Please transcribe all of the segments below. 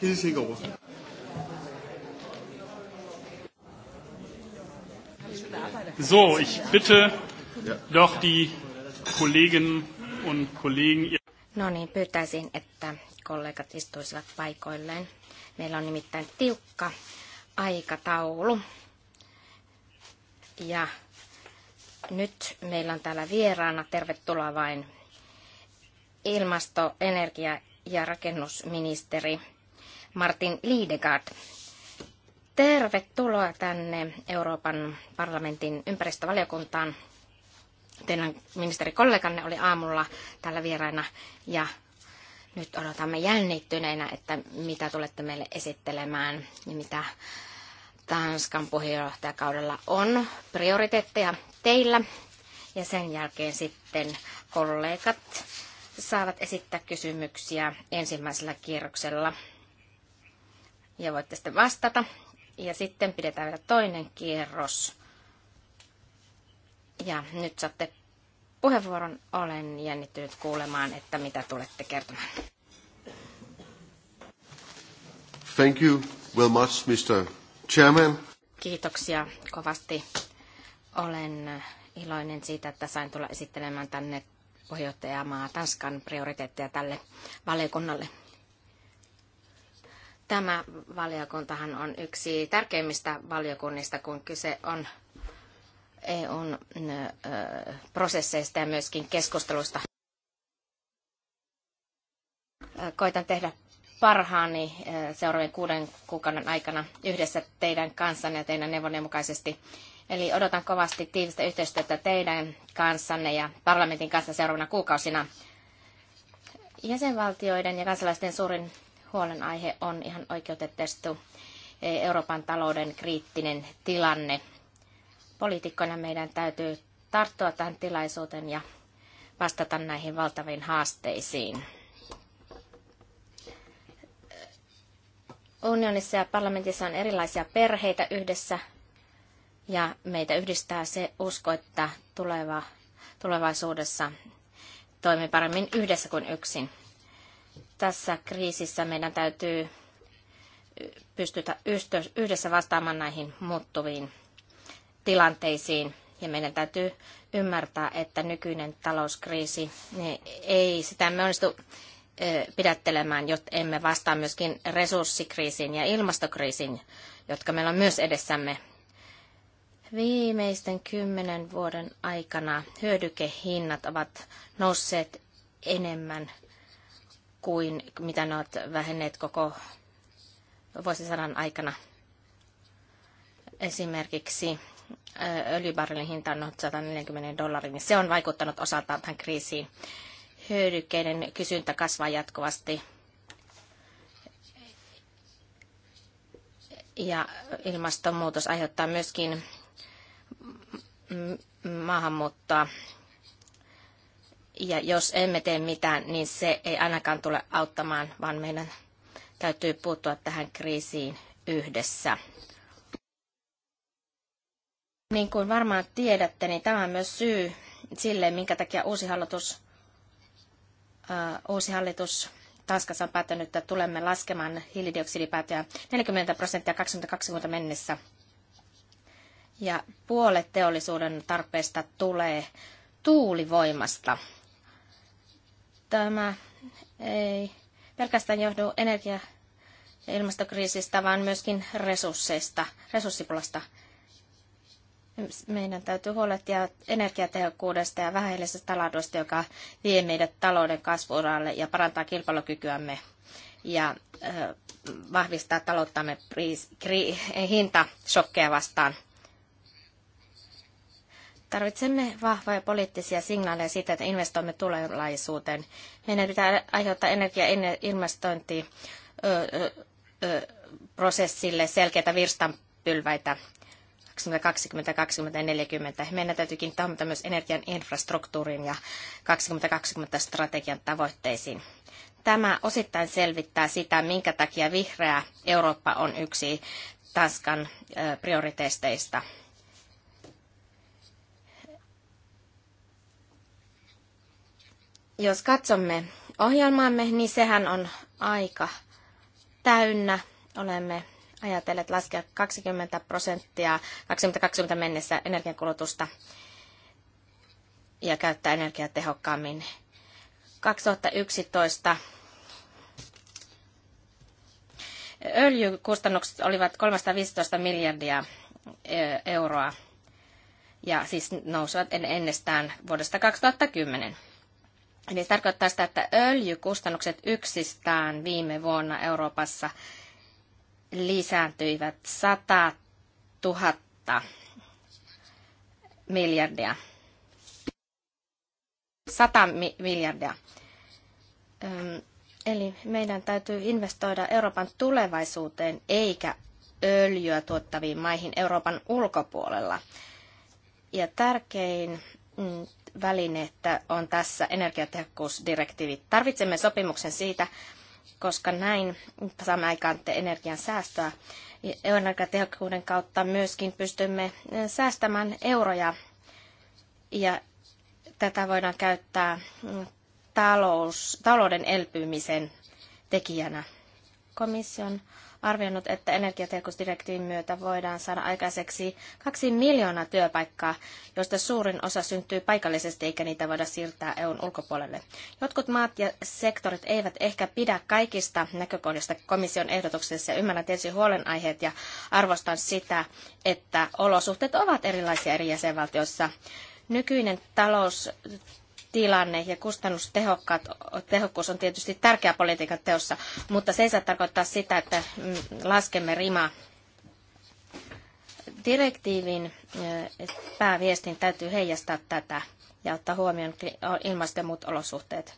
Det So, ich bitte doch die Kolleginnen und Kollegen. No niin, pyytäisin, että kollegat istuisivat paikoilleen. Meillä on nimittäin tiukka aikataulu. Ja nyt meillä on täällä vieraana, tervetuloa vain, ilmasto-, energia- ja rakennusministeri Martin Liedegard. Tervetuloa tänne Euroopan parlamentin ympäristövaliokuntaan. Teidän ministerikolleganne oli aamulla täällä vieraina ja nyt odotamme jännittyneinä, että mitä tulette meille esittelemään ja mitä Tanskan puheenjohtajakaudella on prioriteetteja teillä. Ja sen jälkeen sitten kollegat saavat esittää kysymyksiä ensimmäisellä kierroksella ja voitte sitten vastata. Ja sitten pidetään vielä toinen kierros. Ja nyt saatte puheenvuoron. Olen jännittynyt kuulemaan, että mitä tulette kertomaan. Thank you very much, Mr. Chairman. Kiitoksia kovasti. Olen iloinen siitä, että sain tulla esittelemään tänne puheenjohtajamaa Tanskan prioriteetteja tälle valiokunnalle. Tämä valiokuntahan on yksi tärkeimmistä valiokunnista, kun kyse on EUn prosesseista ja myöskin keskustelusta. Koitan tehdä parhaani seuraavien kuuden kuukauden aikana yhdessä teidän kanssanne ja teidän neuvonne mukaisesti. Eli odotan kovasti tiivistä yhteistyötä teidän kanssanne ja parlamentin kanssa seuraavana kuukausina. Jäsenvaltioiden ja kansalaisten suurin huolenaihe on ihan oikeutettu eh, Euroopan talouden kriittinen tilanne. Poliitikkoina meidän täytyy tarttua tähän tilaisuuteen ja vastata näihin valtaviin haasteisiin. Unionissa ja parlamentissa on erilaisia perheitä yhdessä ja meitä yhdistää se usko, että tuleva, tulevaisuudessa toimii paremmin yhdessä kuin yksin tässä kriisissä meidän täytyy pystytä yhdessä vastaamaan näihin muuttuviin tilanteisiin. Ja meidän täytyy ymmärtää, että nykyinen talouskriisi niin ei sitä me onnistu pidättelemään, jotta emme vastaa myöskin resurssikriisiin ja ilmastokriisiin, jotka meillä on myös edessämme. Viimeisten kymmenen vuoden aikana hyödykehinnat ovat nousseet enemmän kuin mitä ne ovat vähenneet koko vuosisadan aikana. Esimerkiksi äh, öljybarrelin hinta on 140 dollaria, niin se on vaikuttanut osaltaan tähän kriisiin. Hyödykkeiden kysyntä kasvaa jatkuvasti. Ja ilmastonmuutos aiheuttaa myöskin maahanmuuttoa ja jos emme tee mitään, niin se ei ainakaan tule auttamaan, vaan meidän täytyy puuttua tähän kriisiin yhdessä. Niin kuin varmaan tiedätte, niin tämä on myös syy sille, minkä takia uusi hallitus, uh, uusi hallitus Tanskassa on päättänyt, että tulemme laskemaan hiilidioksidipäätöjä 40 prosenttia 2020 mennessä. Ja puolet teollisuuden tarpeesta tulee tuulivoimasta tämä ei pelkästään johdu energia- ja ilmastokriisistä, vaan myöskin resursseista, resurssipulasta. Meidän täytyy huolehtia energiatehokkuudesta ja vähäisestä taloudosta, joka vie meidät talouden kasvuuralle ja parantaa kilpailukykyämme ja vahvistaa talouttamme hintasokkeja vastaan. Tarvitsemme vahvoja poliittisia signaaleja siitä, että investoimme tulevaisuuteen. Meidän pitää aiheuttaa energia- ja ilmastointiprosessille selkeitä virstanpylväitä 2020-2040. Meidän täytyy kiinnittää huomiota myös energian infrastruktuuriin ja 2020-strategian tavoitteisiin. Tämä osittain selvittää sitä, minkä takia vihreä Eurooppa on yksi Tanskan prioriteesteista – Jos katsomme ohjelmaamme, niin sehän on aika täynnä. Olemme ajatelleet laskea 20 prosenttia 2020 mennessä energiankulutusta ja käyttää energiaa tehokkaammin. 2011 öljykustannukset olivat 315 miljardia e, euroa ja siis nousivat ennestään vuodesta 2010. Eli tarkoittaa sitä, että öljykustannukset yksistään viime vuonna Euroopassa lisääntyivät 100 000 miljardia. 100 mi- miljardia. Öm, eli meidän täytyy investoida Euroopan tulevaisuuteen eikä öljyä tuottaviin maihin Euroopan ulkopuolella. Ja tärkein mm, välinettä on tässä energiatehokkuusdirektiivi. Tarvitsemme sopimuksen siitä, koska näin saamme aikaan energian säästöä. Energiatehokkuuden kautta myöskin pystymme eh, säästämään euroja ja tätä voidaan käyttää mm, talous, talouden elpymisen tekijänä. Komission arvioinut, että energiatehokkuusdirektiivin myötä voidaan saada aikaiseksi kaksi miljoonaa työpaikkaa, joista suurin osa syntyy paikallisesti eikä niitä voida siirtää EUn ulkopuolelle. Jotkut maat ja sektorit eivät ehkä pidä kaikista näkökohdista komission ehdotuksessa ja ymmärrän tietysti huolenaiheet ja arvostan sitä, että olosuhteet ovat erilaisia eri jäsenvaltioissa. Nykyinen talous tilanne ja kustannustehokkuus on tietysti tärkeä politiikan teossa, mutta se ei saa tarkoittaa sitä, että mm, laskemme rimaa. Direktiivin eh, pääviestin täytyy heijastaa tätä ja ottaa huomioon ilmasto- ja muut olosuhteet,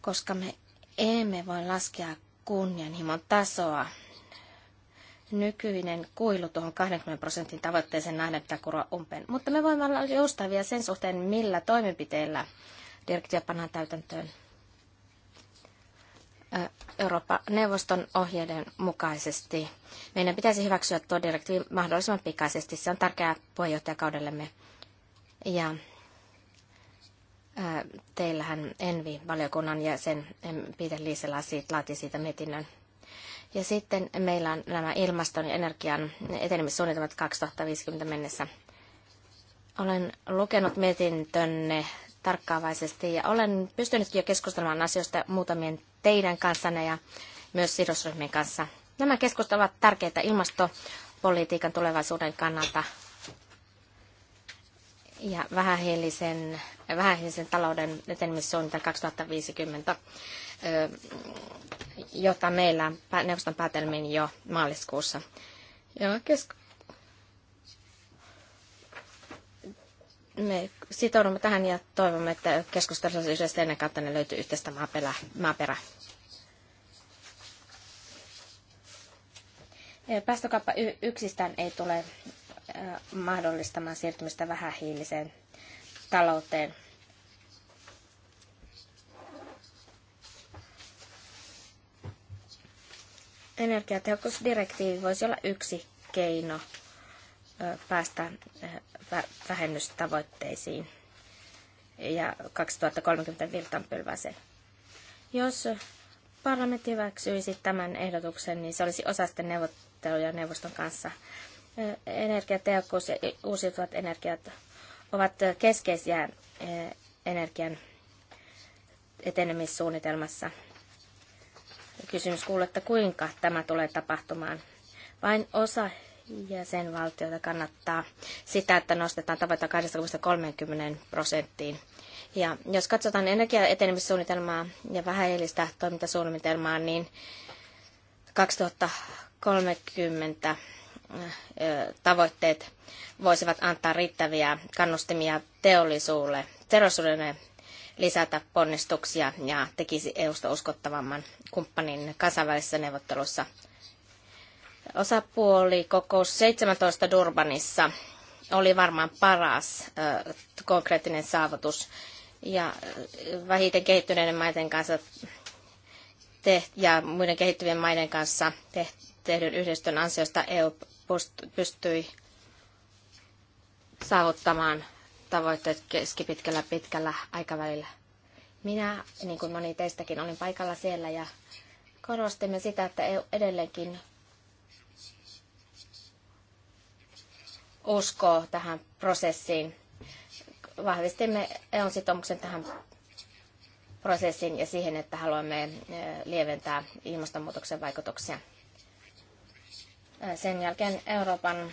koska me emme voi laskea kunnianhimon tasoa nykyinen kuilu tuohon 20 prosentin tavoitteeseen nähden pitää kuroa umpeen. Mutta me voimme olla joustavia sen suhteen, millä toimenpiteillä direktiä pannaan täytäntöön Euroopan neuvoston ohjeiden mukaisesti. Meidän pitäisi hyväksyä tuo direktiivi mahdollisimman pikaisesti. Se on tärkeää puheenjohtajakaudellemme. Ja teillähän Envi-valiokunnan ja sen Peter Liisela siitä, laati siitä mietinnön. Ja sitten meillä on nämä ilmaston ja energian etenemissuunnitelmat 2050 mennessä. Olen lukenut mietintönne tarkkaavaisesti ja olen pystynyt jo keskustelemaan asioista muutamien teidän kanssanne ja myös sidosryhmien kanssa. Nämä keskustelut ovat tärkeitä ilmastopolitiikan tulevaisuuden kannalta ja vähähiilisen, vähähiilisen talouden etenemissuunnitelma 2050 jota meillä neuvoston päätelmiin jo maaliskuussa. Ja kesk- me sitoudumme tähän ja toivomme, että keskustelussa yhdessä ennen kautta ne löytyy yhteistä maaperä, maaperä. Päästökauppa yksistään ei tule mahdollistamaan siirtymistä vähähiiliseen talouteen – Energiatehokkuusdirektiivi voisi olla yksi keino päästä vähennystavoitteisiin ja 2030 virtanpylväseen. Jos parlamentti hyväksyisi tämän ehdotuksen, niin se olisi osa sitten neuvotteluja neuvoston kanssa. Energiatehokkuus ja uusiutuvat energiat ovat keskeisiä energian etenemissuunnitelmassa – Kysymys kuuluu, että kuinka tämä tulee tapahtumaan. Vain osa jäsenvaltioita kannattaa sitä, että nostetaan tavoite 20-30 prosenttiin. Ja jos katsotaan energiaetenemissuunnitelmaa ja vähäilistä toimintasuunnitelmaa, niin 2030 tavoitteet voisivat antaa riittäviä kannustimia teollisuudelle, teollisuudelle lisätä ponnistuksia ja tekisi EUsta uskottavamman kumppanin kansainvälisissä neuvottelussa. Osapuoli kokous 17 Durbanissa oli varmaan paras konkreettinen saavutus ja vähiten kehittyneiden maiden kanssa ja muiden kehittyvien maiden kanssa tehdyn yhdistön ansiosta EU pystyi saavuttamaan tavoitteet keskipitkällä pitkällä aikavälillä. Minä, niin kuin moni teistäkin, olin paikalla siellä ja korostimme sitä, että edelleenkin uskoo tähän prosessiin. Vahvistimme EUn sitoumuksen tähän prosessiin ja siihen, että haluamme lieventää ilmastonmuutoksen vaikutuksia. Sen jälkeen Euroopan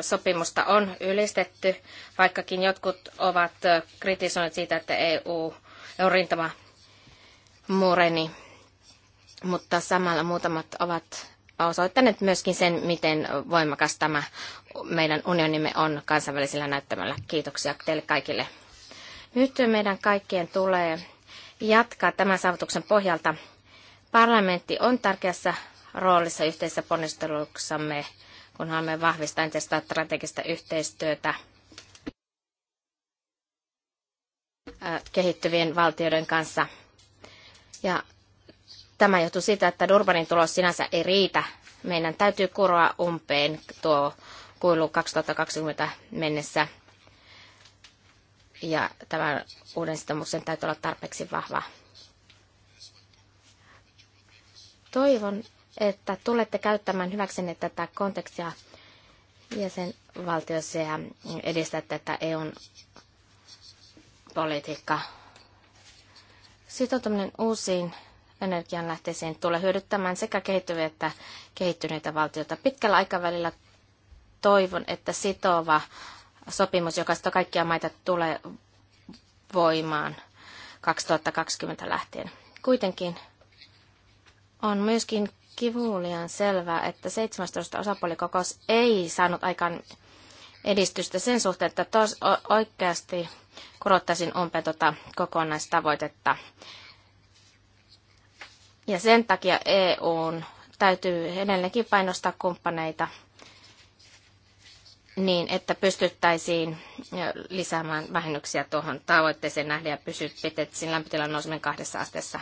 sopimusta on ylistetty, vaikkakin jotkut ovat kritisoineet siitä, että EU on rintama mureni. Mutta samalla muutamat ovat osoittaneet myöskin sen, miten voimakas tämä meidän unionimme on kansainvälisellä näyttämällä. Kiitoksia teille kaikille. Nyt meidän kaikkien tulee jatkaa tämän saavutuksen pohjalta. Parlamentti on tärkeässä roolissa yhteisessä ponnistelussamme kunhan me vahvistaa entistä strategista yhteistyötä kehittyvien valtioiden kanssa. Ja tämä johtuu siitä, että Durbanin tulos sinänsä ei riitä. Meidän täytyy kuroa umpeen tuo kuilu 2020 mennessä. Ja tämän uuden sitoumuksen täytyy olla tarpeeksi vahva. Toivon, että tulette käyttämään hyväksenne tätä kontekstia jäsenvaltiossa ja edistätte tätä EUn politiikkaa. Sitoutuminen uusiin energianlähteisiin tulee hyödyttämään sekä kehittyviä että kehittyneitä valtioita. Pitkällä aikavälillä toivon, että sitova sopimus, joka sitä kaikkia maita tulee voimaan 2020 lähtien. Kuitenkin on myöskin kivuliaan selvää, että 17 osapuolikokous ei saanut aikaan edistystä sen suhteen, että tos, o, oikeasti kurottaisin umpeen tuota kokonaistavoitetta. Ja sen takia EUn täytyy edelleenkin painostaa kumppaneita niin, että pystyttäisiin lisäämään vähennyksiä tuohon tavoitteeseen nähden ja pysyt pitet, lämpötilan nouseminen kahdessa asteessa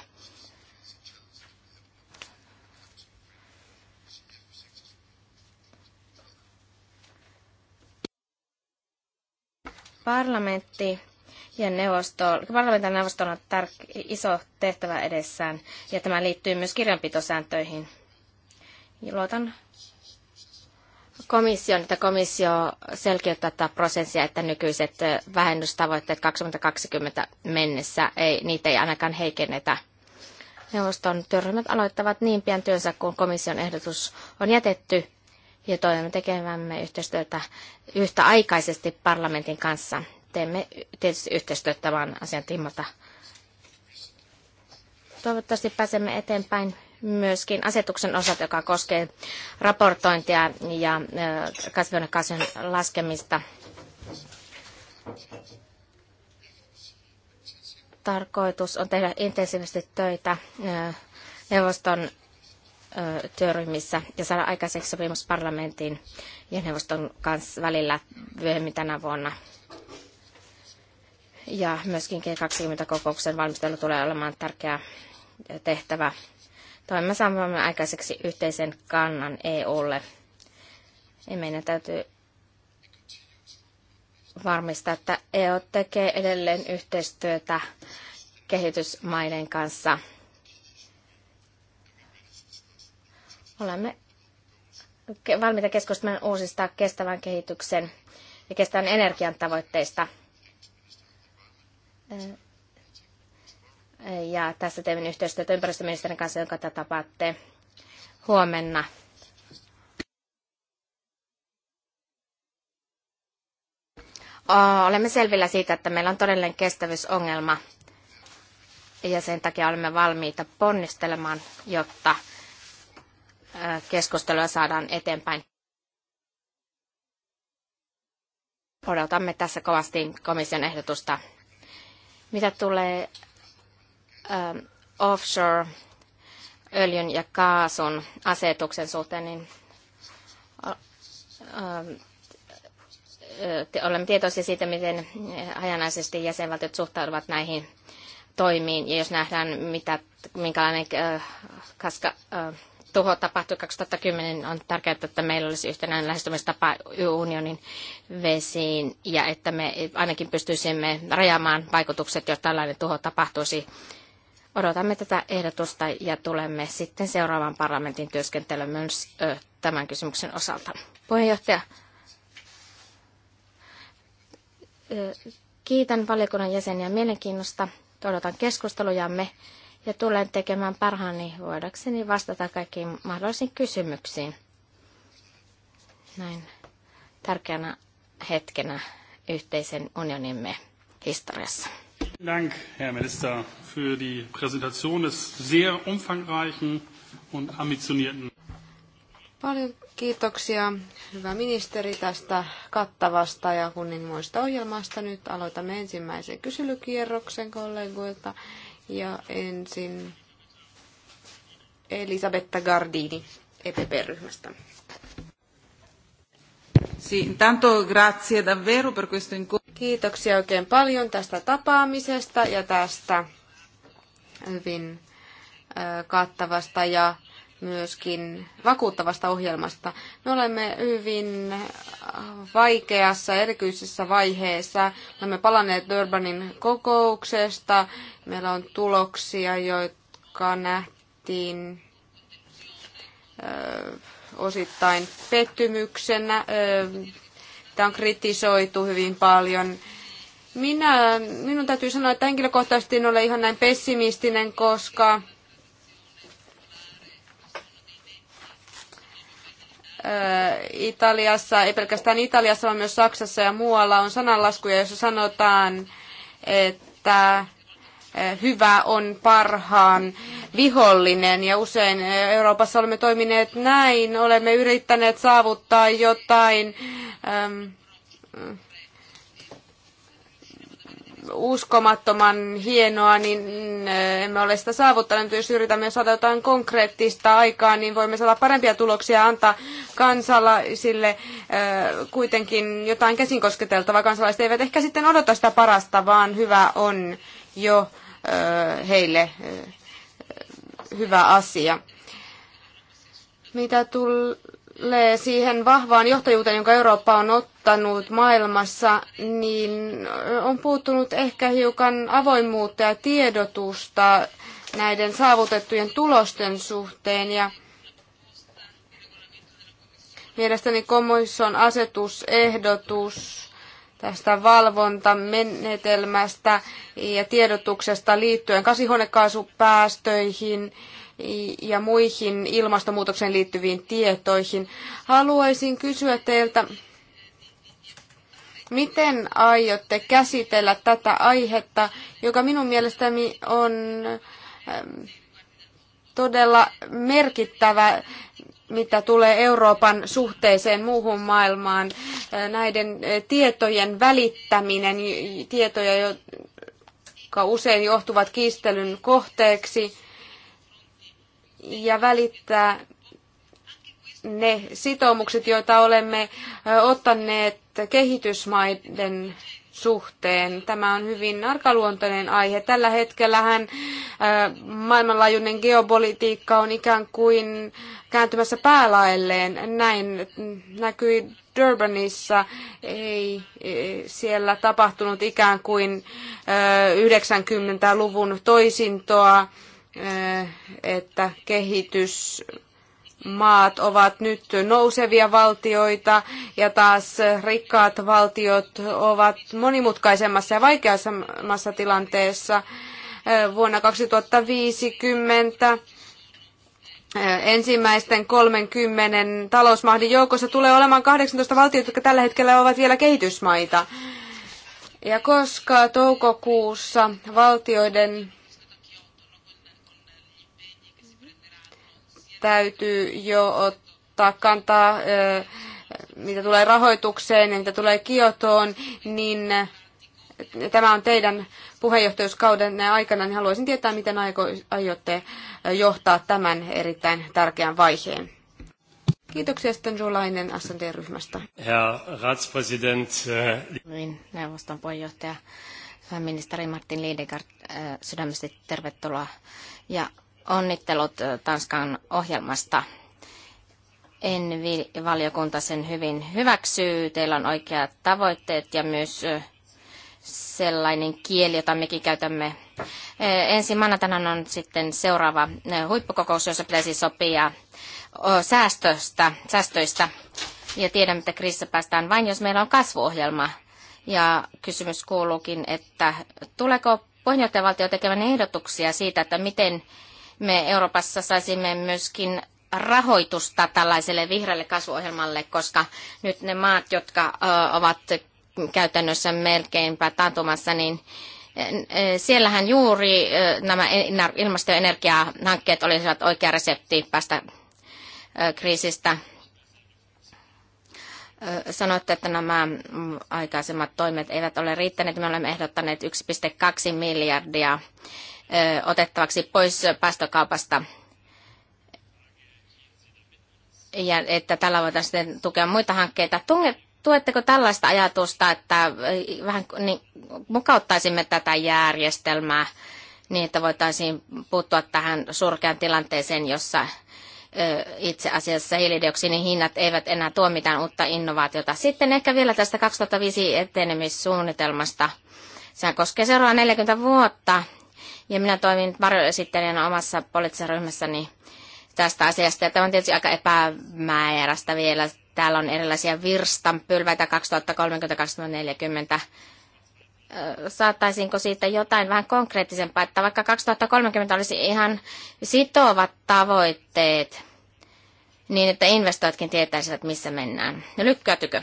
Parlamentti ja neuvosto, parlamentin neuvosto on tär- iso tehtävä edessään, ja tämä liittyy myös kirjanpitosääntöihin. luotan komission, että komissio selkeyttää tätä prosessia, että nykyiset vähennystavoitteet 2020 mennessä, ei, niitä ei ainakaan heikennetä. Neuvoston työryhmät aloittavat niin pian työnsä, kun komission ehdotus on jätetty, ja toivomme tekevämme yhteistyötä yhtä aikaisesti parlamentin kanssa. Teemme tietysti yhteistyötä tämän asian tiimalta. Toivottavasti pääsemme eteenpäin myöskin asetuksen osalta, joka koskee raportointia ja kasvihuonekaasujen laskemista. Tarkoitus on tehdä intensiivisesti töitä neuvoston työryhmissä ja saada aikaiseksi sopimus parlamentin ja neuvoston kanssa välillä myöhemmin tänä vuonna. Ja myöskin G20-kokouksen valmistelu tulee olemaan tärkeä tehtävä. Toimme saamme aikaiseksi yhteisen kannan EUlle. Ja meidän täytyy varmistaa, että EU tekee edelleen yhteistyötä kehitysmaiden kanssa – Olemme valmiita keskustelemaan uusista kestävän kehityksen ja kestävän energian tavoitteista. Ja tässä teemme yhteistyötä ympäristöministerin kanssa, jonka te tapaatte huomenna. Olemme selvillä siitä, että meillä on todellinen kestävyysongelma ja sen takia olemme valmiita ponnistelemaan, jotta keskustelua saadaan eteenpäin. Odotamme tässä kovasti komission ehdotusta. Mitä tulee ähm, offshore-öljyn ja kaasun asetuksen suhteen, niin äh, ähm, olemme tietoisia siitä, miten hajanaisesti jäsenvaltiot suhtautuvat näihin toimiin. Ja jos nähdään, mitä, minkälainen äh, kaska, äh, tuho tapahtui 2010, on tärkeää, että meillä olisi yhtenäinen lähestymistapa unionin vesiin ja että me ainakin pystyisimme rajaamaan vaikutukset, jos tällainen tuho tapahtuisi. Odotamme tätä ehdotusta ja tulemme sitten seuraavan parlamentin työskentelyyn myös tämän kysymyksen osalta. Puheenjohtaja, kiitän valiokunnan jäseniä mielenkiinnosta. Odotan keskustelujamme ja tulen tekemään parhaani voidakseni vastata kaikkiin mahdollisiin kysymyksiin näin tärkeänä hetkenä yhteisen unionimme historiassa. Dank, Herr Minister, für die Präsentation des sehr umfangreichen und ambitionierten. Paljon kiitoksia, hyvä ministeri, tästä kattavasta ja kunnianhimoisesta ohjelmasta. Nyt aloitamme ensimmäisen kyselykierroksen kollegoilta. Ja ensin Elisabetta Gardini EPP-ryhmästä. Kiitoksia oikein paljon tästä tapaamisesta ja tästä hyvin kattavasta ja myöskin vakuuttavasta ohjelmasta. Me olemme hyvin vaikeassa, erityisessä vaiheessa. Olemme palanneet Durbanin kokouksesta. Meillä on tuloksia, jotka nähtiin osittain pettymyksenä. Tämä on kritisoitu hyvin paljon. Minä, minun täytyy sanoa, että henkilökohtaisesti en ole ihan näin pessimistinen, koska Italiassa, ei pelkästään Italiassa, vaan myös Saksassa ja muualla on sananlaskuja, joissa sanotaan, että hyvä on parhaan vihollinen. Ja usein Euroopassa olemme toimineet näin, olemme yrittäneet saavuttaa jotain. Ähm, uskomattoman hienoa, niin mm, emme ole sitä saavuttaneet. Jos yritämme saada jotain konkreettista aikaa, niin voimme saada parempia tuloksia antaa kansalaisille kuitenkin jotain käsin kosketeltavaa. Kansalaiset eivät ehkä sitten odota sitä parasta, vaan hyvä on jo heille hyvä asia. Mitä tulee tulee siihen vahvaan johtajuuteen, jonka Eurooppa on ottanut maailmassa, niin on puuttunut ehkä hiukan avoimuutta ja tiedotusta näiden saavutettujen tulosten suhteen. Ja mielestäni komission asetusehdotus tästä valvontamenetelmästä ja tiedotuksesta liittyen kasvihuonekaasupäästöihin – ja muihin ilmastonmuutokseen liittyviin tietoihin. Haluaisin kysyä teiltä, miten aiotte käsitellä tätä aihetta, joka minun mielestäni on ähm, todella merkittävä, mitä tulee Euroopan suhteeseen muuhun maailmaan. Äh, näiden äh, tietojen välittäminen, tietoja, jotka usein johtuvat kiistelyn kohteeksi, ja välittää ne sitoumukset, joita olemme ottaneet kehitysmaiden suhteen. Tämä on hyvin arkaluontoinen aihe. Tällä hetkellähän maailmanlaajuinen geopolitiikka on ikään kuin kääntymässä päälaelleen. Näin näkyi Durbanissa. Ei e, siellä tapahtunut ikään kuin 90-luvun toisintoa Eh, että kehitys maat ovat nyt nousevia valtioita ja taas rikkaat valtiot ovat monimutkaisemmassa ja vaikeassa tilanteessa. Eh, vuonna 2050 eh, ensimmäisten 30 talousmahdin joukossa tulee olemaan 18 valtiota, jotka tällä hetkellä ovat vielä kehitysmaita. Ja koska toukokuussa valtioiden täytyy jo ottaa kantaa, mitä tulee rahoitukseen ja mitä tulee Kiotoon, niin tämä on teidän puheenjohtajuuskauden aikana, niin haluaisin tietää, miten aiotte johtaa tämän erittäin tärkeän vaiheen. Kiitoksia sitten Rulainen SND-ryhmästä. Herr Ratspräsident. Äh, niin, neuvoston puheenjohtaja, pääministeri Martin Liedegard äh, sydämesti tervetuloa. Ja Onnittelut Tanskan ohjelmasta. En valiokunta sen hyvin hyväksyy. Teillä on oikeat tavoitteet ja myös sellainen kieli, jota mekin käytämme. Ensi maanantaina on sitten seuraava huippukokous, jossa pitäisi sopia säästöstä, säästöistä. Ja tiedämme, että kriisissä päästään vain, jos meillä on kasvuohjelma. Ja kysymys kuuluukin, että tuleeko puheenjohtajavaltio tekemään ehdotuksia siitä, että miten me Euroopassa saisimme myöskin rahoitusta tällaiselle vihreälle kasvuohjelmalle, koska nyt ne maat, jotka ovat käytännössä melkeinpä taantumassa, niin siellähän juuri nämä ilmasto- ja energiahankkeet olisivat oikea resepti päästä kriisistä. Sanoitte, että nämä aikaisemmat toimet eivät ole riittäneet. Me olemme ehdottaneet 1,2 miljardia otettavaksi pois päästökaupasta ja että tällä voitaisiin sitten tukea muita hankkeita. Tuetteko tällaista ajatusta, että vähän niin, mukauttaisimme tätä järjestelmää niin, että voitaisiin puuttua tähän surkean tilanteeseen, jossa itse asiassa hiilidioksidin hinnat eivät enää tuo mitään uutta innovaatiota. Sitten ehkä vielä tästä 2005 etenemissuunnitelmasta. Sehän koskee seuraavaa 40 vuotta ja minä toimin varjoesittelijänä omassa poliittisessa ryhmässäni tästä asiasta. Ja tämä on tietysti aika epämääräistä vielä. Täällä on erilaisia virstanpylväitä 2030-2040 saattaisinko siitä jotain vähän konkreettisempaa, että vaikka 2030 olisi ihan sitovat tavoitteet, niin että investoitkin tietäisivät, missä mennään. Lykkäytykö?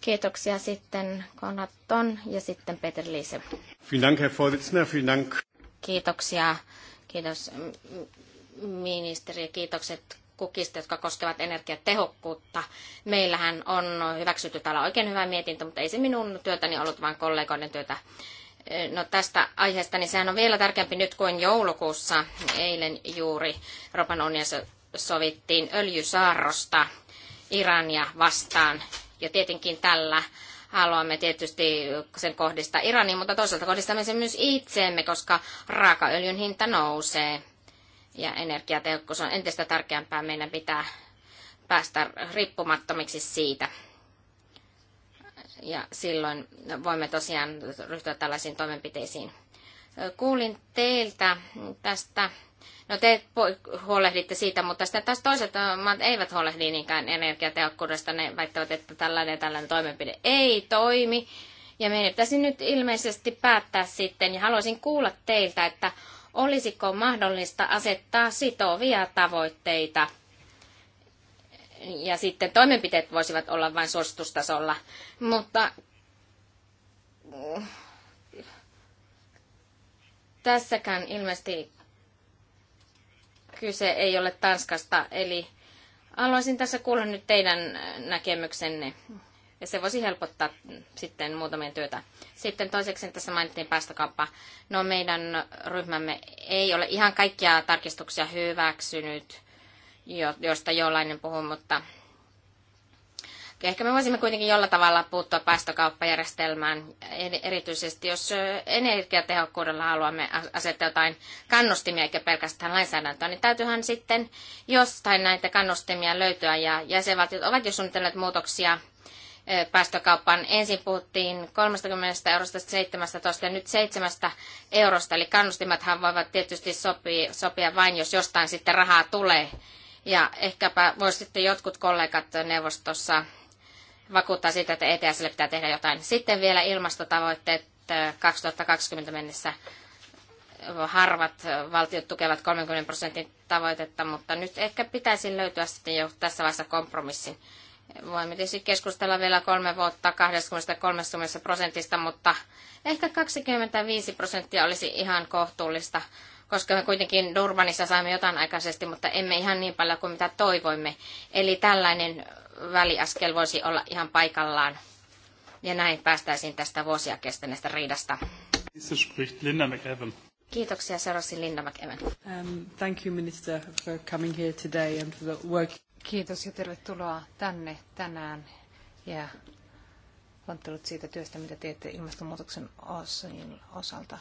Kiitoksia sitten Konaton ja sitten Peter Liese. Vielen Dank, Herr Vorsitzender. Vielen Dank. Kiitoksia. Kiitos ministeri ja kiitokset kukista, jotka koskevat energiatehokkuutta. Meillähän on hyväksytty täällä oikein hyvä mietintö, mutta ei se minun työtäni ollut, vaan kollegoiden työtä. No tästä aiheesta, niin sehän on vielä tärkeämpi nyt kuin joulukuussa. Eilen juuri Euroopan unionissa sovittiin öljysaarrosta Irania vastaan. Ja tietenkin tällä haluamme tietysti sen kohdistaa Iraniin, mutta toisaalta kohdistamme sen myös itseemme, koska raakaöljyn hinta nousee ja energiatehokkuus on entistä tärkeämpää. Meidän pitää päästä riippumattomiksi siitä. Ja silloin voimme tosiaan ryhtyä tällaisiin toimenpiteisiin. Kuulin teiltä tästä No te huolehditte siitä, mutta sitten taas toiset maat eivät huolehdi niinkään energiatehokkuudesta. Ne väittävät, että tällainen tällainen toimenpide ei toimi. Ja meidän pitäisi nyt ilmeisesti päättää sitten, ja haluaisin kuulla teiltä, että olisiko mahdollista asettaa sitovia tavoitteita. Ja sitten toimenpiteet voisivat olla vain suositustasolla. Mutta mm, tässäkään ilmeisesti kyse ei ole Tanskasta, eli haluaisin tässä kuulla nyt teidän näkemyksenne. Ja se voisi helpottaa sitten muutamien työtä. Sitten toiseksi tässä mainittiin päästökauppa. No meidän ryhmämme ei ole ihan kaikkia tarkistuksia hyväksynyt, josta jollainen puhuu, mutta Ehkä me voisimme kuitenkin jollain tavalla puuttua päästökauppajärjestelmään, erityisesti jos energiatehokkuudella haluamme asettaa jotain kannustimia eikä pelkästään lainsäädäntöä, niin täytyyhän sitten jostain näitä kannustimia löytyä ja jäsenvaltiot ovat jo suunnitelleet muutoksia päästökauppaan. Ensin puhuttiin 30 eurosta 17 ja nyt 7 eurosta, eli kannustimathan voivat tietysti sopia, sopia vain, jos jostain sitten rahaa tulee. Ja ehkäpä voisitte jotkut kollegat neuvostossa vakuuttaa siitä, että ETSlle pitää tehdä jotain. Sitten vielä ilmastotavoitteet 2020 mennessä. Harvat valtiot tukevat 30 prosentin tavoitetta, mutta nyt ehkä pitäisi löytyä sitten jo tässä vaiheessa kompromissin. Voimme tietysti keskustella vielä kolme vuotta 20-30 prosentista, mutta ehkä 25 prosenttia olisi ihan kohtuullista, koska me kuitenkin Durbanissa saimme jotain aikaisesti, mutta emme ihan niin paljon kuin mitä toivoimme. Eli tällainen väliaskel voisi olla ihan paikallaan. Ja näin päästäisiin tästä vuosia kestäneestä riidasta. Linda McEvan. Kiitoksia seurasi Linda McEwen. Um, thank you minister for coming here today and for the work. Kiitos ja tervetuloa tänne tänään ja onnittelut siitä työstä, mitä teette ilmastonmuutoksen osalta.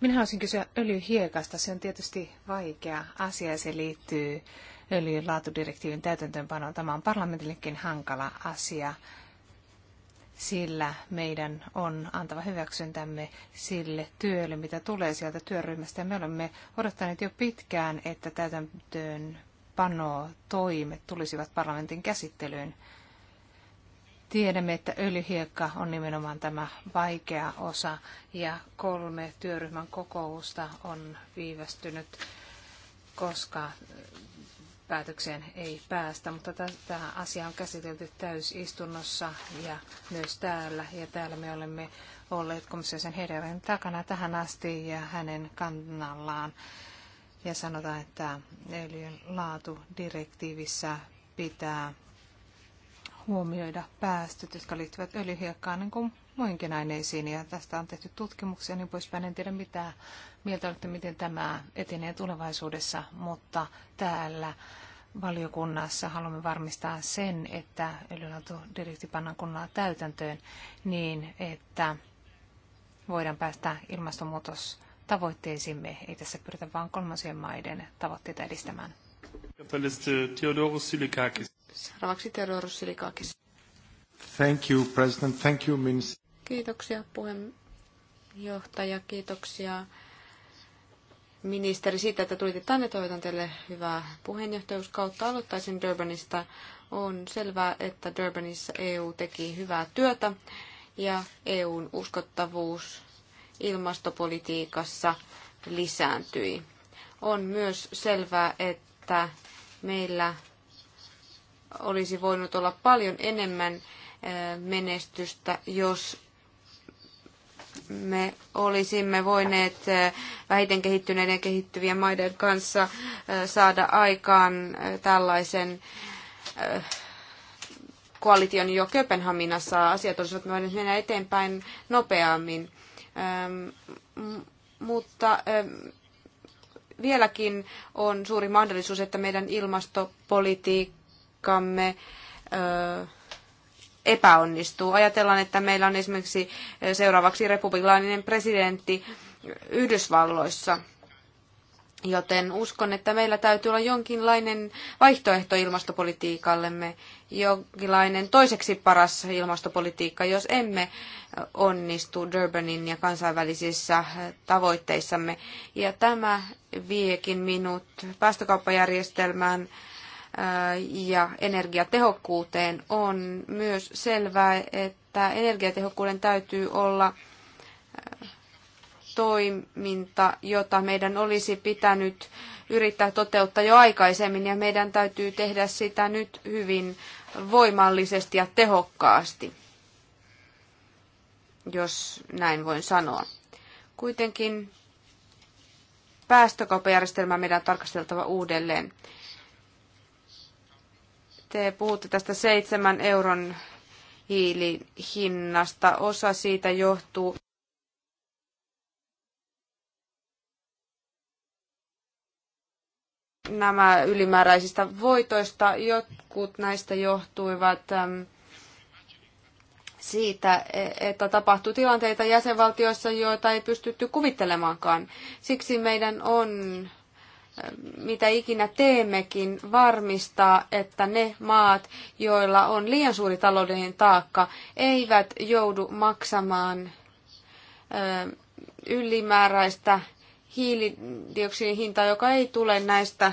Minä haluaisin kysyä öljyhiekasta. Se on tietysti vaikea asia ja se liittyy öljyn laatudirektiivin täytäntöönpanoon. Tämä on parlamentillekin hankala asia, sillä meidän on antava hyväksyntämme sille työlle, mitä tulee sieltä työryhmästä. Me olemme odottaneet jo pitkään, että täytäntöönpano toimet tulisivat parlamentin käsittelyyn. Tiedämme, että öljyhiekka on nimenomaan tämä vaikea osa ja kolme työryhmän kokousta on viivästynyt, koska päätökseen ei päästä, mutta tätä asia on käsitelty täysistunnossa ja myös täällä. Ja täällä me olemme olleet komissiosen Hederin takana tähän asti ja hänen kannallaan. Ja sanotaan, että öljyn direktiivissä pitää huomioida päästöt, jotka liittyvät öljyhiekkaan niin kuin aineisiin. Ja tästä on tehty tutkimuksia niin poispäin. En tiedä mitä mieltä olette, miten tämä etenee tulevaisuudessa, mutta täällä valiokunnassa haluamme varmistaa sen, että öljylaatudirekti pannaan kunnolla täytäntöön niin, että voidaan päästä ilmastonmuutos tavoitteisiimme. Ei tässä pyritä vain kolmansien maiden tavoitteita edistämään. Theodoros Silikakis. Seuraavaksi Teodoro Silikakis. Thank you, President. Thank you, Minister. Kiitoksia puheenjohtaja, kiitoksia ministeri siitä, että tulitte tänne. Toivotan teille hyvää puheenjohtajuuskautta. Aloittaisin Durbanista. On selvää, että Durbanissa EU teki hyvää työtä ja EUn uskottavuus ilmastopolitiikassa lisääntyi. On myös selvää, että meillä olisi voinut olla paljon enemmän menestystä, jos me olisimme voineet vähiten kehittyneiden ja kehittyvien maiden kanssa saada aikaan tällaisen koalition jo Köpenhaminassa Asiat olisivat voineet mennä eteenpäin nopeammin. Mutta vieläkin on suuri mahdollisuus, että meidän ilmastopolitiikka politiikkamme epäonnistuu. Ajatellaan, että meillä on esimerkiksi seuraavaksi republikaaninen presidentti Yhdysvalloissa. Joten uskon, että meillä täytyy olla jonkinlainen vaihtoehto ilmastopolitiikallemme, jonkinlainen toiseksi paras ilmastopolitiikka, jos emme onnistu Durbanin ja kansainvälisissä tavoitteissamme. Ja tämä viekin minut päästökauppajärjestelmään ja energiatehokkuuteen, on myös selvää, että energiatehokkuuden täytyy olla toiminta, jota meidän olisi pitänyt yrittää toteuttaa jo aikaisemmin ja meidän täytyy tehdä sitä nyt hyvin voimallisesti ja tehokkaasti, jos näin voin sanoa. Kuitenkin päästökauppajärjestelmä meidän on tarkasteltava uudelleen. Te puhutte tästä seitsemän euron hiilin hinnasta. Osa siitä johtuu nämä ylimääräisistä voitoista. Jotkut näistä johtuivat siitä, e, että tapahtuu tilanteita jäsenvaltioissa, joita ei pystytty kuvittelemaankaan. Siksi meidän on mitä ikinä teemmekin, varmistaa, että ne maat, joilla on liian suuri taloudellinen taakka, eivät joudu maksamaan ylimääräistä hiilidioksidin hintaa, joka ei tule näistä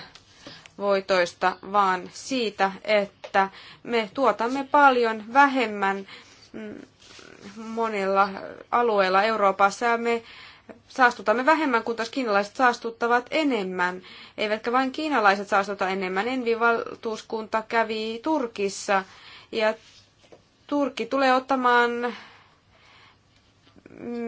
voitoista, vaan siitä, että me tuotamme paljon vähemmän mm, monilla alueilla Euroopassa ja me saastutamme vähemmän, kun taas kiinalaiset saastuttavat enemmän. Eivätkä vain kiinalaiset saastuta enemmän. Envi-valtuuskunta kävi Turkissa ja Turkki tulee ottamaan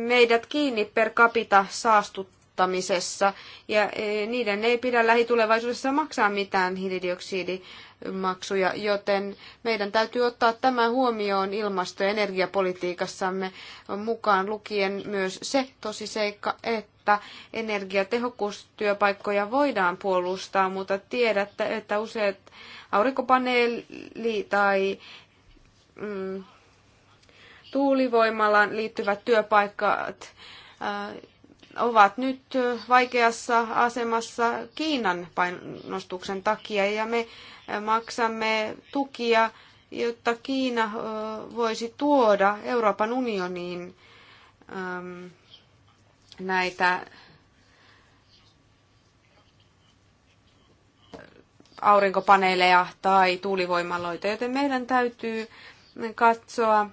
meidät kiinni per capita saastuttamisessa ja e, niiden ei pidä lähitulevaisuudessa maksaa mitään hiilidioksidia maksuja, joten meidän täytyy ottaa tämä huomioon ilmasto- ja energiapolitiikassamme mukaan lukien myös se tosiseikka, että energiatehokkuustyöpaikkoja voidaan puolustaa, mutta tiedätte, että useat aurinkopaneeli tai mm, tuulivoimalaan liittyvät työpaikat äh, ovat nyt vaikeassa asemassa Kiinan painostuksen takia ja me maksamme tukia, jotta Kiina voisi tuoda Euroopan unioniin näitä aurinkopaneeleja tai tuulivoimaloita, joten meidän täytyy katsoa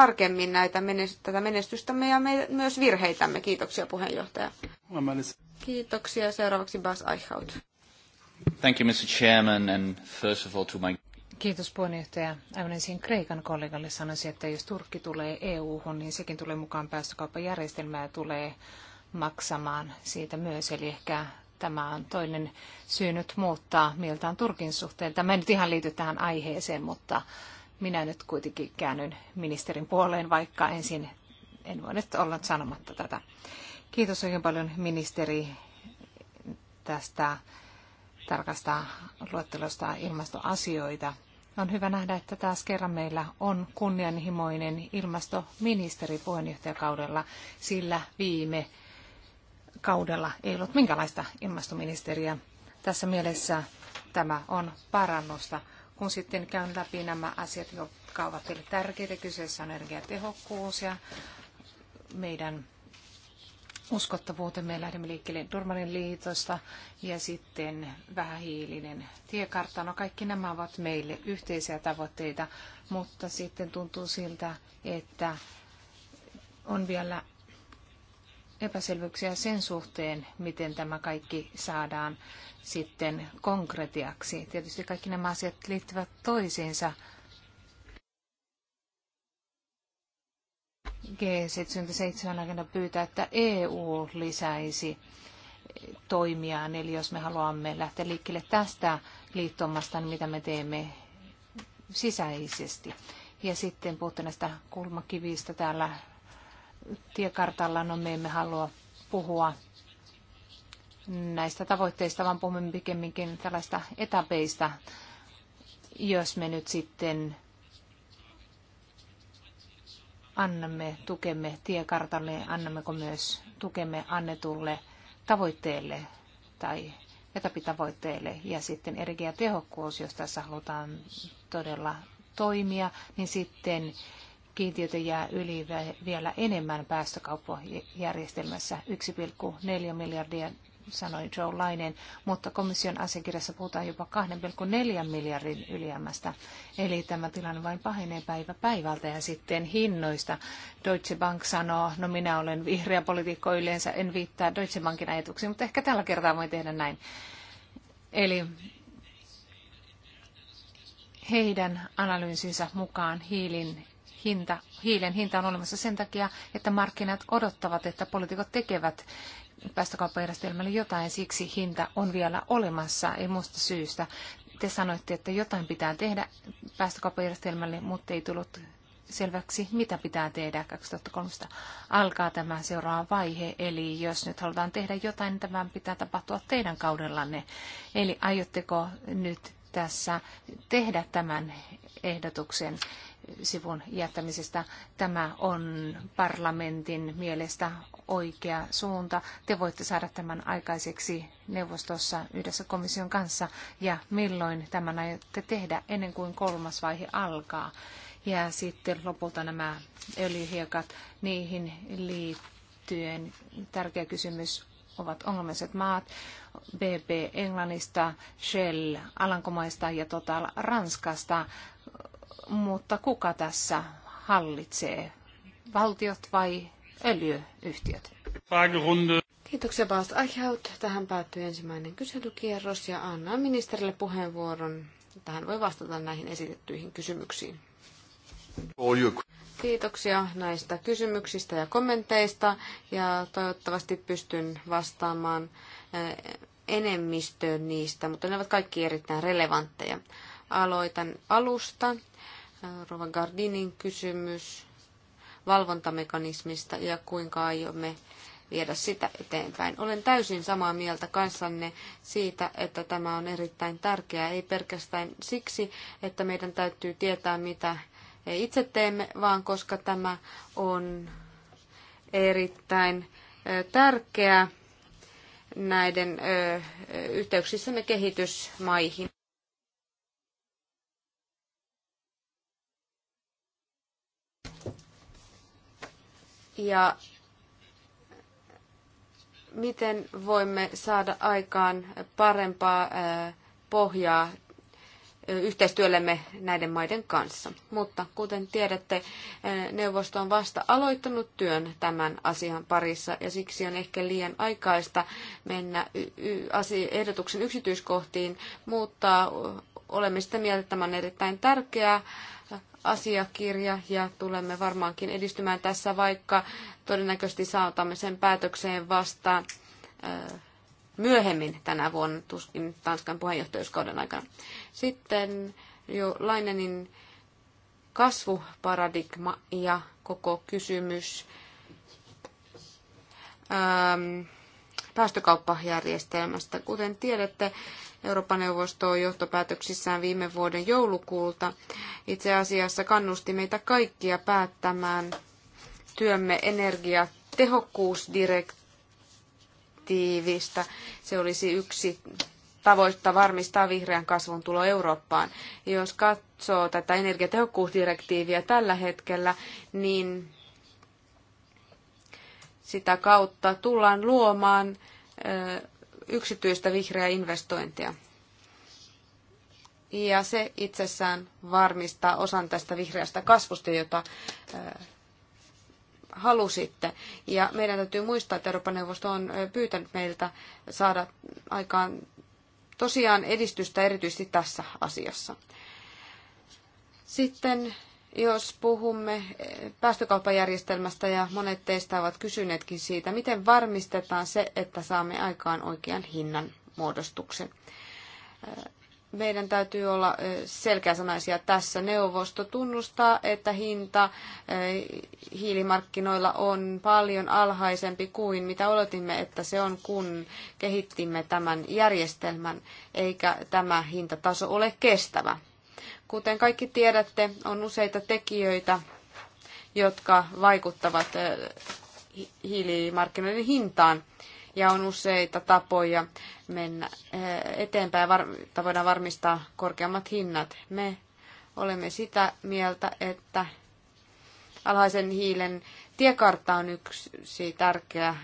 tarkemmin näitä tätä menestystämme ja me, myös virheitämme. Kiitoksia puheenjohtaja. Kiitoksia. Seuraavaksi Bas Eichhout. Thank you, Mr. Chairman, and first of all to my... Kiitos puheenjohtaja. Aivan ensin Kreikan kollegalle sanoisin, että jos Turkki tulee EU-hun, niin sekin tulee mukaan päästökauppajärjestelmää ja tulee maksamaan siitä myös. Eli ehkä tämä on toinen syy nyt muuttaa mieltään Turkin suhteen. Tämä ei nyt ihan liity tähän aiheeseen, mutta minä nyt kuitenkin käännyn ministerin puoleen, vaikka ensin en voi nyt olla sanomatta tätä. Kiitos oikein paljon ministeri tästä tarkasta luettelosta ilmastoasioita. On hyvä nähdä, että taas kerran meillä on kunnianhimoinen ilmastoministeri puheenjohtajakaudella, sillä viime kaudella ei ollut minkälaista ilmastoministeriä. Tässä mielessä tämä on parannusta kun sitten käyn läpi nämä asiat, jotka ovat teille tärkeitä. Kyseessä on energiatehokkuus ja meidän uskottavuutemme. Lähdemme liikkeelle Durmanin liitosta ja sitten vähähiilinen tiekartta. No kaikki nämä ovat meille yhteisiä tavoitteita, mutta sitten tuntuu siltä, että on vielä epäselvyyksiä sen suhteen, miten tämä kaikki saadaan sitten konkretiaksi. Tietysti kaikki nämä asiat liittyvät toisiinsa. G77 agenda pyytää, että EU lisäisi toimiaan. Eli jos me haluamme lähteä liikkeelle tästä liittomasta, niin mitä me teemme sisäisesti. Ja sitten puhutte näistä kulmakivistä täällä tiekartalla. No me emme halua puhua näistä tavoitteista, vaan puhumme pikemminkin tällaista etapeista, jos me nyt sitten annamme tukemme tiekartalle, annammeko myös tukemme annetulle tavoitteelle tai etapitavoitteelle ja sitten energiatehokkuus, jos tässä halutaan todella toimia, niin sitten kiintiötä jää yli vielä enemmän päästökauppajärjestelmässä 1,4 miljardia sanoi Joe Lainen, mutta komission asiakirjassa puhutaan jopa 2,4 miljardin ylijäämästä. Eli tämä tilanne vain pahenee päivä päivältä ja sitten hinnoista. Deutsche Bank sanoo, no minä olen vihreä poliitikko yleensä, en viittaa Deutsche Bankin ajatuksiin, mutta ehkä tällä kertaa voi tehdä näin. Eli heidän analyysinsä mukaan hiilin hinta, hiilen hinta on olemassa sen takia, että markkinat odottavat, että poliitikot tekevät päästökauppajärjestelmälle jotain, siksi hinta on vielä olemassa, ei muusta syystä. Te sanoitte, että jotain pitää tehdä päästökauppajärjestelmälle, mutta ei tullut selväksi, mitä pitää tehdä 2013. Alkaa tämä seuraava vaihe, eli jos nyt halutaan tehdä jotain, niin tämän pitää tapahtua teidän kaudellanne. Eli aiotteko nyt tässä tehdä tämän ehdotuksen sivun jättämisestä. Tämä on parlamentin mielestä oikea suunta. Te voitte saada tämän aikaiseksi neuvostossa yhdessä komission kanssa ja milloin tämän aiotte tehdä ennen kuin kolmas vaihe alkaa. Ja sitten lopulta nämä öljyhiekat, niihin liittyen tärkeä kysymys ovat ongelmalliset maat, BP Englannista, Shell Alankomaista ja Total Ranskasta mutta kuka tässä hallitsee? Valtiot vai öljyyhtiöt? Kiitoksia Baas Aichaut. Tähän päättyy ensimmäinen kyselykierros ja annan ministerille puheenvuoron. Tähän voi vastata näihin esitettyihin kysymyksiin. Kiitoksia näistä kysymyksistä ja kommenteista ja toivottavasti pystyn vastaamaan eh, enemmistöön niistä, mutta ne ovat kaikki erittäin relevantteja. Aloitan alusta Rova Gardinin kysymys valvontamekanismista ja kuinka aiomme viedä sitä eteenpäin. Olen täysin samaa mieltä kanssanne siitä, että tämä on erittäin tärkeää, ei pelkästään siksi, että meidän täytyy tietää, mitä itse teemme, vaan koska tämä on erittäin tärkeää näiden yhteyksissämme kehitysmaihin. ja miten voimme saada aikaan parempaa pohjaa yhteistyöllemme näiden maiden kanssa. Mutta kuten tiedätte, neuvosto on vasta aloittanut työn tämän asian parissa ja siksi on ehkä liian aikaista mennä ehdotuksen yksityiskohtiin, mutta olemme sitä mieltä, että tämä on erittäin tärkeää asiakirja ja tulemme varmaankin edistymään tässä, vaikka todennäköisesti saatamme sen päätökseen vasta myöhemmin tänä vuonna, tuskin Tanskan puheenjohtajuuskauden aikana. Sitten jo Lainenin kasvuparadigma ja koko kysymys päästökauppajärjestelmästä. Kuten tiedätte, Euroopan neuvosto johtopäätöksissään viime vuoden joulukuulta itse asiassa kannusti meitä kaikkia päättämään työmme energiatehokkuusdirektiivistä. Se olisi yksi tavoitta varmistaa vihreän kasvun tulo Eurooppaan. Jos katsoo tätä energiatehokkuusdirektiiviä tällä hetkellä, niin sitä kautta tullaan luomaan yksityistä vihreää investointia. Ja se itsessään varmistaa osan tästä vihreästä kasvusta, jota halusitte. Ja meidän täytyy muistaa, että Euroopan neuvosto on pyytänyt meiltä saada aikaan tosiaan edistystä erityisesti tässä asiassa. Sitten jos puhumme eh, päästökauppajärjestelmästä ja monet teistä ovat kysyneetkin siitä, miten varmistetaan se, että saamme aikaan oikean hinnan muodostuksen. Eh, meidän täytyy olla eh, selkeäsanaisia tässä. Neuvosto tunnustaa, että hinta hiilimarkkinoilla on paljon alhaisempi kuin mitä oletimme, että se on, kun kehittimme tämän järjestelmän, eikä tämä hintataso ole kestävä. Kuten kaikki tiedätte, on useita tekijöitä, jotka vaikuttavat hiilimarkkinoiden hintaan ja on useita tapoja mennä eteenpäin että voidaan varmistaa korkeammat hinnat. Me olemme sitä mieltä, että alhaisen hiilen tiekartta on yksi tärkeä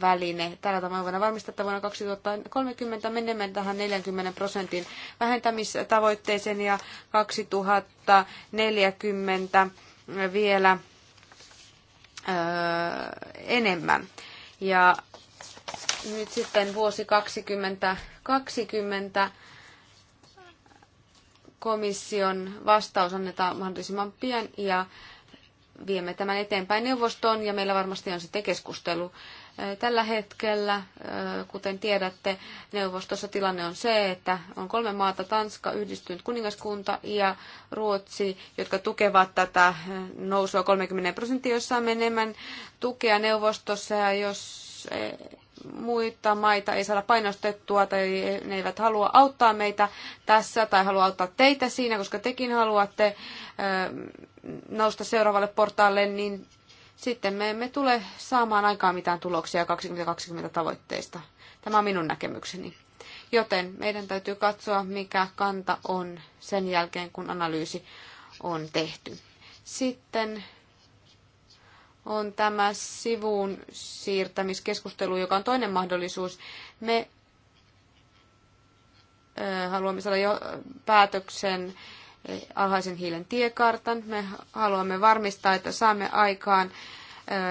väline. Tällä tavalla voidaan varmistaa, että vuonna 2030 menemme tähän 40 prosentin vähentämistavoitteeseen ja 2040 vielä öö, enemmän. Ja nyt sitten vuosi 2020 komission vastaus annetaan mahdollisimman pian ja viemme tämän eteenpäin neuvostoon ja meillä varmasti on sitten keskustelu Tällä hetkellä, kuten tiedätte, neuvostossa tilanne on se, että on kolme maata, Tanska, Yhdistynyt kuningaskunta ja Ruotsi, jotka tukevat tätä nousua 30 prosenttia, jossa on enemmän tukea neuvostossa ja jos muita maita ei saada painostettua tai ne eivät halua auttaa meitä tässä tai halua auttaa teitä siinä, koska tekin haluatte nousta seuraavalle portaalle, niin sitten me emme tule saamaan aikaan mitään tuloksia 2020 tavoitteista. Tämä on minun näkemykseni. Joten meidän täytyy katsoa, mikä kanta on sen jälkeen, kun analyysi on tehty. Sitten on tämä sivuun siirtämiskeskustelu, joka on toinen mahdollisuus. Me haluamme saada jo päätöksen alhaisen hiilen tiekartan. Me haluamme varmistaa, että saamme aikaan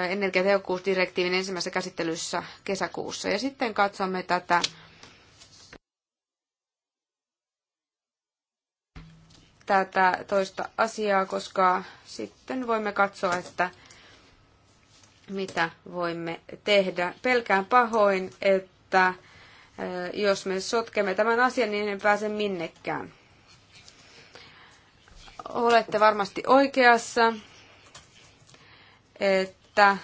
energiatehokkuusdirektiivin ensimmäisessä käsittelyssä kesäkuussa. Ja sitten katsomme tätä tätä toista asiaa, koska sitten voimme katsoa, että mitä voimme tehdä. Pelkään pahoin, että jos me sotkemme tämän asian, niin en pääse minnekään. Olette varmasti oikeassa, että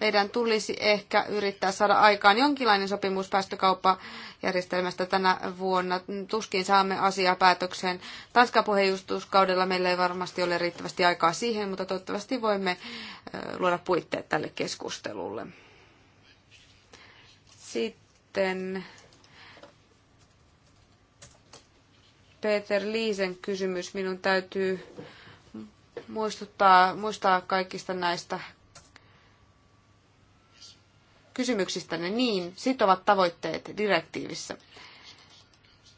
meidän tulisi ehkä yrittää saada aikaan jonkinlainen sopimus päästökauppajärjestelmästä tänä vuonna. Tuskin saamme asiaa päätökseen. Tanskan puheenjohtajuuskaudella meillä ei varmasti ole riittävästi aikaa siihen, mutta toivottavasti voimme luoda puitteet tälle keskustelulle. Sitten Peter Liisen kysymys. Minun täytyy muistuttaa, muistaa kaikista näistä ne niin sitovat tavoitteet direktiivissä.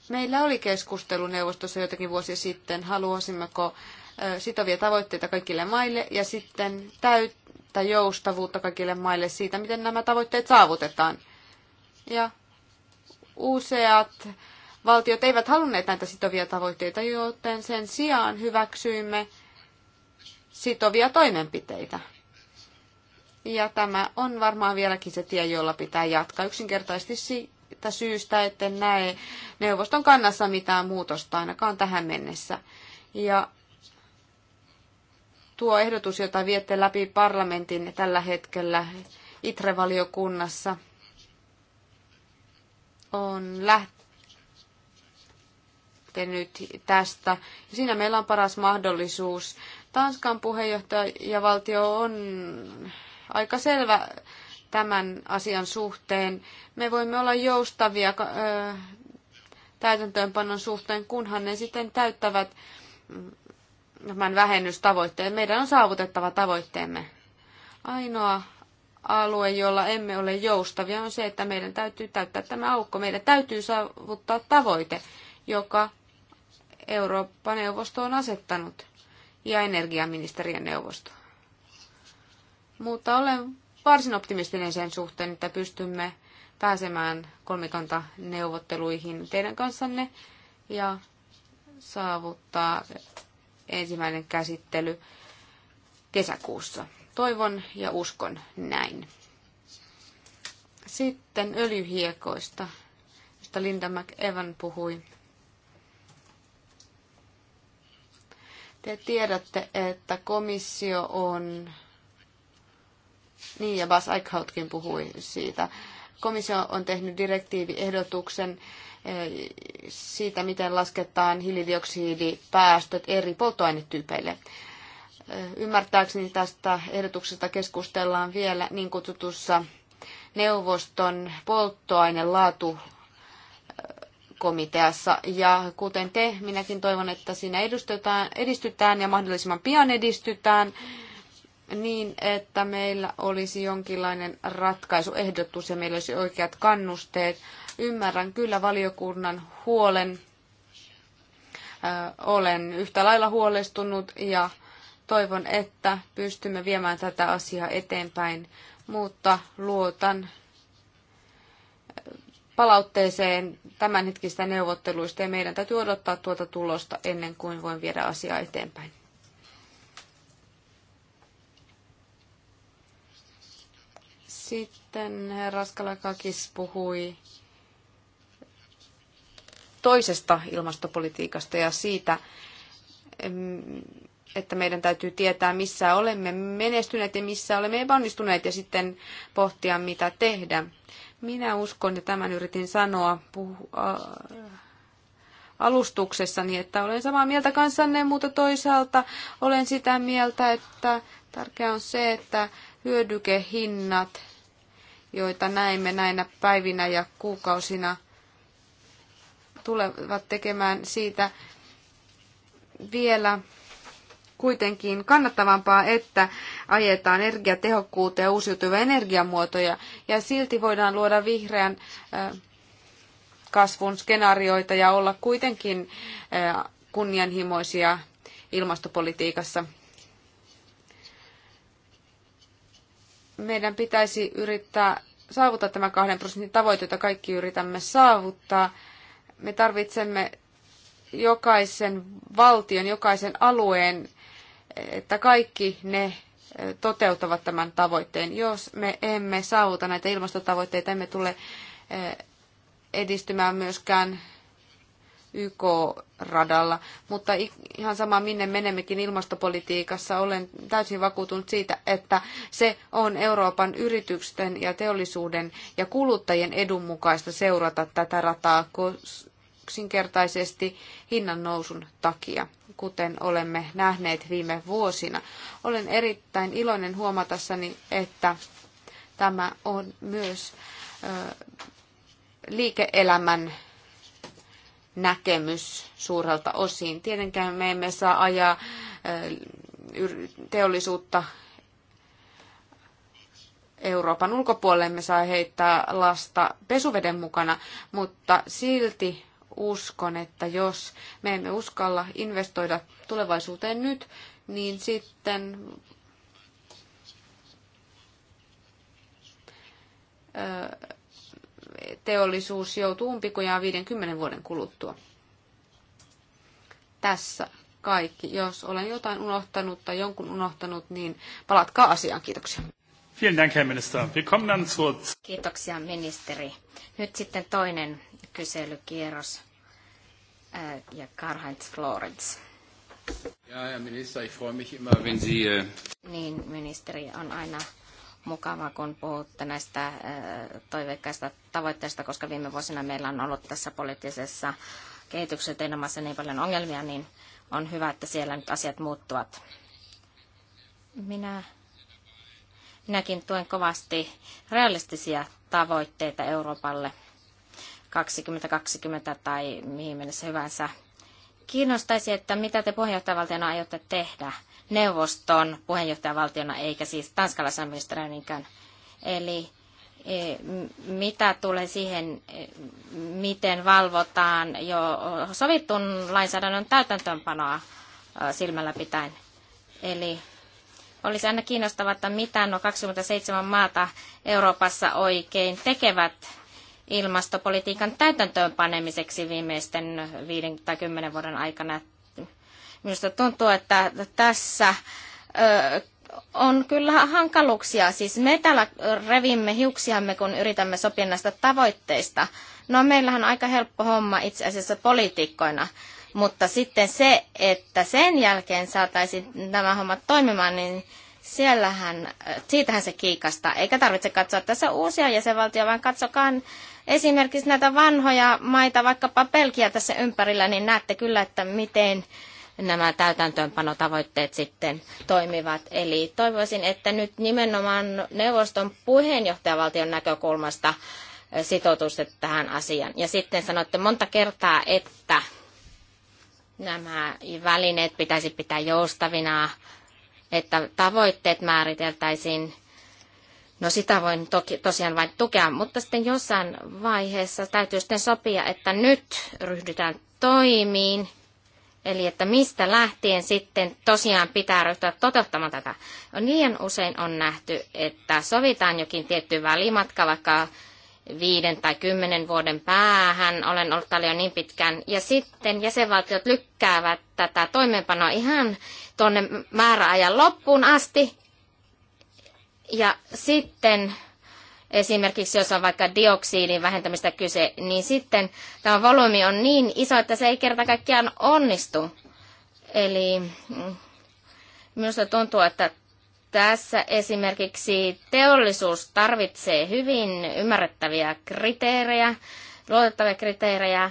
Meillä oli keskustelu neuvostossa joitakin vuosia sitten, haluaisimmeko sitovia tavoitteita kaikille maille ja sitten täyttä joustavuutta kaikille maille siitä, miten nämä tavoitteet saavutetaan. Ja useat valtiot eivät halunneet näitä sitovia tavoitteita, joten sen sijaan hyväksyimme sitovia toimenpiteitä. Ja tämä on varmaan vieläkin se tie, jolla pitää jatkaa. Yksinkertaisesti siitä syystä, että näe neuvoston kannassa mitään muutosta ainakaan tähän mennessä. Ja tuo ehdotus, jota viette läpi parlamentin tällä hetkellä ITRE-valiokunnassa, on läht- lähtenyt tästä. siinä meillä on paras mahdollisuus. Tanskan valtio on aika selvä tämän asian suhteen. Me voimme olla joustavia täytäntöönpannon suhteen, kunhan ne sitten täyttävät tämän vähennystavoitteen. Meidän on saavutettava tavoitteemme. Ainoa alue, jolla emme ole joustavia, on se, että meidän täytyy täyttää tämä aukko. Meidän täytyy saavuttaa tavoite, joka Eurooppa-neuvosto on asettanut ja energiaministerien neuvosto. Mutta olen varsin optimistinen sen suhteen, että pystymme pääsemään kolmikantaneuvotteluihin teidän kanssanne ja saavuttaa ensimmäinen käsittely kesäkuussa. Toivon ja uskon näin. Sitten öljyhiekoista, josta Linda McEvan puhui. Te tiedätte, että komissio on... Niin, ja Bas Eichhoutkin puhui siitä. Komissio on tehnyt direktiiviehdotuksen eh, siitä, miten lasketaan hiilidioksidipäästöt eri polttoainetyypeille. Eh, ymmärtääkseni tästä ehdotuksesta keskustellaan vielä niin kutsutussa neuvoston polttoainelaatu komiteassa. Ja kuten te, minäkin toivon, että siinä edistytään ja mahdollisimman pian edistytään niin, että meillä olisi jonkinlainen ratkaisuehdotus ja meillä olisi oikeat kannusteet. Ymmärrän kyllä valiokunnan huolen. olen yhtä lailla huolestunut ja toivon, että pystymme viemään tätä asiaa eteenpäin, mutta luotan palautteeseen tämänhetkistä neuvotteluista ja meidän täytyy odottaa tuota tulosta ennen kuin voin viedä asiaa eteenpäin. Sitten Raskalakakis puhui toisesta ilmastopolitiikasta ja siitä, että meidän täytyy tietää, missä olemme menestyneet ja missä olemme epäonnistuneet ja sitten pohtia, mitä tehdä. Minä uskon, ja tämän yritin sanoa puhu, äh, alustuksessani, että olen samaa mieltä kanssanne, mutta toisaalta olen sitä mieltä, että tärkeää on se, että hyödykehinnat, joita näemme näinä päivinä ja kuukausina, tulevat tekemään siitä vielä kuitenkin kannattavampaa, että ajetaan energiatehokkuutta ja uusiutuvia energiamuotoja, ja silti voidaan luoda vihreän kasvun skenaarioita ja olla kuitenkin kunnianhimoisia ilmastopolitiikassa. Meidän pitäisi yrittää saavuttaa tämä kahden prosentin tavoite, jota kaikki yritämme saavuttaa. Me tarvitsemme jokaisen valtion, jokaisen alueen että kaikki ne toteuttavat tämän tavoitteen. Jos me emme saavuta näitä ilmastotavoitteita, emme tule edistymään myöskään YK-radalla. Mutta ihan sama, minne menemmekin ilmastopolitiikassa, olen täysin vakuutunut siitä, että se on Euroopan yritysten ja teollisuuden ja kuluttajien edun mukaista seurata tätä rataa, koska yksinkertaisesti hinnan nousun takia, kuten olemme nähneet viime vuosina. Olen erittäin iloinen huomatessani, että tämä on myös liike-elämän näkemys suurelta osin. Tietenkään me emme saa ajaa teollisuutta Euroopan ulkopuolelle, me saa heittää lasta pesuveden mukana, mutta silti uskon, että jos me emme uskalla investoida tulevaisuuteen nyt, niin sitten teollisuus joutuu umpikujaan 50 vuoden kuluttua. Tässä kaikki. Jos olen jotain unohtanut tai jonkun unohtanut, niin palatkaa asiaan. Kiitoksia. Vielen Dank, Herr Minister. Wir kommen dann zur... Kiitoksia, ministeri. Nyt sitten toinen kyselykierros ja Karl-Heinz Florenz. Ja, ja minister, ich freue mich immer, wenn Sie... Äh, niin, ministeri, on aina mukava, kun puhutte näistä äh, toiveikkaista tavoitteista, koska viime vuosina meillä on ollut tässä poliittisessa kehityksessä teinomassa niin paljon ongelmia, niin on hyvä, että siellä nyt asiat muuttuvat. Minä, minäkin tuen kovasti realistisia tavoitteita Euroopalle – 2020 tai mihin mennessä hyvänsä. Kiinnostaisi, että mitä te puheenjohtajavaltiona aiotte tehdä neuvoston puheenjohtajavaltiona, eikä siis tanskalaisen ministerinä niinkään. Eli e, mitä tulee siihen, e, miten valvotaan jo sovittun lainsäädännön täytäntöönpanoa silmällä pitäen. Eli olisi aina kiinnostavaa, että mitä nuo 27 maata Euroopassa oikein tekevät ilmastopolitiikan täytäntöönpanemiseksi panemiseksi viimeisten viiden tai kymmenen vuoden aikana. Minusta tuntuu, että tässä on kyllä hankaluuksia. Siis me täällä revimme hiuksiamme, kun yritämme sopia näistä tavoitteista. No meillähän on aika helppo homma itse asiassa poliitikkoina. Mutta sitten se, että sen jälkeen saataisiin nämä hommat toimimaan, niin siellähän, siitähän se kiikastaa. Eikä tarvitse katsoa tässä uusia jäsenvaltioita, vaan katsokaan esimerkiksi näitä vanhoja maita, vaikkapa Belgia tässä ympärillä, niin näette kyllä, että miten nämä täytäntöönpanotavoitteet sitten toimivat. Eli toivoisin, että nyt nimenomaan neuvoston puheenjohtajavaltion näkökulmasta eh, sitoutuisitte tähän asiaan. Ja sitten sanoitte monta kertaa, että nämä välineet pitäisi pitää joustavina, että tavoitteet määriteltäisiin No sitä voin toki, tosiaan vain tukea, mutta sitten jossain vaiheessa täytyy sitten sopia, että nyt ryhdytään toimiin. Eli että mistä lähtien sitten tosiaan pitää ryhtyä toteuttamaan tätä. Liian usein on nähty, että sovitaan jokin tietty välimatka, vaikka viiden tai kymmenen vuoden päähän. Olen ollut täällä jo niin pitkään. Ja sitten jäsenvaltiot lykkäävät tätä toimeenpanoa ihan tuonne määräajan loppuun asti, ja sitten esimerkiksi jos on vaikka dioksidin vähentämistä kyse, niin sitten tämä volyymi on niin iso, että se ei kerta kaikkiaan onnistu. Eli mm, minusta tuntuu, että tässä esimerkiksi teollisuus tarvitsee hyvin ymmärrettäviä kriteerejä, luotettavia kriteerejä,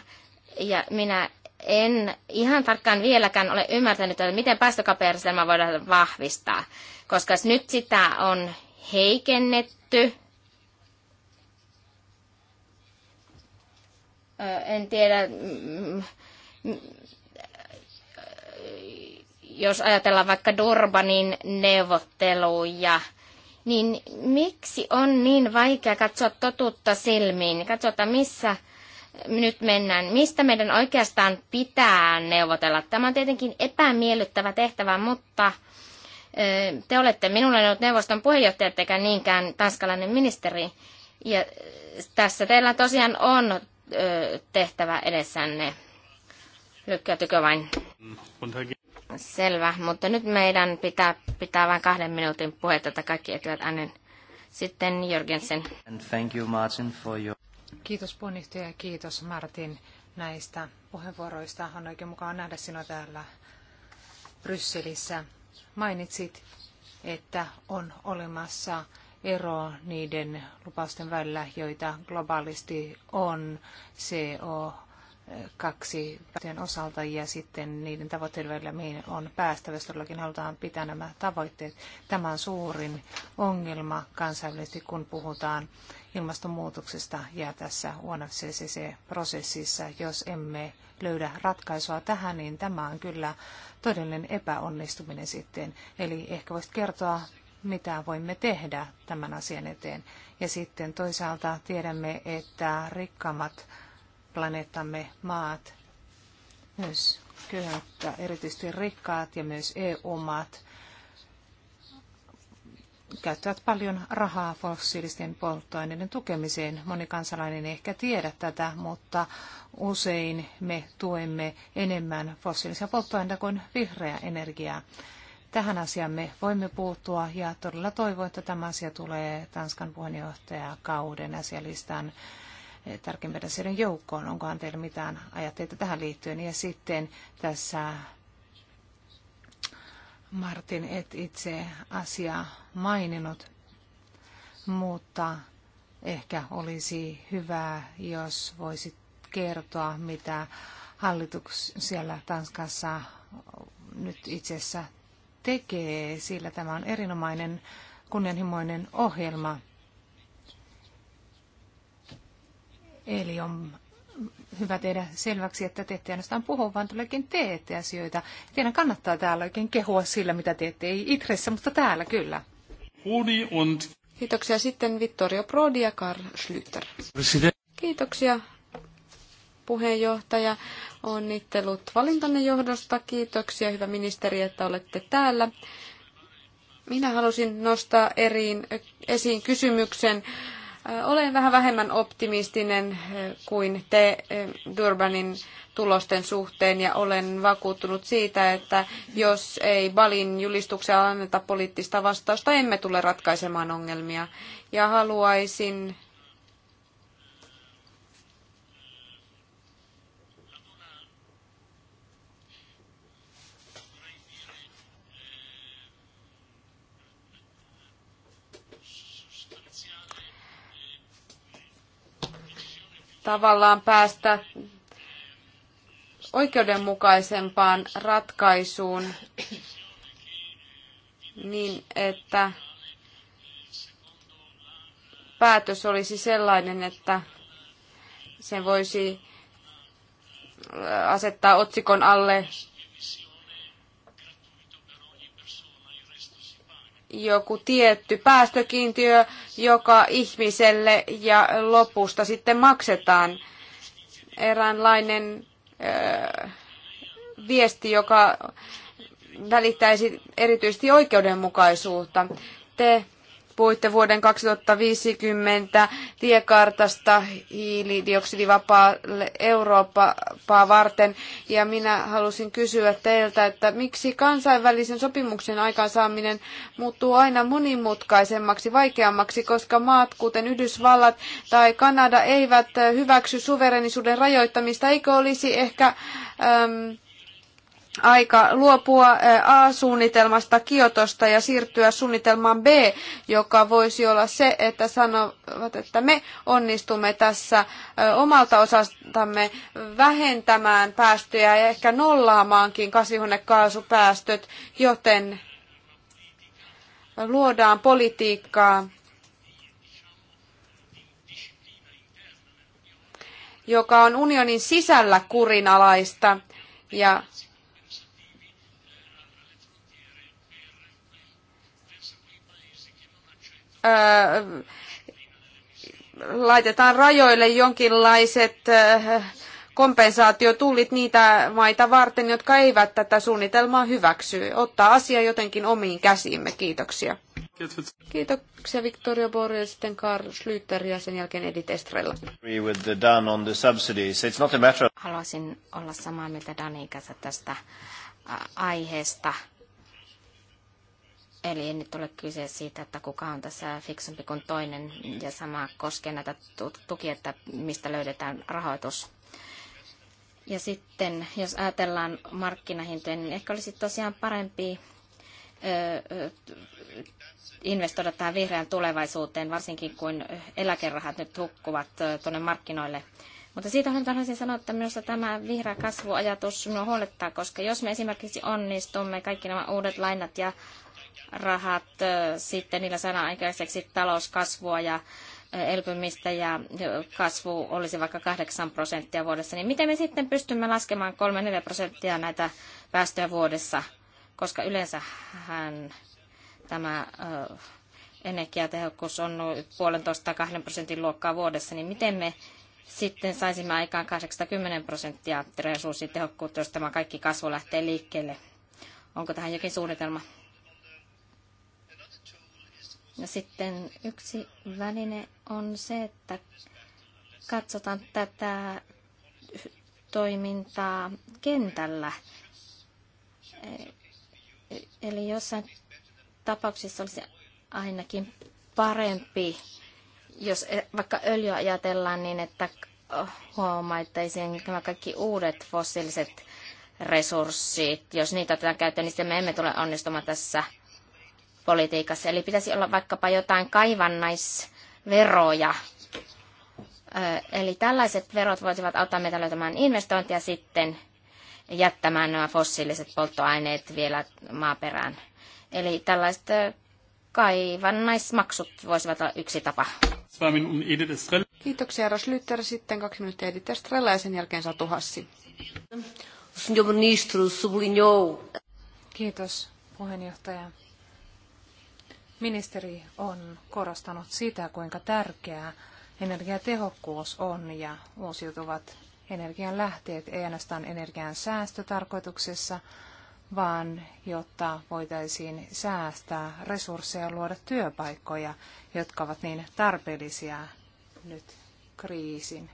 ja minä en ihan tarkkaan vieläkään ole ymmärtänyt, että miten päästökauppajärjestelmää voidaan vahvistaa, koska nyt sitä on heikennetty. En tiedä, jos ajatellaan vaikka Durbanin neuvotteluja, niin miksi on niin vaikea katsoa totuutta silmiin, katsotaan missä nyt mennään, mistä meidän oikeastaan pitää neuvotella. Tämä on tietenkin epämiellyttävä tehtävä, mutta te olette minulle ollut neuvoston puheenjohtaja, eikä niinkään tanskalainen ministeri. Ja tässä teillä tosiaan on tehtävä edessänne. Lykkäytykö vain? Selvä, mutta nyt meidän pitää pitää vain kahden minuutin puhetta, että kaikki etyvät äänen. Sitten Jörgensen. And thank you Martin for your... Kiitos puheenjohtaja ja kiitos Martin näistä puheenvuoroista. On oikein mukava nähdä sinua täällä Brysselissä. Mainitsit, että on olemassa ero niiden lupausten välillä, joita globaalisti on se, on kaksi päätöjen osalta ja sitten niiden tavoitteiden välillä, mihin on päästävä, jos todellakin halutaan pitää nämä tavoitteet. Tämä on suurin ongelma kansainvälisesti, kun puhutaan ilmastonmuutoksesta ja tässä UNFCCC-prosessissa. Jos emme löydä ratkaisua tähän, niin tämä on kyllä todellinen epäonnistuminen sitten. Eli ehkä voisit kertoa, mitä voimme tehdä tämän asian eteen. Ja sitten toisaalta tiedämme, että rikkaammat planeettamme maat, myös köyhyyttä, erityisesti rikkaat ja myös EU-maat, käyttävät paljon rahaa fossiilisten polttoaineiden tukemiseen. Moni kansalainen ei ehkä tiedä tätä, mutta usein me tuemme enemmän fossiilisia polttoaineita kuin vihreää energiaa. Tähän asiaan me voimme puuttua ja todella toivon, että tämä asia tulee Tanskan puheenjohtajakauden asialistaan tärkeimpien asioiden joukkoon. Onkohan teillä mitään ajatteita tähän liittyen? Ja sitten tässä Martin, et itse asia maininnut, mutta ehkä olisi hyvä, jos voisit kertoa, mitä hallituks siellä Tanskassa nyt itse asiassa tekee, sillä tämä on erinomainen kunnianhimoinen ohjelma. Eli on hyvä tehdä selväksi, että te ette ainoastaan puhu, vaan tuleekin teette asioita. Teidän kannattaa täällä oikein kehua sillä, mitä teette. Ei Itressä, mutta täällä kyllä. Uni und... Kiitoksia sitten Vittorio Prodi ja Karl Schlüter. Kiitoksia puheenjohtaja. Onnittelut valintanne johdosta. Kiitoksia hyvä ministeri, että olette täällä. Minä halusin nostaa eriin, esiin kysymyksen olen vähän vähemmän optimistinen kuin te Durbanin tulosten suhteen ja olen vakuuttunut siitä, että jos ei Balin julistuksella anneta poliittista vastausta, emme tule ratkaisemaan ongelmia. Ja haluaisin tavallaan päästä oikeudenmukaisempaan ratkaisuun niin, että päätös olisi sellainen, että sen voisi asettaa otsikon alle joku tietty päästökiintiö joka ihmiselle ja lopusta sitten maksetaan. Eräänlainen ö, viesti, joka välittäisi erityisesti oikeudenmukaisuutta. Te puhuitte vuoden 2050 tiekartasta hiilidioksidivapaalle Eurooppaa varten. Ja minä halusin kysyä teiltä, että miksi kansainvälisen sopimuksen aikaansaaminen muuttuu aina monimutkaisemmaksi, vaikeammaksi, koska maat, kuten Yhdysvallat tai Kanada, eivät hyväksy suverenisuuden rajoittamista. Eikö olisi ehkä... Ähm, aika luopua A-suunnitelmasta Kiotosta ja siirtyä suunnitelmaan B, joka voisi olla se, että sanovat, että me onnistumme tässä omalta osastamme vähentämään päästöjä ja ehkä nollaamaankin kasvihuonekaasupäästöt, joten luodaan politiikkaa, joka on unionin sisällä kurinalaista ja laitetaan rajoille jonkinlaiset kompensaatiotullit niitä maita varten, jotka eivät tätä suunnitelmaa hyväksy. Ottaa asia jotenkin omiin käsiimme. Kiitoksia. Kiitoksia Victoria Borja, sitten Karl Schlüter ja sen jälkeen Edith Estrella. Haluaisin olla samaa mieltä Danin kanssa tästä aiheesta Eli ei nyt ole kyse siitä, että kuka on tässä fiksumpi kuin toinen, ja sama koskee näitä tukia, että mistä löydetään rahoitus. Ja sitten, jos ajatellaan markkinahintoja, niin ehkä olisi tosiaan parempi investoida tähän vihreään tulevaisuuteen, varsinkin kun eläkerahat nyt hukkuvat tuonne markkinoille. Mutta siitä on haluaisin sanoa, että minusta tämä vihreä kasvuajatus minua huolettaa, koska jos me esimerkiksi onnistumme kaikki nämä uudet lainat ja rahat sitten niillä saadaan aikaiseksi talouskasvua ja elpymistä ja kasvu olisi vaikka 8 prosenttia vuodessa, niin miten me sitten pystymme laskemaan 3-4 prosenttia näitä päästöjä vuodessa, koska yleensähän tämä energiatehokkuus on noin puolentoista kahden prosentin luokkaa vuodessa, niin miten me sitten saisimme aikaan 80 prosenttia resurssitehokkuutta, jos tämä kaikki kasvu lähtee liikkeelle? Onko tähän jokin suunnitelma? Ja sitten yksi väline on se, että katsotaan tätä toimintaa kentällä. Eli jossain tapauksissa olisi ainakin parempi, jos e- vaikka öljy ajatellaan niin, että huomaittaisiin nämä kaikki uudet fossiiliset resurssit. Jos niitä otetaan käyttöön, niin me emme tule onnistumaan tässä politiikassa. Eli pitäisi olla vaikkapa jotain kaivannaisveroja. Eli tällaiset verot voisivat auttaa meitä löytämään investointia sitten jättämään nämä fossiiliset polttoaineet vielä maaperään. Eli tällaiset kaivannaismaksut voisivat olla yksi tapa. Kiitoksia Ros Lytter, sitten kaksi minuuttia Edith Estrella ja sen jälkeen Satu Hassi. Kiitos puheenjohtaja. Ministeri on korostanut sitä, kuinka tärkeää energiatehokkuus on ja uusiutuvat energian lähteet ei ainoastaan energian säästötarkoituksessa, vaan jotta voitaisiin säästää resursseja ja luoda työpaikkoja, jotka ovat niin tarpeellisia nyt kriisin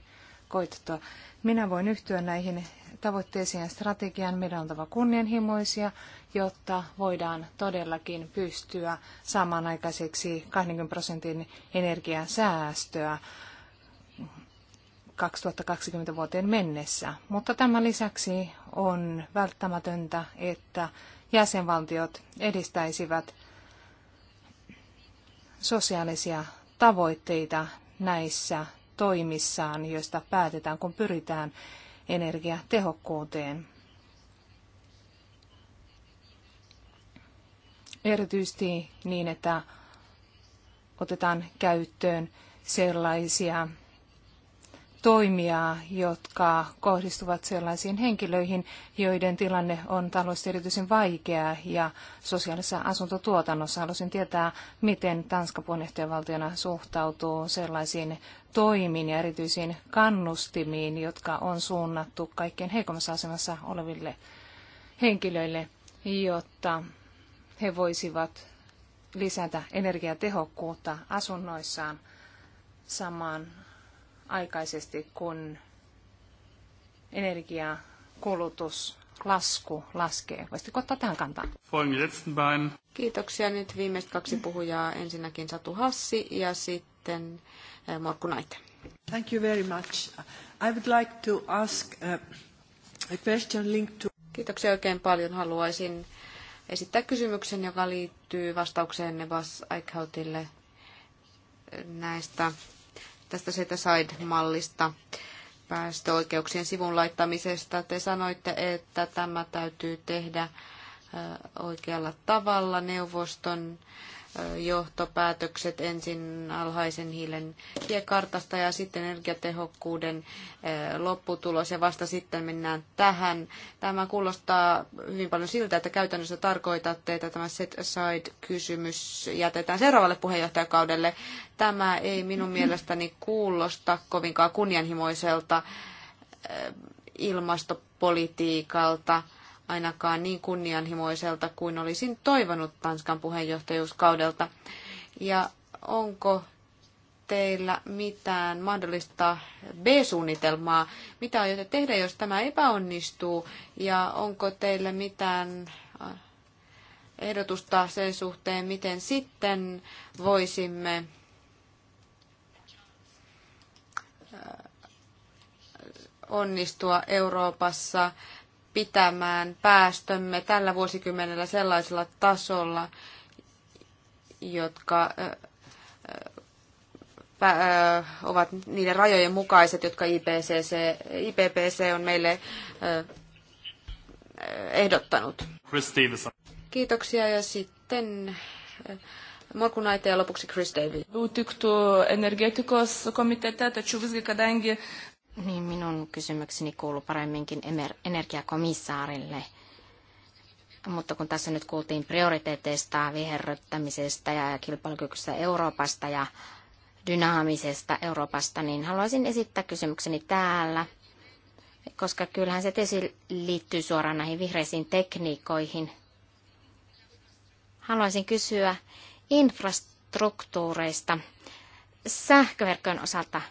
koittoa. Minä voin yhtyä näihin tavoitteisiin ja strategiaan. Meidän on oltava kunnianhimoisia, jotta voidaan todellakin pystyä saamaan aikaiseksi 20 prosentin energiasäästöä 2020 vuoteen mennessä. Mutta tämän lisäksi on välttämätöntä, että jäsenvaltiot edistäisivät sosiaalisia tavoitteita näissä toimissaan, joista päätetään, kun pyritään energiatehokkuuteen. Erityisesti niin, että otetaan käyttöön sellaisia toimia, jotka kohdistuvat sellaisiin henkilöihin, joiden tilanne on taloudellisesti erityisen vaikea ja sosiaalisessa asuntotuotannossa. Haluaisin tietää, miten Tanska puheenjohtajavaltiona suhtautuu sellaisiin toimiin ja erityisiin kannustimiin, jotka on suunnattu kaikkein heikommassa asemassa oleville henkilöille, jotta he voisivat lisätä energiatehokkuutta asunnoissaan samaan aikaisesti, kun energiakulutus lasku laskee. Voisitko ottaa tähän kantaa? Kiitoksia. Nyt viimeiset kaksi puhujaa. Ensinnäkin Satu Hassi ja sitten eh, Markku Naite. Thank you very much. I would like to ask eh, a question linked to... Kiitoksia oikein paljon. Haluaisin esittää kysymyksen, joka liittyy vastaukseenne Bas Eichhautille eh, näistä tästä Seta side mallista päästöoikeuksien sivun laittamisesta. Te sanoitte, että tämä täytyy tehdä oikealla tavalla neuvoston johtopäätökset ensin alhaisen hiilen tiekartasta ja sitten energiatehokkuuden lopputulos ja vasta sitten mennään tähän. Tämä kuulostaa hyvin paljon siltä, että käytännössä tarkoitatte, että tämä set aside-kysymys jätetään seuraavalle puheenjohtajakaudelle. Tämä ei minun mielestäni kuulosta kovinkaan kunnianhimoiselta ilmastopolitiikalta ainakaan niin kunnianhimoiselta kuin olisin toivonut Tanskan puheenjohtajuuskaudelta. Ja onko teillä mitään mahdollista B-suunnitelmaa? Mitä aiotte tehdä, jos tämä epäonnistuu? Ja onko teillä mitään äh, ehdotusta sen suhteen, miten sitten voisimme äh, onnistua Euroopassa pitämään päästömme tällä vuosikymmenellä sellaisella tasolla, jotka ovat niiden rajojen mukaiset, jotka IPCC, IPPC on meille ehdottanut. Kiitoksia ja sitten Morkunaita ja lopuksi Chris Davy. Buvau energetikos komitete, että kadangi niin minun kysymykseni kuuluu paremminkin energiakomissaarille. Mutta kun tässä nyt kuultiin prioriteeteista, viherryttämisestä ja kilpailukykyisestä Euroopasta ja dynaamisesta Euroopasta, niin haluaisin esittää kysymykseni täällä, koska kyllähän se tietysti liittyy suoraan näihin vihreisiin tekniikoihin. Haluaisin kysyä infrastruktuureista sähköverkkojen osalta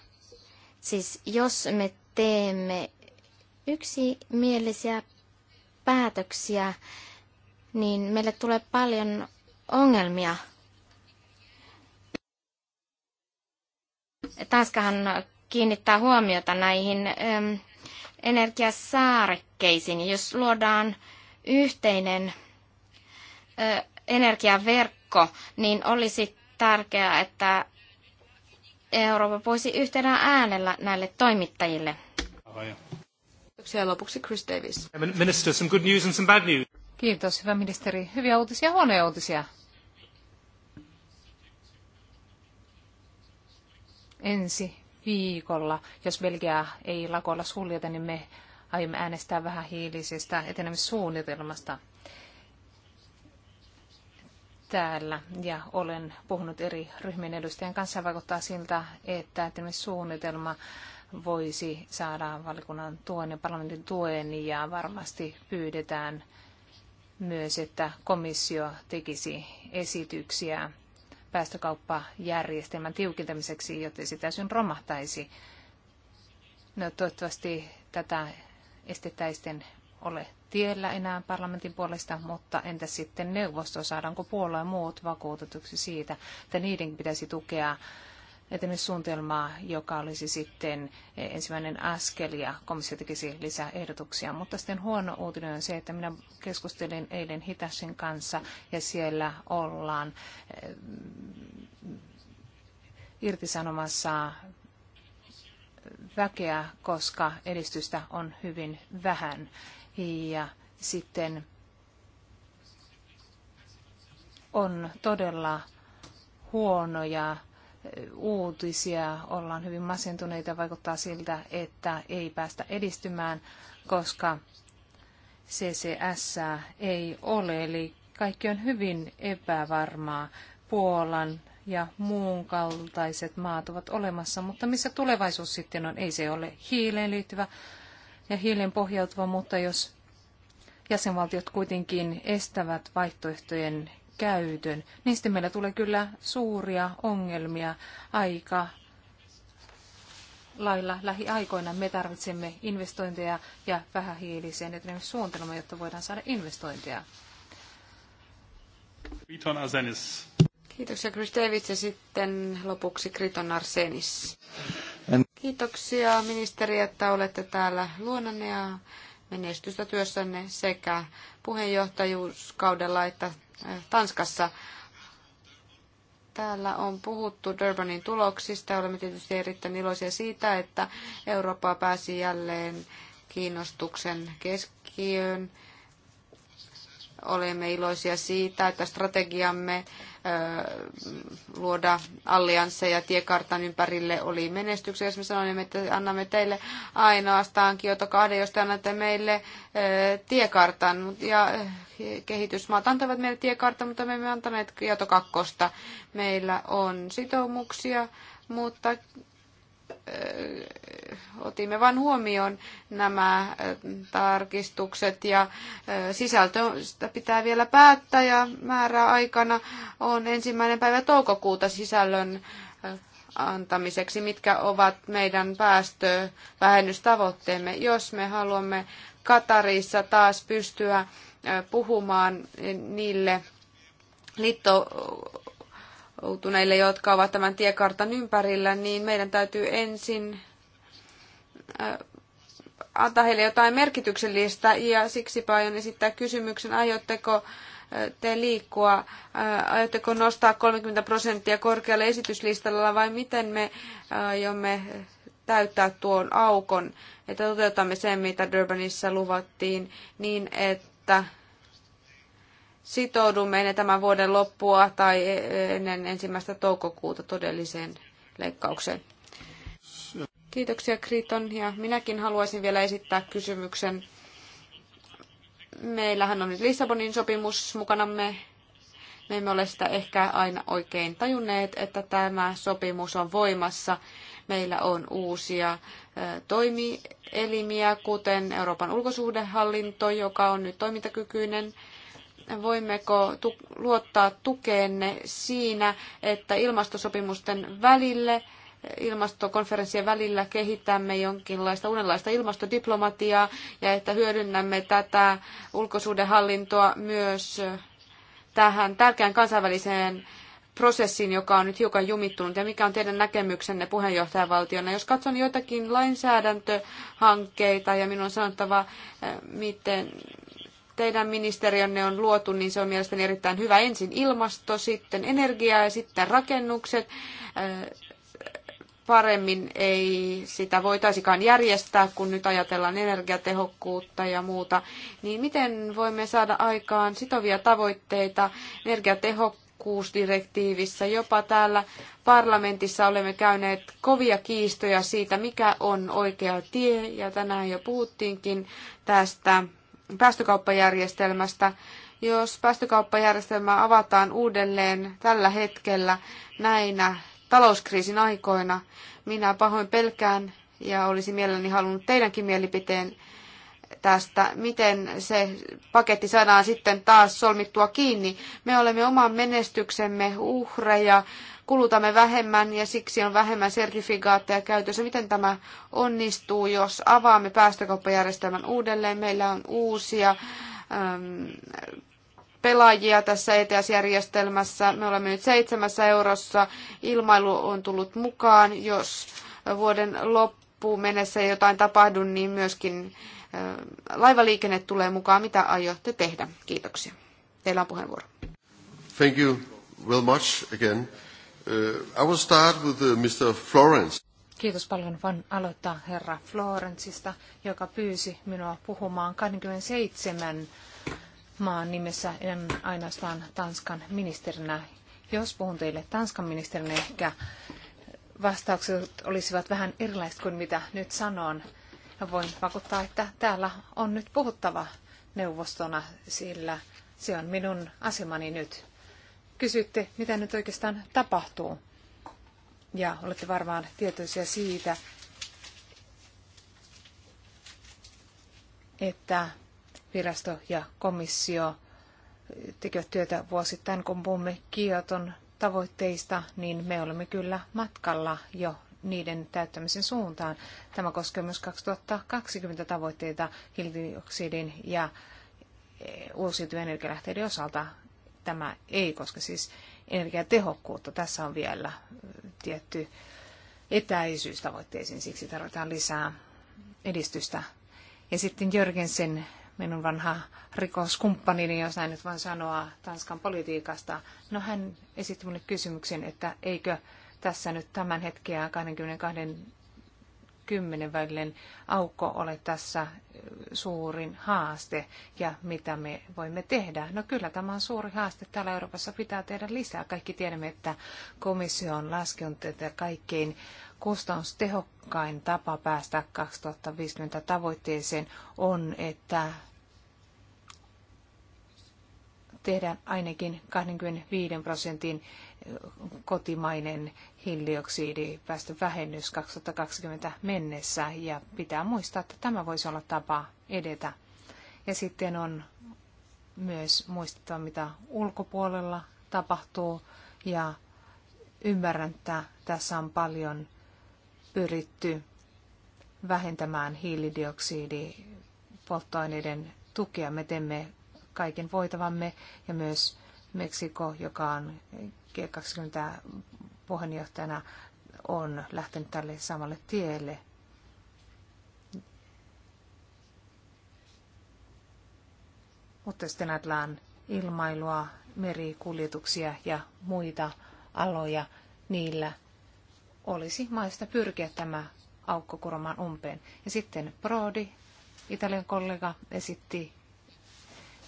Siis jos me teemme yksimielisiä päätöksiä, niin meille tulee paljon ongelmia. Tanskahan kiinnittää huomiota näihin äm, energiasaarekkeisiin. Jos luodaan yhteinen ö, äh, energiaverkko, niin olisi tärkeää, että Eurooppa voisi yhtenä äänellä näille toimittajille. Kiitoksia lopuksi Chris Davis. Minister, some good news and some bad news. Kiitos, hyvä ministeri. Hyviä uutisia ja huonoja uutisia. Ensi viikolla, jos Belgia ei lakoilla suljeta, niin me aiomme äänestää vähän hiilisestä etenemissuunnitelmasta – täällä ja olen puhunut eri ryhmien edustajien kanssa. Vaikuttaa siltä, että suunnitelma voisi saada valikunnan tuen ja parlamentin tuen ja varmasti pyydetään myös, että komissio tekisi esityksiä päästökauppajärjestelmän tiukentamiseksi, jotta sitä syn romahtaisi. No, toivottavasti tätä estettäisten ole tiellä enää parlamentin puolesta, mutta entä sitten neuvosto, saadaanko puolueen muut vakuutetuksi siitä, että niiden pitäisi tukea etenemissuunnitelmaa, joka olisi sitten ensimmäinen askel ja komissio tekisi lisää ehdotuksia. Mutta sitten huono uutinen on se, että minä keskustelin eilen Hitasin kanssa ja siellä ollaan eh, irtisanomassa väkeä, koska edistystä on hyvin vähän. Ja sitten on todella huonoja uutisia, ollaan hyvin masentuneita, vaikuttaa siltä, että ei päästä edistymään, koska CCS ei ole, eli kaikki on hyvin epävarmaa. Puolan ja muun kaltaiset maat ovat olemassa, mutta missä tulevaisuus sitten on? Ei se ole hiileen liittyvä ja hiilen pohjautuva, mutta jos jäsenvaltiot kuitenkin estävät vaihtoehtojen käytön, niin sitten meillä tulee kyllä suuria ongelmia aika lailla lähiaikoina. Me tarvitsemme investointeja ja vähähiiliseen suunnitelmaan, jotta voidaan saada investointeja. Kriton Arsenis. Kiitoksia Chris Davids ja sitten lopuksi Kriton Arsenis. Kiitoksia ministeri, että olette täällä luonanne ja menestystä työssänne sekä puheenjohtajuuskaudella että eh, Tanskassa. Täällä on puhuttu Durbanin tuloksista. Olemme tietysti erittäin iloisia siitä, että Eurooppa pääsi jälleen kiinnostuksen keskiöön. Olemme iloisia siitä, että strategiamme luoda alliansseja tiekartan ympärille oli menestyksessä. Me sanoimme, että annamme teille ainoastaan Kioto 2, jos te annatte meille tiekartan. Ja kehitysmaat antavat meille tiekartan, mutta me emme antaneet Kioto 2. Meillä on sitoumuksia, mutta otimme vain huomioon nämä tarkistukset ja sisältöstä pitää vielä päättää ja määräaikana on ensimmäinen päivä toukokuuta sisällön antamiseksi, mitkä ovat meidän päästövähennystavoitteemme, jos me haluamme Katarissa taas pystyä puhumaan niille liitto joutuneille, jotka ovat tämän tiekartan ympärillä, niin meidän täytyy ensin antaa heille jotain merkityksellistä ja siksi paljon esittää kysymyksen, aiotteko te liikkua, aiotteko nostaa 30 prosenttia korkealle esityslistalla vai miten me aiomme täyttää tuon aukon, että toteutamme sen, mitä Durbanissa luvattiin, niin että sitoudumme ennen tämän vuoden loppua tai e, ennen ensimmäistä toukokuuta todelliseen leikkaukseen. Kiitoksia Kriton ja minäkin haluaisin vielä esittää kysymyksen. Meillähän on nyt Lissabonin sopimus mukanamme. Me emme ole sitä ehkä aina oikein tajunneet, että tämä sopimus on voimassa. Meillä on uusia e, toimielimiä, kuten Euroopan ulkosuhdehallinto, joka on nyt toimintakykyinen voimmeko luottaa tukeenne siinä, että ilmastosopimusten välille ilmastokonferenssien välillä kehitämme jonkinlaista uudenlaista ilmastodiplomatiaa ja että hyödynnämme tätä ulkosuudenhallintoa myös tähän tärkeään kansainväliseen prosessiin, joka on nyt hiukan jumittunut, ja mikä on teidän näkemyksenne puheenjohtajavaltiona? Jos katson joitakin lainsäädäntöhankkeita, ja minun on sanottava, eh, miten teidän ministeriönne on luotu, niin se on mielestäni erittäin hyvä. Ensin ilmasto, sitten energia ja sitten rakennukset. Paremmin ei sitä voitaisikaan järjestää, kun nyt ajatellaan energiatehokkuutta ja muuta. Niin miten voimme saada aikaan sitovia tavoitteita energiatehokkuusdirektiivissä? Jopa täällä parlamentissa olemme käyneet kovia kiistoja siitä, mikä on oikea tie, ja tänään jo puhuttiinkin tästä päästökauppajärjestelmästä. Jos päästökauppajärjestelmä avataan uudelleen tällä hetkellä näinä talouskriisin aikoina, minä pahoin pelkään ja olisi mielelläni halunnut teidänkin mielipiteen tästä, miten se paketti saadaan sitten taas solmittua kiinni. Me olemme oman menestyksemme uhreja kulutamme vähemmän ja siksi on vähemmän sertifikaatteja käytössä. Miten tämä onnistuu, jos avaamme päästökauppajärjestelmän uudelleen? Meillä on uusia äm, pelaajia tässä ETS-järjestelmässä. Me olemme nyt seitsemässä eurossa. Ilmailu on tullut mukaan. Jos vuoden loppuun mennessä ei jotain tapahdu, niin myöskin äh, laivaliikenne tulee mukaan. Mitä aiotte tehdä? Kiitoksia. Teillä on puheenvuoro. Thank you well much again. Uh, I will start with uh, Mr. Florence. Kiitos paljon. Voin aloittaa herra Florenceista, joka pyysi minua puhumaan 27 maan nimessä, en ainoastaan Tanskan ministerinä. Jos puhun teille Tanskan ministerinä, ehkä vastaukset olisivat vähän erilaiset kuin mitä nyt sanon. Ja voin vakuuttaa, että täällä on nyt puhuttava neuvostona, sillä se on minun asemani nyt kysytte, mitä nyt oikeastaan tapahtuu. Ja olette varmaan tietoisia siitä, että virasto ja komissio tekevät työtä vuosittain, kun puhumme Kioton tavoitteista, niin me olemme kyllä matkalla jo niiden täyttämisen suuntaan. Tämä koskee myös 2020 tavoitteita hiilidioksidin ja e, uusiutuvien energialähteiden osalta tämä ei, koska siis energiatehokkuutta tässä on vielä tietty etäisyys tavoitteisiin, siksi tarvitaan lisää edistystä. Ja sitten Jörgensen, minun vanha rikoskumppanini, niin jos näin nyt vaan sanoa, Tanskan politiikasta. No hän esitti minulle kysymyksen, että eikö tässä nyt tämän hetkeä 22 kymmenen välinen aukko ole tässä suurin haaste ja mitä me voimme tehdä? No kyllä tämä on suuri haaste. Täällä Euroopassa pitää tehdä lisää. Kaikki tiedämme, että komissio on laskenut, että kaikkein kustannustehokkain tapa päästä 2050 tavoitteeseen on, että tehdään ainakin 25 prosentin kotimainen hiilidioksidipäästövähennys 2020 mennessä ja pitää muistaa, että tämä voisi olla tapa edetä. Ja sitten on myös muistettava, mitä ulkopuolella tapahtuu ja ymmärrän, että tässä on paljon pyritty vähentämään hiilidioksidipolttoaineiden tukea. Me teemme kaiken voitavamme ja myös Meksiko, joka on G20 puheenjohtajana on lähtenyt tälle samalle tielle. Mutta sitten ajatellaan ilmailua, merikuljetuksia ja muita aloja, niillä olisi maista pyrkiä tämä aukko kuromaan umpeen. Ja sitten Prodi, Italian kollega, esitti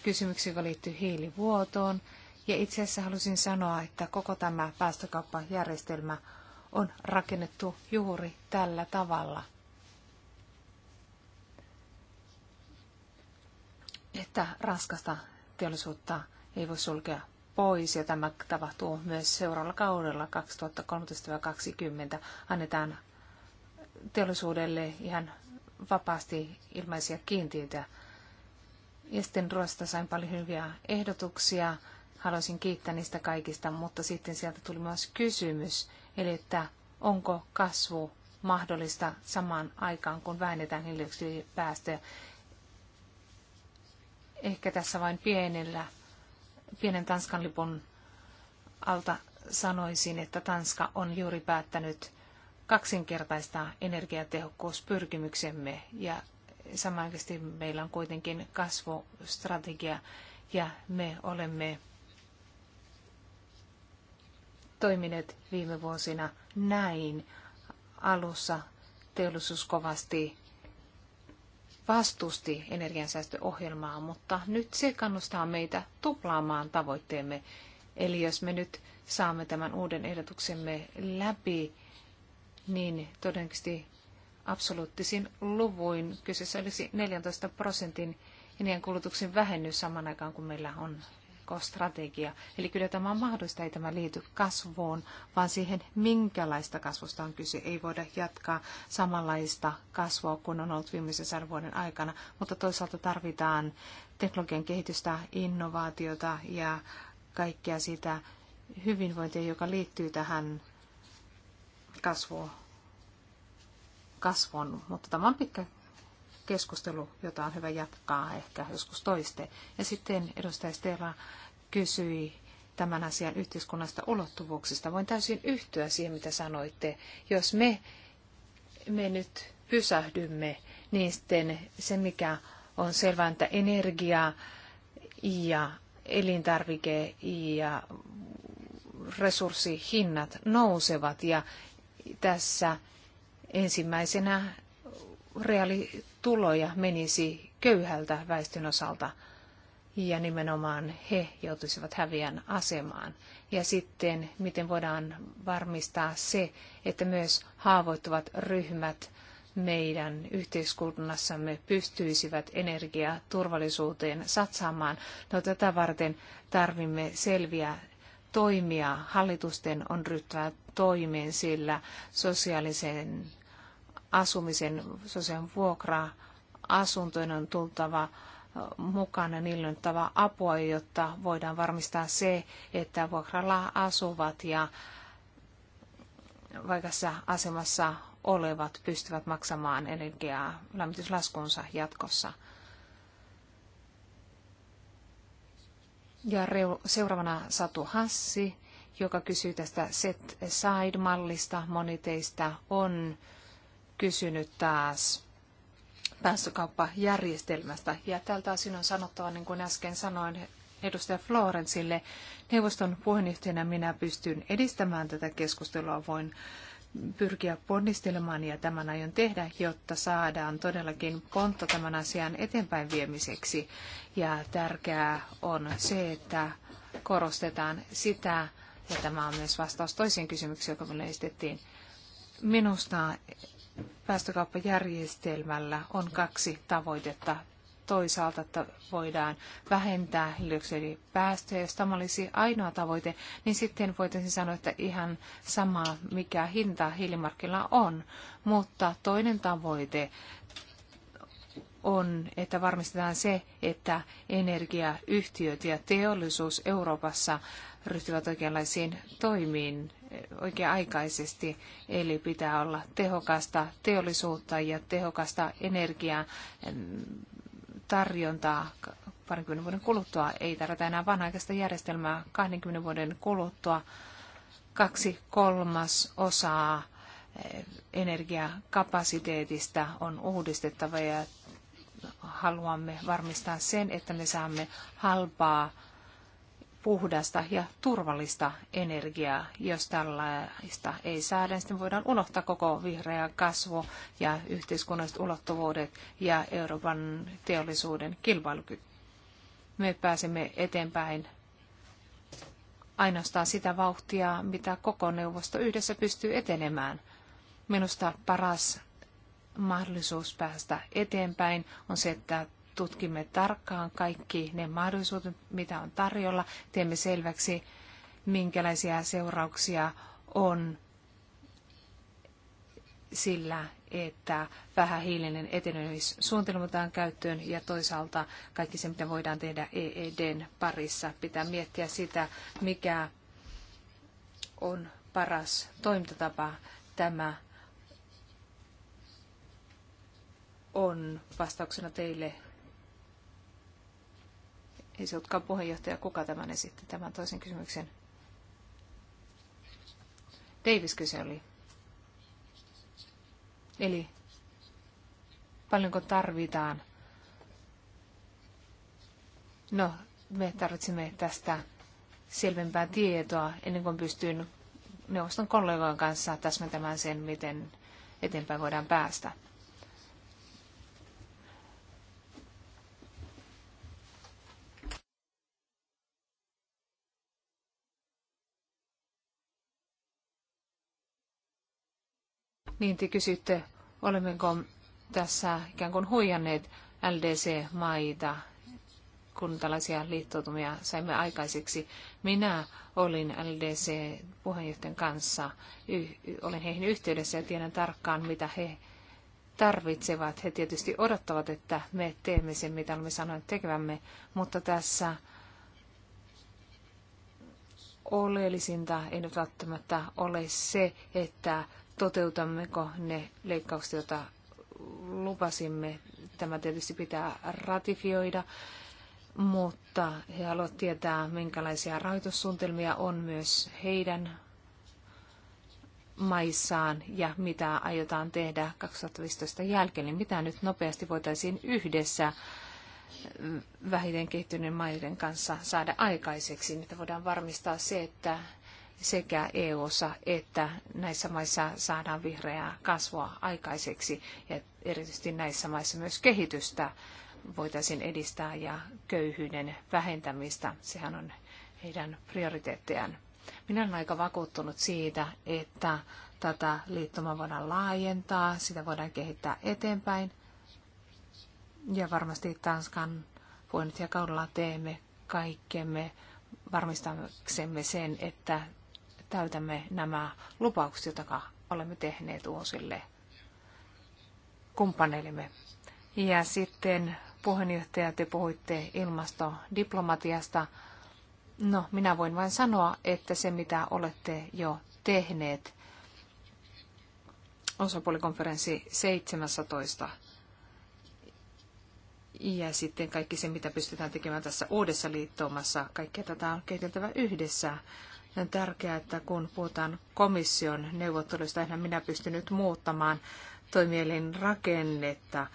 kysymyksiä, joka liittyy hiilivuotoon ja itse asiassa halusin sanoa, että koko tämä päästökauppajärjestelmä on rakennettu juuri tällä tavalla. Että raskasta teollisuutta ei voi sulkea pois ja tämä tapahtuu myös seuraavalla kaudella 2013-2020. Annetaan teollisuudelle ihan vapaasti ilmaisia kiintiöitä. Ja sitten Ruosta sain paljon hyviä ehdotuksia haluaisin kiittää niistä kaikista, mutta sitten sieltä tuli myös kysymys, eli että onko kasvu mahdollista samaan aikaan, kun vähennetään hiilidioksidipäästöjä. Ehkä tässä vain pienellä, pienen Tanskan lipun alta sanoisin, että Tanska on juuri päättänyt kaksinkertaistaa energiatehokkuuspyrkimyksemme ja samanaikaisesti meillä on kuitenkin kasvustrategia ja me olemme toimineet viime vuosina näin. Alussa teollisuus kovasti vastusti energiansäästöohjelmaa, mutta nyt se kannustaa meitä tuplaamaan tavoitteemme. Eli jos me nyt saamme tämän uuden ehdotuksemme läpi, niin todennäköisesti absoluuttisin luvuin kyseessä olisi 14 prosentin energiankulutuksen vähennys saman aikaan, kun meillä on ekostrategia. Eli kyllä tämä on mahdollista, ei tämä liity kasvuun, vaan siihen, minkälaista kasvusta on kyse. Ei voida jatkaa samanlaista kasvua kuin on ollut viimeisen sadan vuoden aikana, mutta toisaalta tarvitaan teknologian kehitystä, innovaatiota ja kaikkea sitä hyvinvointia, joka liittyy tähän kasvuun kasvun, mutta tämä on pitkä keskustelu, jota on hyvä jatkaa ehkä joskus toiste. Ja sitten edustaja Stella kysyi tämän asian yhteiskunnasta ulottuvuuksista. Voin täysin yhtyä siihen, mitä sanoitte. Jos me, me nyt pysähdymme, niin sitten se, mikä on selvää, että energia ja elintarvike ja resurssihinnat nousevat ja tässä ensimmäisenä reaali tuloja menisi köyhältä väestön osalta ja nimenomaan he joutuisivat häviän asemaan. Ja sitten, miten voidaan varmistaa se, että myös haavoittuvat ryhmät meidän yhteiskunnassamme pystyisivät energiaturvallisuuteen satsaamaan. No tätä varten tarvimme selviä toimia. Hallitusten on ryhtyä toimeen, sillä sosiaalisen asumisen, sosiaalinen vuokra, asuntojen on tultava mukana nillyttävä apua, jotta voidaan varmistaa se, että vuokralla asuvat ja vaikassa asemassa olevat pystyvät maksamaan energiaa lämmityslaskunsa jatkossa. Ja seuraavana Satu Hassi, joka kysyy tästä set-side-mallista. Moni teistä on kysynyt taas päästökauppajärjestelmästä. Ja tältä osin on sanottava, niin kuin äsken sanoin edustaja Florensille, neuvoston puheenjohtajana minä pystyn edistämään tätä keskustelua. Voin pyrkiä ponnistelemaan ja tämän aion tehdä, jotta saadaan todellakin pontta tämän asian eteenpäin viemiseksi. Ja tärkeää on se, että korostetaan sitä, ja tämä on myös vastaus toiseen kysymykseen, joka minulle esitettiin. Minusta päästökauppajärjestelmällä on kaksi tavoitetta. Toisaalta, että voidaan vähentää hiilidioksidipäästöjä. Jos tämä olisi ainoa tavoite, niin sitten voitaisiin sanoa, että ihan sama mikä hinta hiilimarkkilla on. Mutta toinen tavoite on, että varmistetaan se, että energiayhtiöt ja teollisuus Euroopassa ryhtyvät oikeanlaisiin toimiin oikea-aikaisesti. Eli pitää olla tehokasta teollisuutta ja tehokasta energiaa tarjontaa 20 vuoden kuluttua. Ei tarvita enää vanha järjestelmää 20 vuoden kuluttua. Kaksi kolmas osaa energiakapasiteetista on uudistettava ja haluamme varmistaa sen, että me saamme halpaa, puhdasta ja turvallista energiaa. Jos tällaista ei saada, niin sitten voidaan unohtaa koko vihreä kasvu ja yhteiskunnalliset ulottuvuudet ja Euroopan teollisuuden kilpailukyky. Me pääsemme eteenpäin ainoastaan sitä vauhtia, mitä koko neuvosto yhdessä pystyy etenemään. Minusta paras mahdollisuus päästä eteenpäin on se, että tutkimme tarkkaan kaikki ne mahdollisuudet, mitä on tarjolla. Teemme selväksi, minkälaisia seurauksia on sillä, että vähähiilinen etenemissuunnitelma otetaan käyttöön ja toisaalta kaikki se, mitä voidaan tehdä EEDn parissa. Pitää miettiä sitä, mikä on paras toimintatapa. Tämä on vastauksena teille. Ei se olekaan puheenjohtaja, kuka tämän esitti, tämän toisen kysymyksen. Davis kyse oli. Eli paljonko tarvitaan? No, me tarvitsemme tästä selvempää tietoa ennen kuin pystyn neuvoston kollegojen kanssa täsmentämään sen, miten eteenpäin voidaan päästä. Niin te kysytte, olemmeko tässä ikään kuin huijanneet LDC-maita, kun tällaisia liittoutumia saimme aikaiseksi. Minä olin LDC-puheenjohtajan kanssa, olen heihin yhteydessä ja tiedän tarkkaan, mitä he tarvitsevat. He tietysti odottavat, että me teemme sen, mitä olemme sanoneet tekevämme, mutta tässä oleellisinta ei nyt välttämättä ole se, että toteutammeko ne leikkaukset, joita lupasimme. Tämä tietysti pitää ratifioida, mutta he haluavat tietää, minkälaisia rahoitussuunnitelmia on myös heidän maissaan ja mitä aiotaan tehdä 2015 jälkeen, niin mitä nyt nopeasti voitaisiin yhdessä vähiten kehittyneiden maiden kanssa saada aikaiseksi, niin että voidaan varmistaa se, että sekä eu EU-ssa että näissä maissa saadaan vihreää kasvua aikaiseksi ja erityisesti näissä maissa myös kehitystä voitaisiin edistää ja köyhyyden vähentämistä. Sehän on heidän prioriteettejaan. Minä olen aika vakuuttunut siitä, että tätä liittomaa voidaan laajentaa, sitä voidaan kehittää eteenpäin. Ja varmasti Tanskan puheenjohtajakaudella teemme kaikkemme varmistaaksemme sen, että täytämme nämä lupaukset, joita olemme tehneet uusille kumppaneillemme. Ja sitten puheenjohtaja, te puhuitte ilmastodiplomatiasta. No, minä voin vain sanoa, että se mitä olette jo tehneet, osapuolikonferenssi 17 ja sitten kaikki se, mitä pystytään tekemään tässä uudessa liittoumassa, kaikkea tätä on kehiteltävä yhdessä. On tärkeää, että kun puhutaan komission neuvotteluista, enhän minä pystyn nyt muuttamaan toimielin rakennetta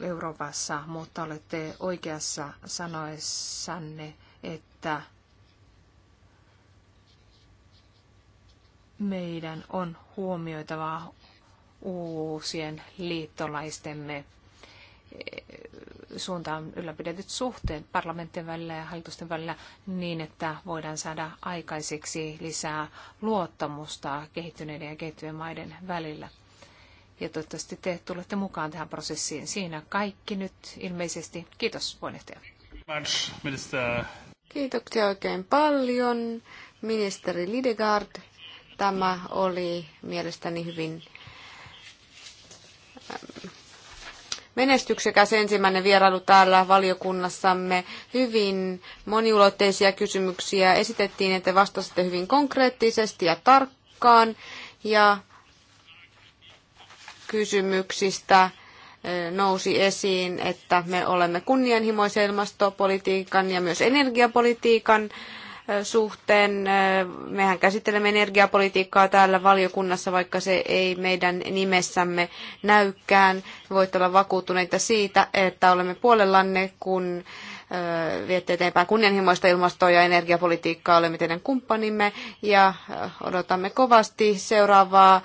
Euroopassa, mutta olette oikeassa sanoessanne, että meidän on huomioitava uusien liittolaistemme suuntaan ylläpidetyt suhteet parlamenttien välillä ja hallitusten välillä niin, että voidaan saada aikaiseksi lisää luottamusta kehittyneiden ja kehittyvien maiden välillä. Ja toivottavasti te tulette mukaan tähän prosessiin. Siinä kaikki nyt ilmeisesti. Kiitos puheenjohtaja. Kiitoksia oikein paljon, ministeri Lidegaard. Tämä oli mielestäni hyvin menestyksekäs ensimmäinen vierailu täällä valiokunnassamme. Hyvin moniulotteisia kysymyksiä esitettiin, että vastasitte hyvin konkreettisesti ja tarkkaan. Ja kysymyksistä eh, nousi esiin, että me olemme kunnianhimoisen ilmastopolitiikan ja myös energiapolitiikan suhteen. Mehän käsittelemme energiapolitiikkaa täällä valiokunnassa, vaikka se ei meidän nimessämme näykään. Voitte olla vakuuttuneita siitä, että olemme puolellanne, kun viette eteenpäin kunnianhimoista ilmasto- ja energiapolitiikkaa, olemme teidän kumppanimme ja odotamme kovasti seuraavaa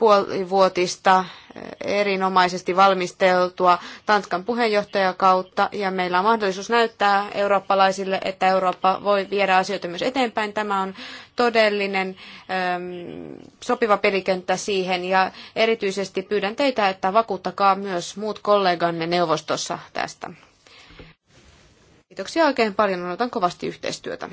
puolivuotista eh, erinomaisesti valmisteltua Tanskan puheenjohtajakautta ja meillä on mahdollisuus näyttää eurooppalaisille, että Eurooppa voi viedä asioita myös eteenpäin. Tämä on todellinen ehm, sopiva pelikenttä siihen ja erityisesti pyydän teitä, että vakuuttakaa myös muut kolleganne neuvostossa tästä. Kiitoksia oikein paljon, odotan kovasti yhteistyötä.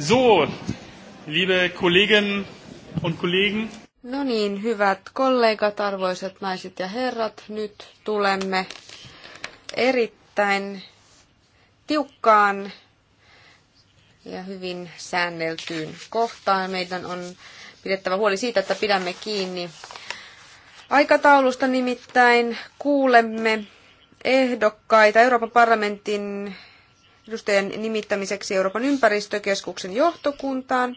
So, liebe Kolleginnen und Kollegen. No niin, hyvät kollegat, arvoisat naiset ja herrat, nyt tulemme erittäin tiukkaan ja hyvin säänneltyyn kohtaan. Meidän on pidettävä huoli siitä, että pidämme kiinni aikataulusta, nimittäin kuulemme ehdokkaita Euroopan parlamentin edustajan nimittämiseksi Euroopan ympäristökeskuksen johtokuntaan.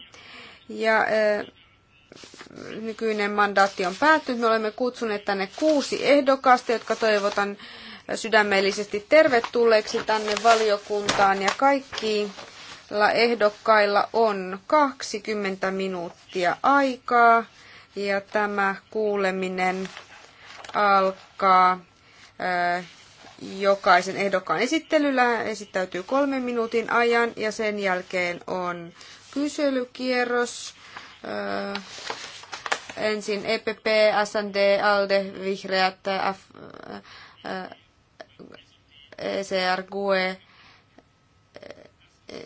Ja nykyinen mandaatti on päättynyt. Me olemme kutsuneet tänne kuusi ehdokasta, jotka toivotan sydämellisesti tervetulleeksi tänne valiokuntaan. Ja kaikilla ehdokkailla on 20 minuuttia aikaa. Ja tämä kuuleminen alkaa jokaisen ehdokkaan esittelyllä esittäytyy kolmen minuutin ajan ja sen jälkeen on kyselykierros. Öö, ensin EPP, SND, ALDE, Vihreät, F, öö, ECR, GUE öö,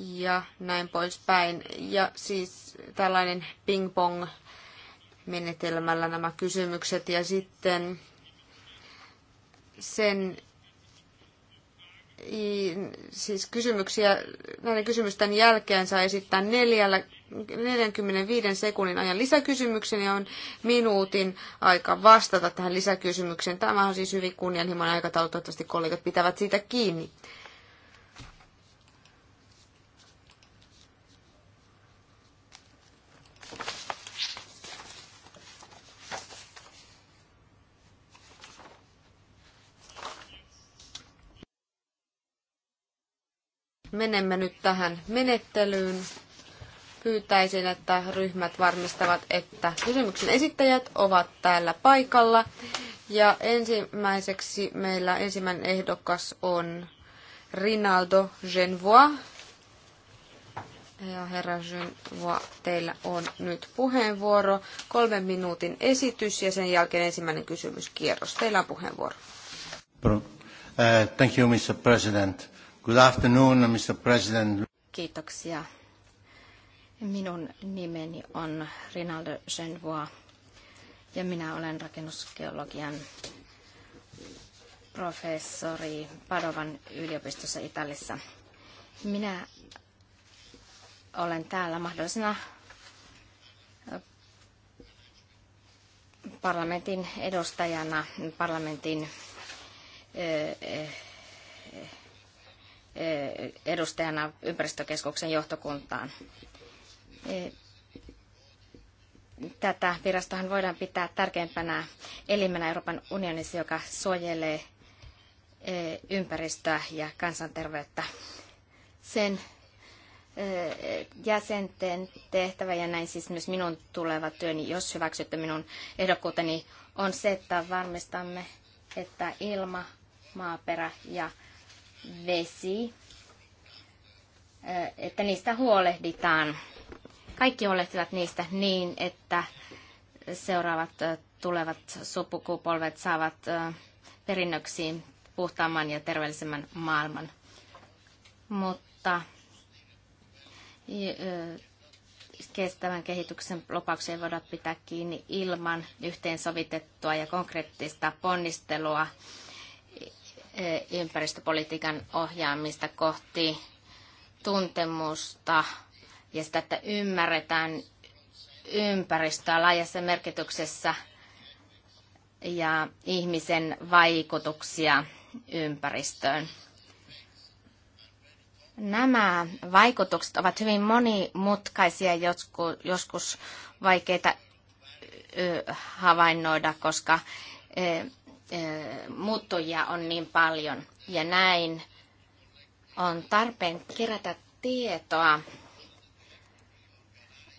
ja näin poispäin. Ja siis tällainen ping-pong menetelmällä nämä kysymykset ja sitten sen siis kysymyksiä, näiden kysymysten jälkeen saa esittää neljällä, 45 sekunnin ajan lisäkysymyksen ja on minuutin aika vastata tähän lisäkysymykseen. Tämä on siis hyvin kunnianhimoinen aikataulu, toivottavasti kollegat pitävät siitä kiinni. menemme nyt tähän menettelyyn. Pyytäisin, että ryhmät varmistavat, että kysymyksen esittäjät ovat täällä paikalla. Ja ensimmäiseksi meillä ensimmäinen ehdokas on Rinaldo Genvois. Ja herra Genvois, teillä on nyt puheenvuoro. Kolmen minuutin esitys ja sen jälkeen ensimmäinen kysymyskierros. Teillä on puheenvuoro. Uh, thank you, Mr. President. Good afternoon, Mr. President. Kiitoksia. Minun nimeni on Rinaldo Genvois ja minä olen rakennusgeologian professori Padovan yliopistossa Italissa. Minä olen täällä mahdollisena parlamentin edustajana parlamentin Eh, edustajana ympäristökeskuksen johtokuntaan. Eh, tätä virastohan voidaan pitää tärkeimpänä elimenä Euroopan unionissa, joka suojelee eh, ympäristöä ja kansanterveyttä. Sen jäsenten tehtävä ja näin siis myös minun tuleva työni, jos hyväksytte minun ehdokkuuteni, on se, että varmistamme, että ilma, maaperä ja vesi, eh, että niistä huolehditaan. Kaikki huolehtivat niistä niin, että seuraavat eh, tulevat sopukupolvet saavat eh, perinnöksiin puhtaamman ja terveellisemmän maailman. Mutta kestävän kehityksen lopauksia ei voida pitää kiinni ilman yhteensovitettua ja konkreettista ponnistelua E, ympäristöpolitiikan ohjaamista kohti tuntemusta ja sitä, että ymmärretään ympäristöä laajassa merkityksessä ja ihmisen vaikutuksia ympäristöön. Nämä vaikutukset ovat hyvin monimutkaisia, joskus vaikeita havainnoida, koska e, muuttujia on niin paljon. Ja näin on tarpeen kerätä tietoa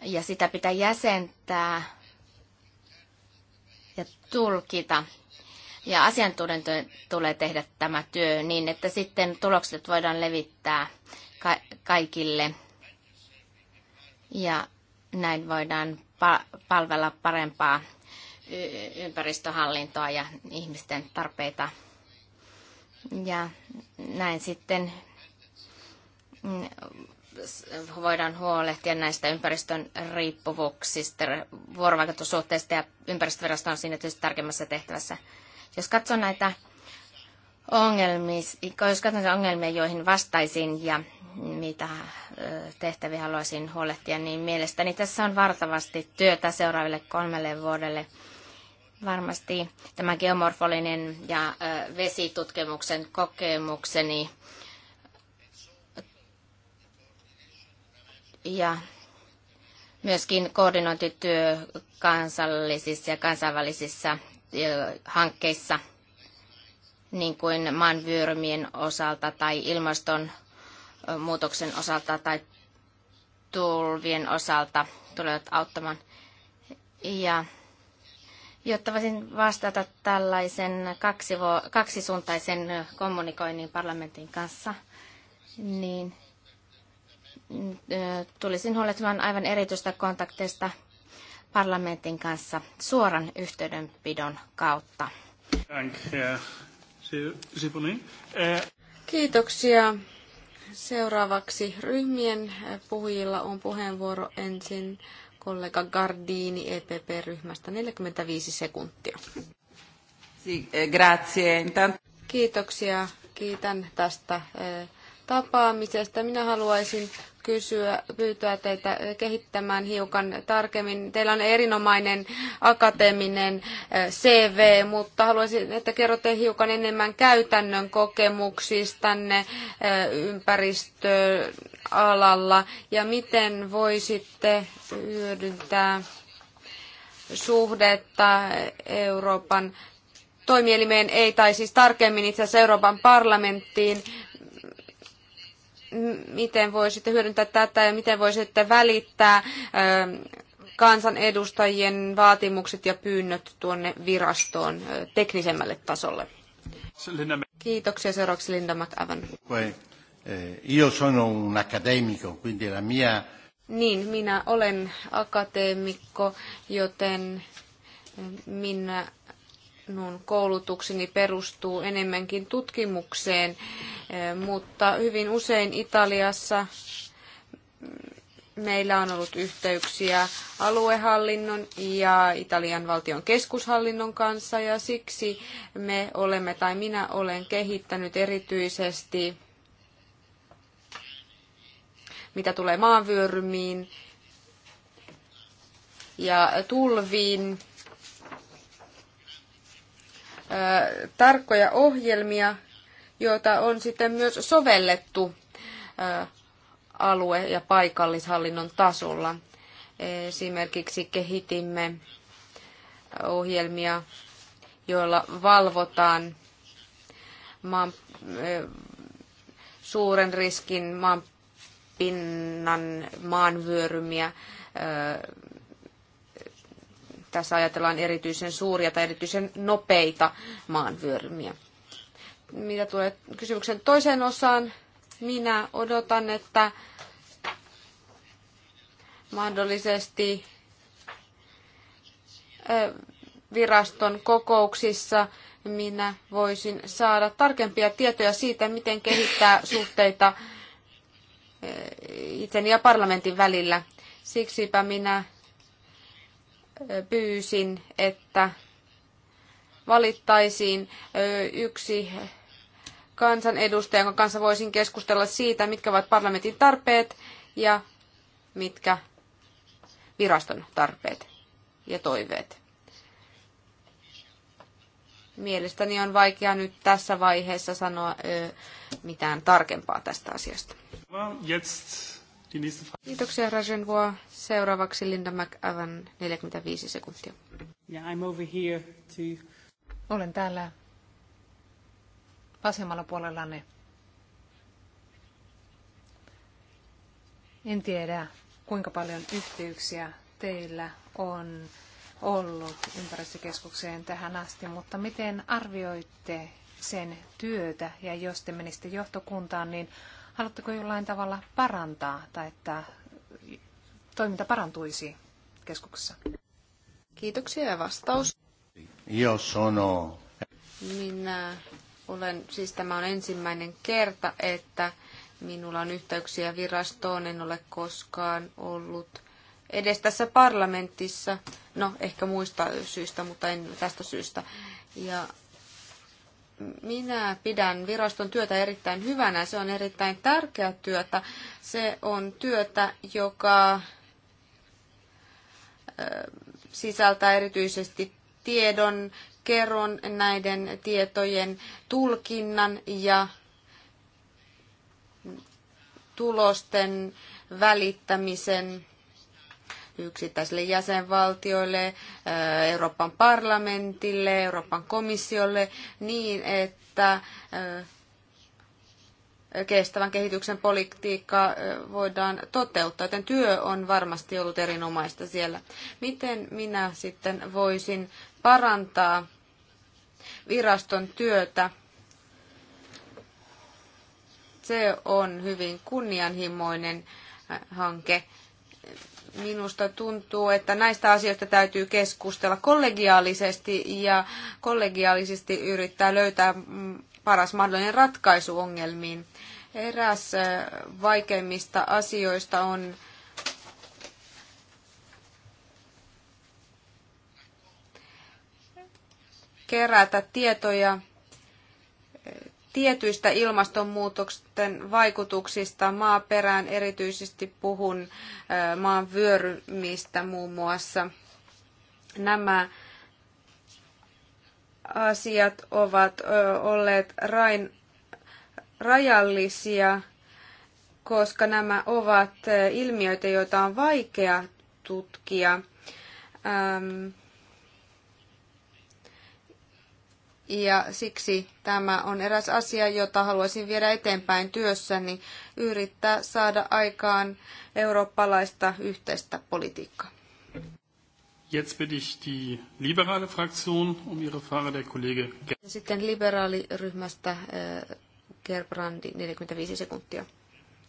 ja sitä pitää jäsentää ja tulkita. Ja asiantuntijoiden tulee tehdä tämä työ niin, että sitten tulokset voidaan levittää ka- kaikille. Ja näin voidaan pa- palvella parempaa ympäristöhallintoa ja ihmisten tarpeita. Ja näin sitten mm, voidaan huolehtia näistä ympäristön riippuvuuksista, vuorovaikutussuhteista ja ympäristövirasto on siinä tietysti tärkeimmässä tehtävässä. Jos katson näitä ongelmia, jos katson ongelmia, joihin vastaisin ja mitä tehtäviä haluaisin huolehtia, niin mielestäni tässä on vartavasti työtä seuraaville kolmelle vuodelle. Varmasti tämä geomorfolinen ja vesitutkimuksen kokemukseni ja myöskin koordinointityö kansallisissa ja kansainvälisissä hankkeissa, niin kuin maanvyörymien osalta tai ilmastonmuutoksen osalta tai tulvien osalta tulevat auttamaan. Ja jotta voisin vastata tällaisen kaksisuuntaisen kommunikoinnin parlamentin kanssa, niin mm, tulisin huolehtimaan aivan erityistä kontakteista parlamentin kanssa suoran yhteydenpidon kautta. Eh, Kiitoksia. Seuraavaksi ryhmien puhujilla on puheenvuoro ensin kollega Gardini EPP-ryhmästä 45 sekuntia. Eh, Kiitoksia. Kiitän tästä eh, tapaamisesta. Minä haluaisin kysyä, pyytää teitä eh, kehittämään hiukan tarkemmin. Teillä on erinomainen akateeminen CV, mutta haluaisin, että kerrotte hiukan enemmän käytännön kokemuksistanne ympäristö alalla ja miten voisitte hyödyntää suhdetta Euroopan toimielimeen, ei tai siis tarkemmin itse asiassa Euroopan parlamenttiin, miten voisitte hyödyntää tätä ja miten voisitte välittää ähm, kansanedustajien vaatimukset ja pyynnöt tuonne virastoon äh, teknisemmälle tasolle. Kiitoksia seuraavaksi Linda McAvan. Eh, io sono un accademico, quindi la mia... Niin, minä olen akateemikko, joten eh, minä minun koulutukseni perustuu enemmänkin tutkimukseen, eh, mutta hyvin usein Italiassa mm, meillä on ollut yhteyksiä aluehallinnon ja Italian valtion keskushallinnon kanssa ja siksi me olemme tai minä olen kehittänyt erityisesti mitä tulee maanvyörymiin ja tulviin. Tarkkoja ohjelmia, joita on sitten myös sovellettu alue- ja paikallishallinnon tasolla. Esimerkiksi kehitimme ohjelmia, joilla valvotaan maan, suuren riskin maan pinnan maanvyörymiä. Tässä ajatellaan erityisen suuria tai erityisen nopeita maanvyörymiä. Mitä tulee kysymyksen toiseen osaan, minä odotan, että mahdollisesti viraston kokouksissa minä voisin saada tarkempia tietoja siitä, miten kehittää suhteita itseni ja parlamentin välillä. Siksipä minä pyysin, että valittaisiin yksi kansanedustaja, jonka kanssa voisin keskustella siitä, mitkä ovat parlamentin tarpeet ja mitkä viraston tarpeet ja toiveet mielestäni on vaikea nyt tässä vaiheessa sanoa mitään tarkempaa tästä asiasta. Kiitoksia Rajenvoa. Seuraavaksi Linda McAvan 45 sekuntia. Yeah, I'm over here to... Olen täällä vasemmalla puolellanne. En tiedä, kuinka paljon yhteyksiä teillä on ollut ympäristökeskukseen tähän asti, mutta miten arvioitte sen työtä ja jos te menisitte johtokuntaan, niin haluatteko jollain tavalla parantaa tai että toiminta parantuisi keskuksessa? Kiitoksia ja vastaus. Jos sanoo. Minä olen, siis tämä on ensimmäinen kerta, että minulla on yhteyksiä virastoon, en ole koskaan ollut edes tässä parlamentissa, no ehkä muista syistä, mutta en tästä syystä. Ja minä pidän viraston työtä erittäin hyvänä. Se on erittäin tärkeä työtä. Se on työtä, joka sisältää erityisesti tiedon kerron näiden tietojen tulkinnan ja tulosten välittämisen yksittäisille jäsenvaltioille, äh, Euroopan parlamentille, Euroopan komissiolle, niin että äh, kestävän kehityksen politiikka äh, voidaan toteuttaa, joten työ on varmasti ollut erinomaista siellä. Miten minä sitten voisin parantaa viraston työtä? Se on hyvin kunnianhimoinen hanke minusta tuntuu, että näistä asioista täytyy keskustella kollegiaalisesti ja kollegiaalisesti yrittää löytää mm, paras mahdollinen ratkaisu ongelmiin. Eräs vaikeimmista asioista on kerätä tietoja tietyistä ilmastonmuutoksen vaikutuksista maaperään, erityisesti puhun maan vyörymistä muun muassa. Nämä asiat ovat olleet rain, rajallisia, koska nämä ovat ilmiöitä, joita on vaikea tutkia. Ähm, Ja siksi tämä on eräs asia, jota haluaisin viedä eteenpäin työssäni, yrittää saada aikaan eurooppalaista yhteistä politiikkaa. Jetzt bitte ich die liberale Fraktion um ihre Frage der Kollege. Sitten liberaaliryhmästä äh, Gerbrandi 45 sekuntia.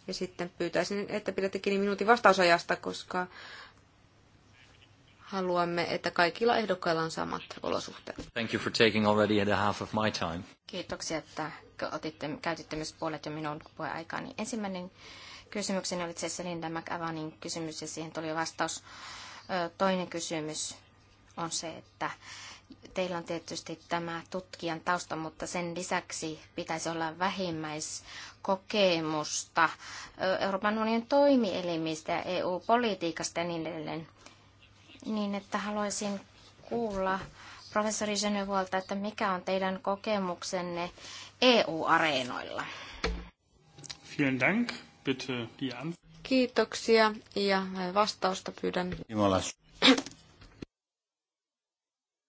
Ja sitten pyytäisin, että pidätte kiinni minuutin vastausajasta, koska haluamme, että kaikilla ehdokkailla on samat olosuhteet. Thank you for taking already a half of my time. Kiitoksia, että otitte, käytitte myös puolet jo minun puheaikaani. Ensimmäinen kysymykseni oli itse Linda McAvanin kysymys ja siihen tuli vastaus. Toinen kysymys on se, että teillä on tietysti tämä tutkijan tausta, mutta sen lisäksi pitäisi olla vähimmäiskokemusta Euroopan unionin toimielimistä ja EU-politiikasta ja niin edelleen niin että haluaisin kuulla professori Genevolta, että mikä on teidän kokemuksenne EU-areenoilla? Vielen Dank. Bitte die Kiitoksia ja vastausta pyydän.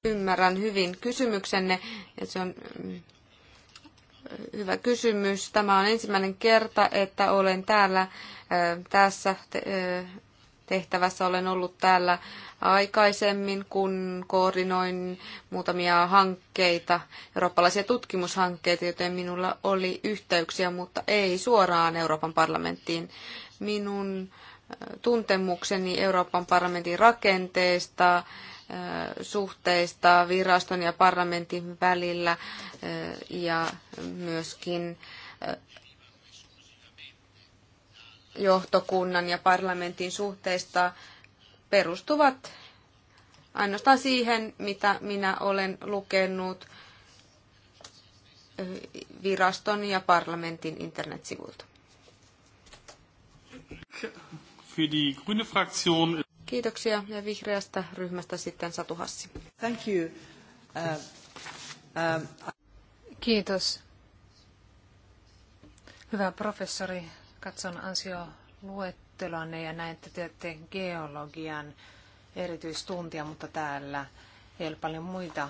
Ymmärrän hyvin kysymyksenne. Ja se on mm, hyvä kysymys. Tämä on ensimmäinen kerta, että olen täällä tässä tehtävässä olen ollut täällä aikaisemmin, kun koordinoin muutamia hankkeita, eurooppalaisia tutkimushankkeita, joten minulla oli yhteyksiä, mutta ei suoraan Euroopan parlamenttiin. Minun äh, tuntemukseni Euroopan parlamentin rakenteesta, äh, suhteista viraston ja parlamentin välillä äh, ja myöskin johtokunnan ja parlamentin suhteista perustuvat ainoastaan siihen, mitä minä olen lukenut viraston ja parlamentin internetsivuilta. Kiitoksia ja vihreästä ryhmästä sitten Satu Hassi. Thank you. Uh, uh, Kiitos. Hyvä professori katson ansioluettelonne ja näen, että teette geologian erityistuntia, mutta täällä ei ole paljon muita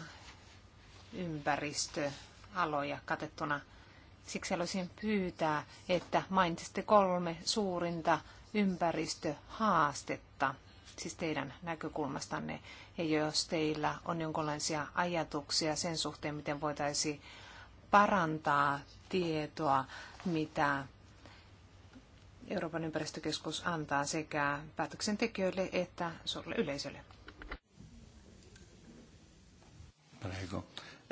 ympäristöaloja katettuna. Siksi haluaisin pyytää, että mainitsitte kolme suurinta ympäristöhaastetta, siis teidän näkökulmastanne, ja jos teillä on jonkinlaisia ajatuksia sen suhteen, miten voitaisiin parantaa tietoa, mitä Euroopan ympäristökeskus antaa sekä päätöksentekijöille että suurelle yleisölle. Prego.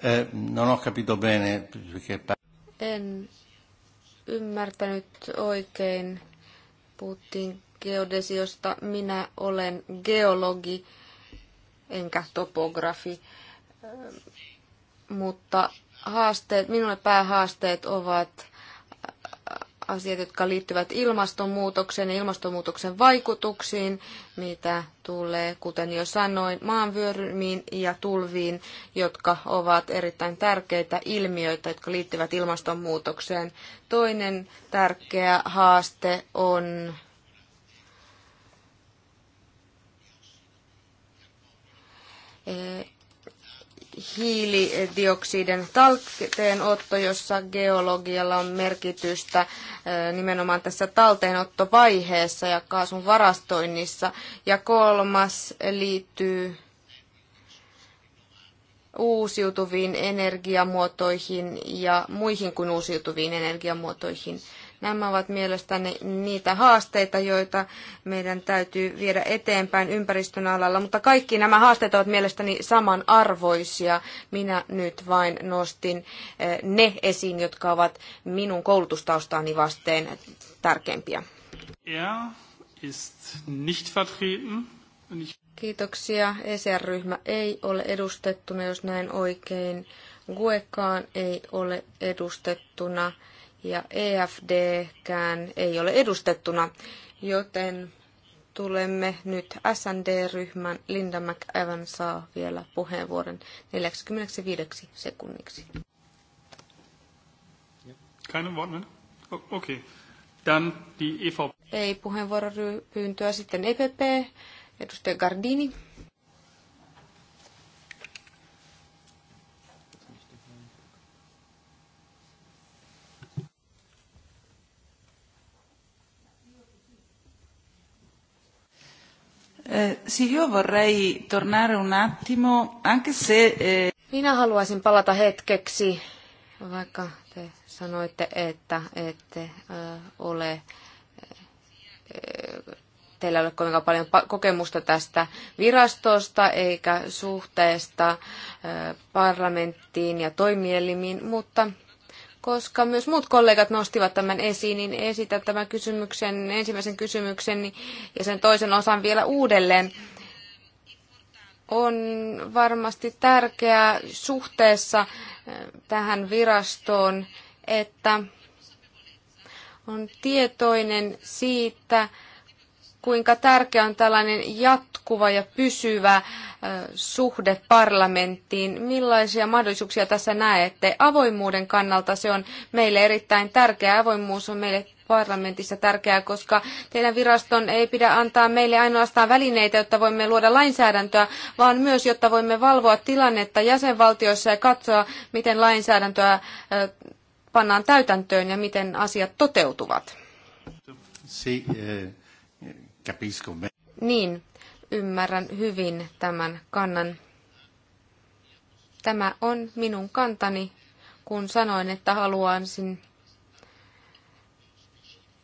Eh, non ho capito bene perché... En ymmärtänyt oikein. Puhuttiin geodesiosta. Minä olen geologi, enkä topografi. Eh, mutta haasteet, minulle päähaasteet ovat asiat, jotka liittyvät ilmastonmuutokseen ja ilmastonmuutoksen vaikutuksiin, mitä tulee, kuten jo sanoin, maanvyörymiin ja tulviin, jotka ovat erittäin tärkeitä ilmiöitä, jotka liittyvät ilmastonmuutokseen. Toinen tärkeä haaste on hiilidioksidin talteenotto, jossa geologialla on merkitystä nimenomaan tässä talteenottovaiheessa ja kaasun varastoinnissa. Ja kolmas liittyy uusiutuviin energiamuotoihin ja muihin kuin uusiutuviin energiamuotoihin. Nämä ovat mielestäni niitä haasteita, joita meidän täytyy viedä eteenpäin ympäristön alalla, mutta kaikki nämä haasteet ovat mielestäni samanarvoisia. Minä nyt vain nostin eh, ne esiin, jotka ovat minun koulutustaustaani vasteen tärkeimpiä. Er ist nicht vertreten. Kiitoksia. ECR-ryhmä ei ole edustettuna, jos näin oikein. Guekaan ei ole edustettuna ja EFD-kään ei ole edustettuna, joten tulemme nyt SND-ryhmän. Linda McEvan saa vielä puheenvuoron 45 sekunniksi. Okay. Dann die EVP. Ei puheenvuoropyyntöä sitten EPP. Edustaja Gardini. Eh, si io vorrei tornare un attimo, anche se... Eh... Minä haluaisin palata hetkeksi, vaikka te sanoitte, että ette äh, ole... Äh, teillä ei ole kovinkaan paljon kokemusta tästä virastosta eikä suhteesta parlamenttiin ja toimielimiin, mutta koska myös muut kollegat nostivat tämän esiin, niin esitän tämän kysymyksen, ensimmäisen kysymyksen ja sen toisen osan vielä uudelleen. On varmasti tärkeää suhteessa eh, tähän virastoon, että on tietoinen siitä, kuinka tärkeä on tällainen jatkuva ja pysyvä suhde parlamenttiin. Millaisia mahdollisuuksia tässä näette? Avoimuuden kannalta se on meille erittäin tärkeää. Avoimuus on meille parlamentissa tärkeää, koska teidän viraston ei pidä antaa meille ainoastaan välineitä, jotta voimme luoda lainsäädäntöä, vaan myös, jotta voimme valvoa tilannetta jäsenvaltioissa ja katsoa, miten lainsäädäntöä pannaan täytäntöön ja miten asiat toteutuvat. Si. Eh, niin, ymmärrän hyvin tämän kannan. Tämä on minun kantani, kun sanoin, että haluaisin,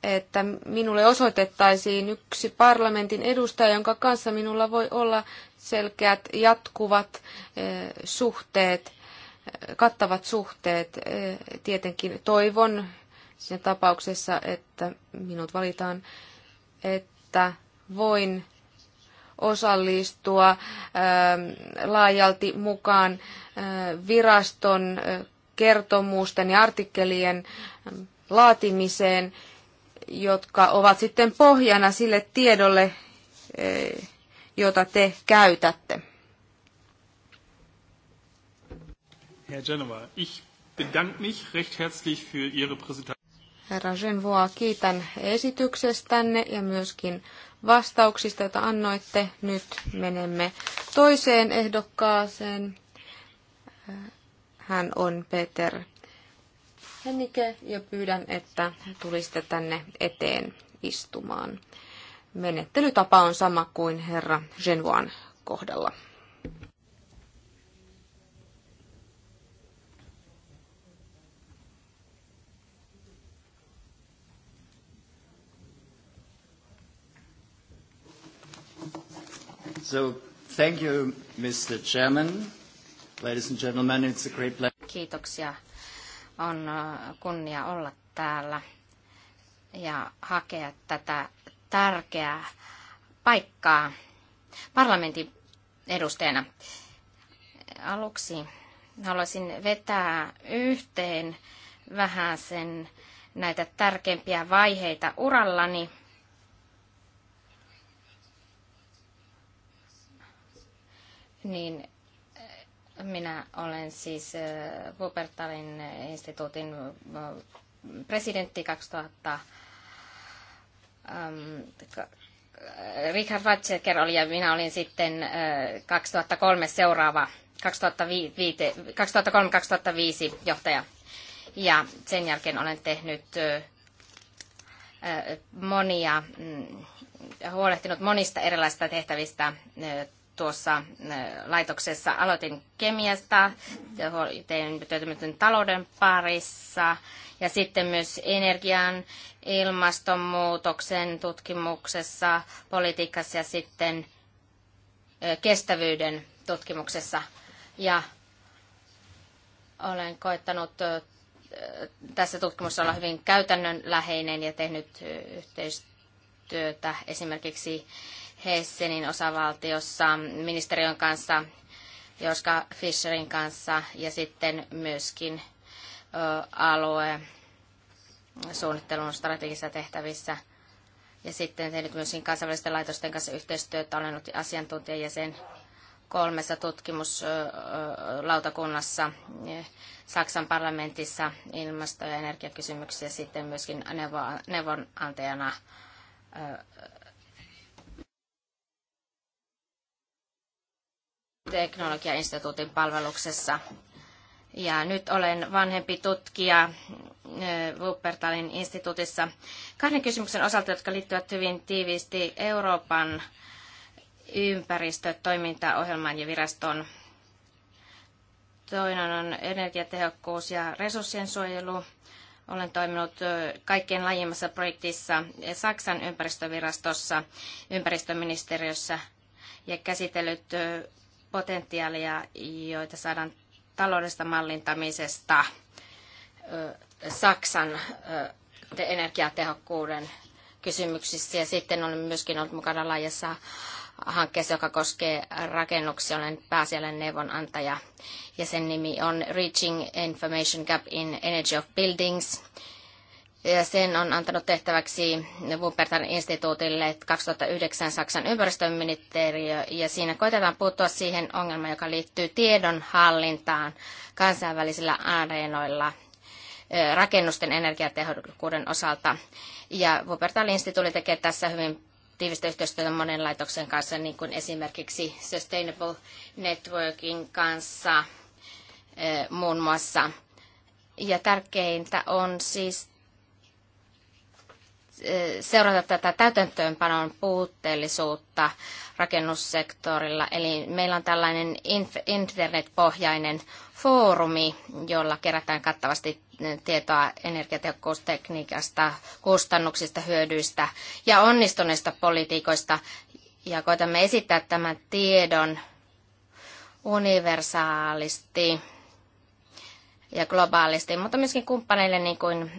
että minulle osoitettaisiin yksi parlamentin edustaja, jonka kanssa minulla voi olla selkeät jatkuvat eh, suhteet, eh, kattavat suhteet. Eh, tietenkin toivon siinä tapauksessa, että minut valitaan, että että voin osallistua ähm, laajalti mukaan äh, viraston äh, kertomusten ja artikkelien ähm, laatimiseen, jotka ovat sitten pohjana sille tiedolle, äh, jota te käytätte. Herr Genova, ich bedanke mich recht herzlich für Ihre Präsentation. Herra Genvoa, kiitän esityksestänne ja myöskin vastauksista, joita annoitte. Nyt menemme toiseen ehdokkaaseen. Hän on Peter Hennike ja pyydän, että tulisitte tänne eteen istumaan. Menettelytapa on sama kuin herra Genvoan kohdalla. So, thank you, Mr. Chairman. Ladies and gentlemen, it's a great pleasure. Kiitoksia. On äh, kunnia olla täällä ja hakea tätä tärkeää paikkaa parlamentin edustajana. Aluksi haluaisin vetää yhteen vähän sen näitä tärkeimpiä vaiheita urallani – niin minä olen siis äh, Wuppertalin instituutin äh, presidentti 2000. Ähm, äh, Richard Ratzeker oli ja minä olin sitten 2003 seuraava, 2003-2005 johtaja. Ja sen jälkeen olen tehnyt monia, mm, huolehtinut monista erilaisista tehtävistä tuossa laitoksessa. Aloitin kemiasta, tein työtymisen talouden parissa ja sitten myös energian, ilmastonmuutoksen tutkimuksessa, politiikassa ja sitten kestävyyden tutkimuksessa. Ja olen koettanut tässä tutkimuksessa olla hyvin käytännönläheinen ja tehnyt yhteistyötä esimerkiksi Hessenin osavaltiossa ministeriön kanssa, Joska Fisherin kanssa ja sitten myöskin alue suunnittelun strategisissa tehtävissä. Ja sitten tehnyt myöskin kansainvälisten laitosten kanssa yhteistyötä. Olen ollut asiantuntijajäsen kolmessa tutkimuslautakunnassa eh, Saksan parlamentissa ilmasto- ja energiakysymyksiä sitten myöskin neuvonantajana teknologiainstituutin palveluksessa. Ja nyt olen vanhempi tutkija äh, Wuppertalin instituutissa. Kahden kysymyksen osalta, jotka liittyvät hyvin tiiviisti Euroopan ympäristötoimintaohjelmaan ja viraston. Toinen on energiatehokkuus ja resurssien suojelu. Olen toiminut äh, kaikkien laajimmassa projektissa Saksan ympäristövirastossa, ympäristöministeriössä ja käsitellyt äh, potentiaalia, joita saadaan taloudesta mallintamisesta Saksan energiatehokkuuden kysymyksissä. Ja sitten olen myöskin ollut mukana laajassa hankkeessa, joka koskee rakennuksia. Olen pääasiallinen neuvonantaja ja sen nimi on Reaching Information Gap in Energy of Buildings – ja sen on antanut tehtäväksi Wuppertal instituutille 2009 Saksan ympäristöministeriö, ja siinä koitetaan puuttua siihen ongelmaan, joka liittyy tiedonhallintaan kansainvälisillä areenoilla rakennusten energiatehokkuuden osalta. Ja Wuppertal instituutti tekee tässä hyvin tiivistä yhteistyötä monen laitoksen kanssa, niin kuin esimerkiksi Sustainable Networking kanssa muun muassa. Ja tärkeintä on siis seurata tätä täytäntöönpanon puutteellisuutta rakennussektorilla. Eli meillä on tällainen internetpohjainen foorumi, jolla kerätään kattavasti tietoa energiatehokkuustekniikasta, kustannuksista, hyödyistä ja onnistuneista politiikoista. Ja koitamme esittää tämän tiedon universaalisti ja globaalisti, mutta myöskin kumppaneille niin kuin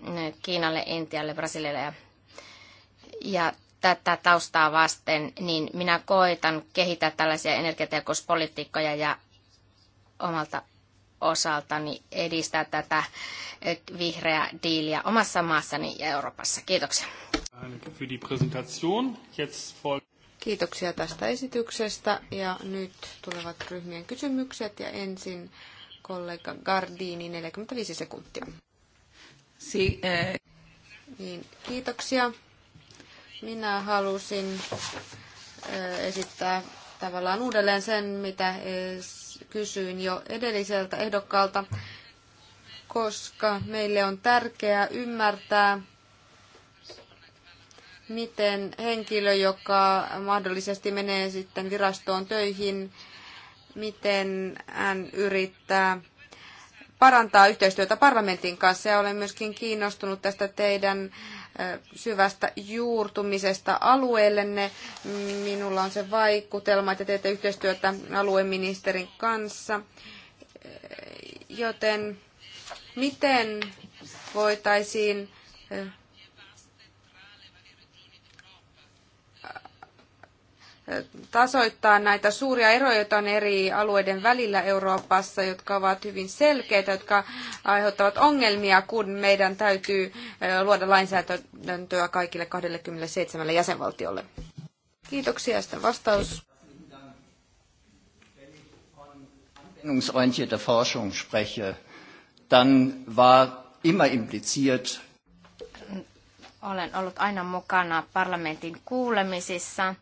Kiinalle, Intialle, Brasilialle ja ja tätä taustaa vasten, niin minä koitan kehittää tällaisia energiatehokkuuspolitiikkoja ja omalta osaltani edistää tätä vihreää diiliä omassa maassani ja Euroopassa. Kiitoksia. Kiitoksia tästä esityksestä ja nyt tulevat ryhmien kysymykset ja ensin kollega Gardini 45 sekuntia. Si- eh. niin, kiitoksia minä halusin esittää tavallaan uudelleen sen, mitä kysyin jo edelliseltä ehdokkaalta, koska meille on tärkeää ymmärtää, miten henkilö, joka mahdollisesti menee sitten virastoon töihin, miten hän yrittää parantaa yhteistyötä parlamentin kanssa. Ja olen myöskin kiinnostunut tästä teidän syvästä juurtumisesta alueellenne. Minulla on se vaikutelma, että teette yhteistyötä alueministerin kanssa. Joten miten voitaisiin tasoittaa näitä suuria eroja, joita on eri alueiden välillä Euroopassa, jotka ovat hyvin selkeitä, jotka aiheuttavat ongelmia, kun meidän täytyy luoda lainsäädäntöä kaikille 27 jäsenvaltiolle. Kiitoksia. Sitten vastaus. Forschung spreche, dann war immer impliziert. Olen ollut aina mukana parlamentin kuulemisissa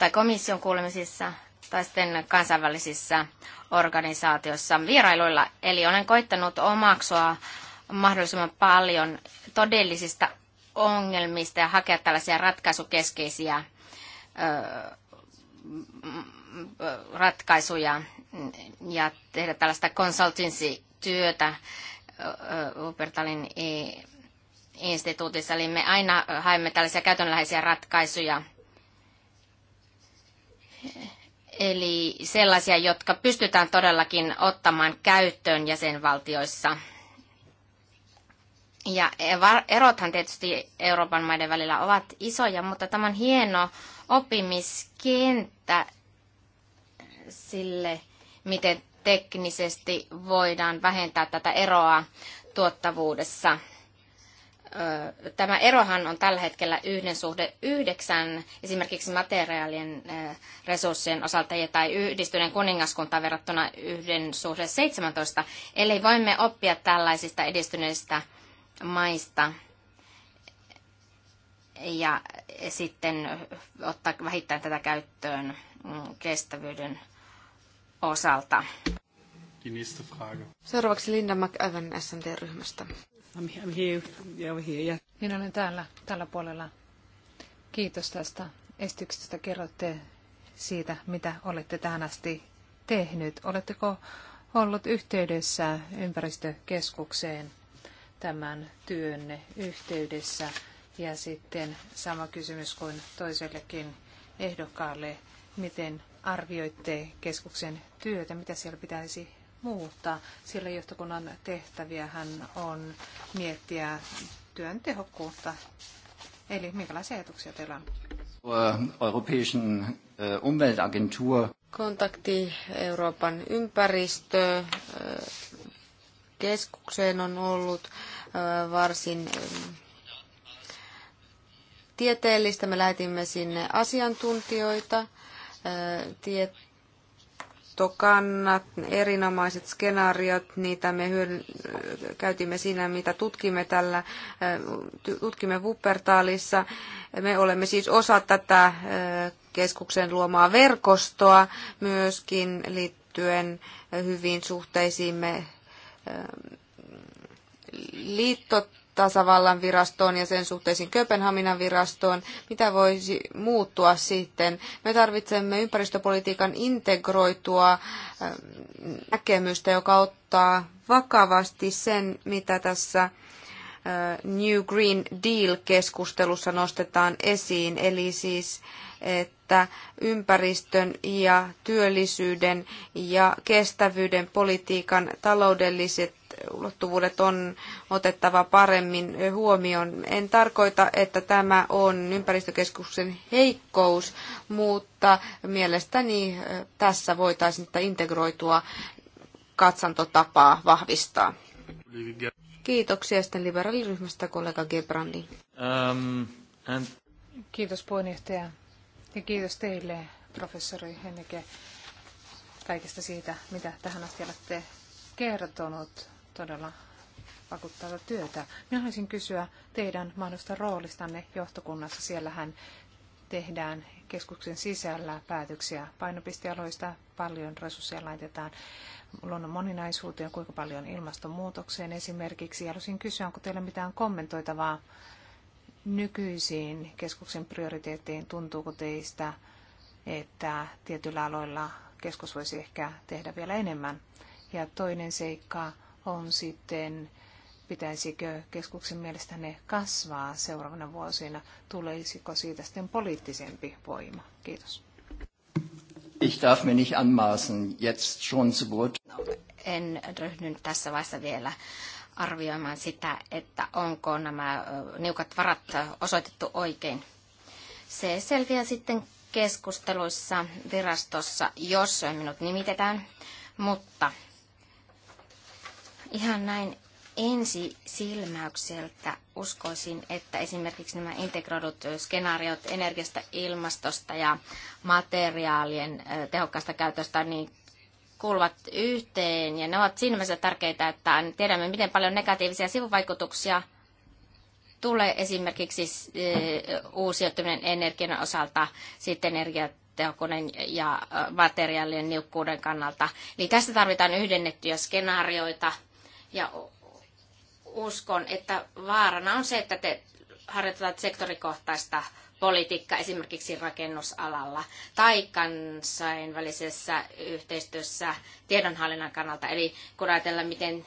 tai komission kuulemisissa tai sitten kansainvälisissä organisaatioissa vierailuilla. Eli olen koittanut omaksua mahdollisimman paljon todellisista ongelmista ja hakea tällaisia ratkaisukeskeisiä ratkaisuja ja tehdä tällaista consultancy-työtä Wuppertalin instituutissa. Eli me aina haemme tällaisia käytännönläheisiä ratkaisuja – Eli sellaisia, jotka pystytään todellakin ottamaan käyttöön jäsenvaltioissa. Ja erothan tietysti Euroopan maiden välillä ovat isoja, mutta tämä on hieno oppimiskenttä sille, miten teknisesti voidaan vähentää tätä eroa tuottavuudessa tämä erohan on tällä hetkellä yhden suhde yhdeksän esimerkiksi materiaalien resurssien osalta tai yhdistyneen kuningaskuntaan verrattuna yhden suhde 17. Eli voimme oppia tällaisista edistyneistä maista ja sitten ottaa vähittäin tätä käyttöön mm, kestävyyden osalta. Seuraavaksi Linda McEwen SMT-ryhmästä. I'm here, I'm here, yeah. Minä olen täällä, tällä puolella. Kiitos tästä esityksestä. Kerrotte siitä, mitä olette tähän asti tehnyt. Oletteko ollut yhteydessä ympäristökeskukseen tämän työnne yhteydessä? Ja sitten sama kysymys kuin toisellekin ehdokkaalle, miten arvioitte keskuksen työtä, mitä siellä pitäisi muuttaa, sillä johtokunnan tehtäviähän on miettiä työn tehokkuutta. Eli minkälaisia ajatuksia teillä on? Äh, europäischen äh, Umweltagentur. Kontakti Euroopan äh, keskukseen on ollut varsin tieteellistä. Me lähetimme sinne asiantuntijoita, tiet luottokannat, erinomaiset skenaariot, niitä me hyödyn- käytimme siinä, mitä tutkimme tällä, äh, tutkimme Wuppertalissa. Me olemme siis osa tätä äh, keskuksen luomaa verkostoa myöskin liittyen äh, hyviin suhteisiimme ähm, liittot tasavallan virastoon ja sen suhteisiin Kööpenhaminan virastoon, mitä voisi muuttua sitten. Me tarvitsemme ympäristöpolitiikan integroitua ähm, näkemystä, joka ottaa vakavasti sen, mitä tässä äh, New Green Deal-keskustelussa nostetaan esiin, eli siis että ympäristön ja työllisyyden ja kestävyyden politiikan taloudelliset ulottuvuudet on otettava paremmin huomioon. En tarkoita, että tämä on ympäristökeskuksen heikkous, mutta mielestäni eh, tässä voitaisiin tätä integroitua katsantotapaa vahvistaa. Kiitoksia sitten liberaaliryhmästä kollega Gebrandi. Um, and... Kiitos puheenjohtaja ja kiitos teille professori Henneke kaikesta siitä, mitä tähän asti olette kertonut todella vakuuttavaa työtä. Minä haluaisin kysyä teidän mahdollista roolistanne johtokunnassa. Siellähän tehdään keskuksen sisällä päätöksiä painopistealoista, paljon resursseja laitetaan luonnon moninaisuuteen, kuinka paljon ilmastonmuutokseen esimerkiksi. Haluaisin kysyä, onko teillä mitään kommentoitavaa nykyisiin keskuksen prioriteetteihin? Tuntuuko teistä, että tietyillä aloilla keskus voisi ehkä tehdä vielä enemmän? Ja toinen seikka on sitten, pitäisikö keskuksen mielestä ne kasvaa seuraavana vuosina, tulisiko siitä sitten poliittisempi voima? Kiitos. Ich darf mir nicht anmaßen, jetzt schon zu beurteilen. No, en ryhdy tässä vaiheessa vielä arvioimaan sitä, että onko nämä niukat varat osoitettu oikein. Se selviää sitten keskusteluissa virastossa, jos minut nimitetään, mutta Ihan näin ensi silmäykseltä uskoisin, että esimerkiksi nämä integroidut skenaariot energiasta, ilmastosta ja materiaalien tehokkaasta käytöstä niin kuuluvat yhteen ja ne ovat siinä mielessä tärkeitä, että tiedämme, miten paljon negatiivisia sivuvaikutuksia tulee esimerkiksi uusiutuminen energian osalta, sitten energiatehokkuuden ja materiaalien niukkuuden kannalta. Eli tässä tarvitaan yhdennettyjä skenaarioita – ja uskon, että vaarana on se, että te harjoitetaan sektorikohtaista politiikkaa esimerkiksi rakennusalalla tai kansainvälisessä yhteistyössä tiedonhallinnan kannalta. Eli kun ajatellaan, miten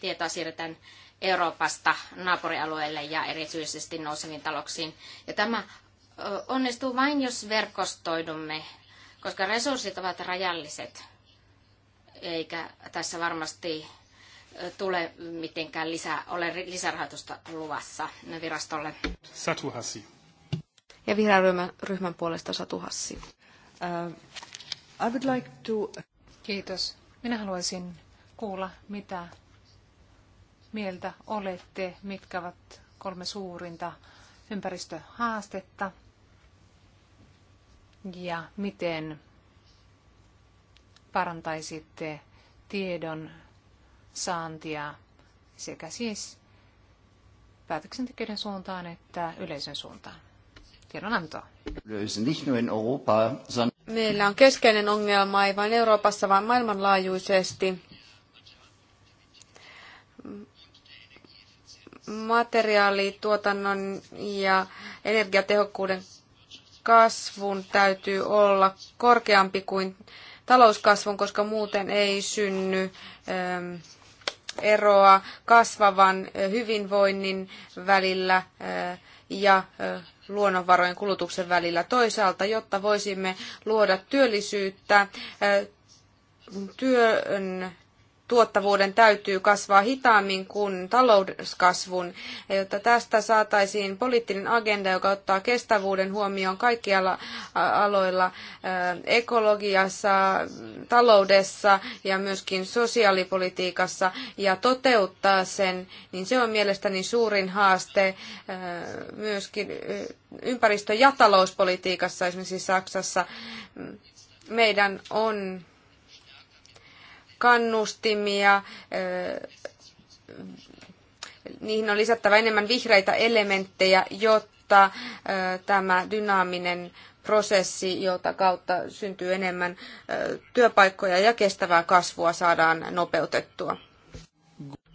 tietoa siirretään Euroopasta naapurialueelle ja erityisesti nouseviin talouksiin. Ja tämä onnistuu vain, jos verkostoidumme, koska resurssit ovat rajalliset, eikä tässä varmasti tule mitenkään lisää, ole lisärahoitusta luvassa virastolle. Satu Hassi. Ja vihreän ryhmän, ryhmän puolesta Satu Hassi. Uh, I would like to... Kiitos. Minä haluaisin kuulla, mitä mieltä olette, mitkä ovat kolme suurinta ympäristöhaastetta ja miten parantaisitte tiedon saantia sekä siis päätöksentekijöiden suuntaan että yleisön suuntaan. Tiedonantoa. Meillä on keskeinen ongelma ei vain Euroopassa, vaan maailmanlaajuisesti. Materiaalituotannon ja energiatehokkuuden kasvun täytyy olla korkeampi kuin talouskasvun, koska muuten ei synny ähm, eroa kasvavan hyvinvoinnin välillä ja luonnonvarojen kulutuksen välillä toisaalta, jotta voisimme luoda työllisyyttä, työn tuottavuuden täytyy kasvaa hitaammin kuin talouskasvun, jotta tästä saataisiin poliittinen agenda, joka ottaa kestävyyden huomioon kaikkialla aloilla, ekologiassa, taloudessa ja myöskin sosiaalipolitiikassa ja toteuttaa sen, niin se on mielestäni suurin haaste myöskin ympäristö- ja talouspolitiikassa, esimerkiksi Saksassa. Meidän on kannustimia, niihin on lisättävä enemmän vihreitä elementtejä, jotta tämä dynaaminen prosessi, jota kautta syntyy enemmän työpaikkoja ja kestävää kasvua saadaan nopeutettua.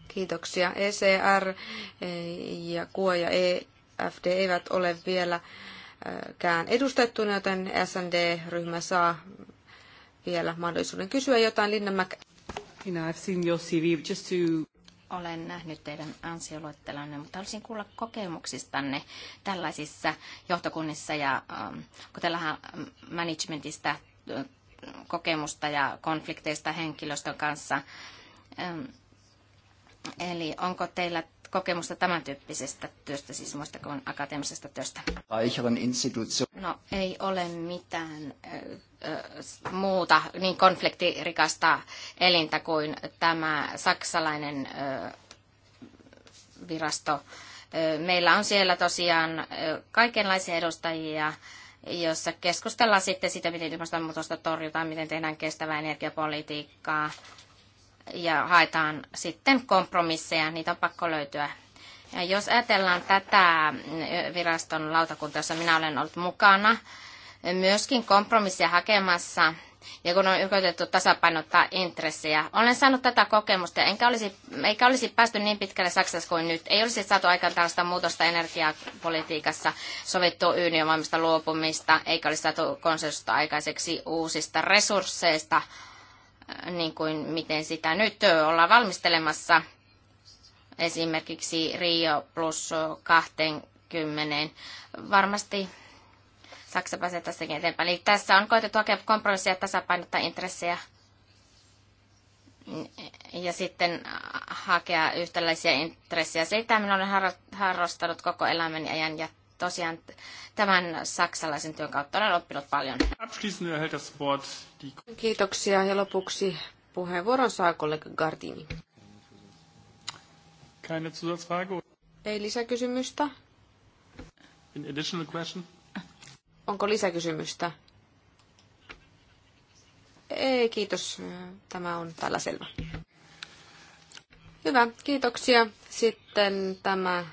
Kiitoksia. ECR ja KUO ja EFD eivät ole vielä kään edustettuna, joten SND-ryhmä saa vielä mahdollisuuden kysyä jotain. Linna I've seen your CV, just to... Olen nähnyt teidän ansioluettelonne, mutta haluaisin kuulla kokemuksistanne tällaisissa johtokunnissa ja ähm, kun ähm, managementista äh, kokemusta ja konflikteista henkilöstön kanssa. Ähm, eli onko teillä kokemusta tämän tyyppisestä työstä, siis muista kuin akateemisesta työstä? No ei ole mitään äh, muuta niin konfliktirikasta elintä kuin tämä saksalainen äh, virasto. meillä on siellä tosiaan kaikenlaisia edustajia, jossa keskustellaan sitten sitä miten ilmastonmuutosta torjutaan, miten tehdään kestävää energiapolitiikkaa, ja haetaan sitten kompromisseja, niitä on pakko löytyä. Ja jos ajatellaan tätä viraston lautakunta, jossa minä olen ollut mukana, myöskin kompromissia hakemassa, ja kun on yritetty tasapainottaa intressejä. Olen saanut tätä kokemusta, enkä olisi, eikä olisi päästy niin pitkälle Saksassa kuin nyt. Ei olisi saatu aikaan tällaista muutosta energiapolitiikassa, sovittua ylivoimasta luopumista, eikä olisi saatu konsensusta aikaiseksi uusista resursseista – niin kuin miten sitä nyt ollaan valmistelemassa esimerkiksi Rio plus 20. Varmasti Saksa pääsee tässäkin eteenpäin. Eli tässä on koetettu hakea kompromissia tasapainottaa intressejä ja sitten hakea yhtäläisiä intressejä. Sitä minä olen harrastanut koko elämäni ajan ja tosiaan tämän saksalaisen työn kautta olen oppinut paljon. Kiitoksia ja lopuksi puheenvuoron saa kollega Gardini. Keine Ei lisäkysymystä. additional question? Onko lisäkysymystä? Ei, kiitos. Tämä on tällä selvä. Hyvä, kiitoksia. Sitten tämä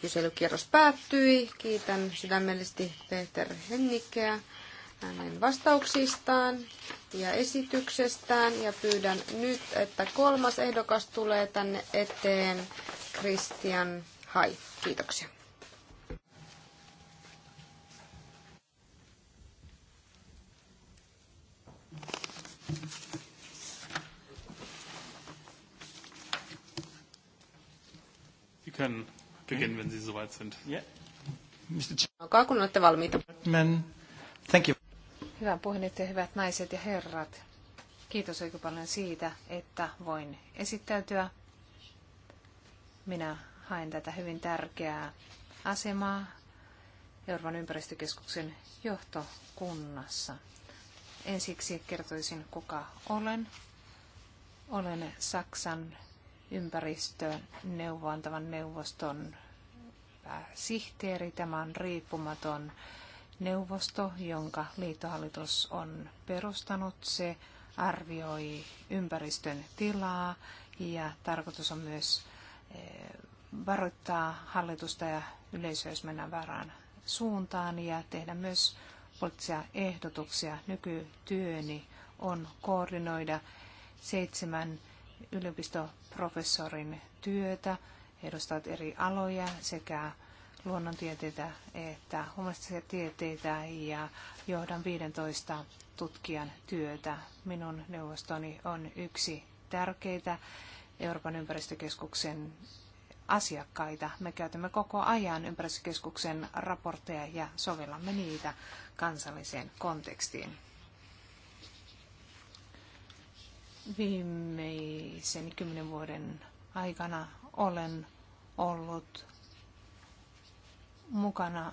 Kyselykierros päättyi. Kiitän sydämellisesti Peter Hennikeä hänen vastauksistaan ja esityksestään ja pyydän nyt, että kolmas ehdokas tulee tänne eteen, Christian Hai. Kiitoksia. You can beginnen, soweit sind. Yeah. No, kun olette valmiita. Men, thank you. Hyvä puheenjohtaja, hyvät naiset ja herrat. Kiitos oikein paljon siitä, että voin esittäytyä. Minä haen tätä hyvin tärkeää asemaa Euroopan ympäristökeskuksen johtokunnassa. Ensiksi kertoisin, kuka olen. Olen Saksan ympäristöneuvontavan neuvoston pääsihteeri. Äh, Tämä on riippumaton neuvosto, jonka liittohallitus on perustanut. Se arvioi ympäristön tilaa ja tarkoitus on myös äh, varoittaa hallitusta ja yleisöä, jos mennään väärään suuntaan ja tehdä myös poliittisia ehdotuksia. Nykytyöni on koordinoida seitsemän yliopistoprofessorin työtä, he edustavat eri aloja sekä luonnontieteitä että humanistisia tieteitä ja johdan 15 tutkijan työtä. Minun neuvostoni on yksi tärkeitä Euroopan ympäristökeskuksen asiakkaita. Me käytämme koko ajan ympäristökeskuksen raportteja ja sovellamme niitä kansalliseen kontekstiin. Viimeisen kymmenen vuoden aikana olen ollut mukana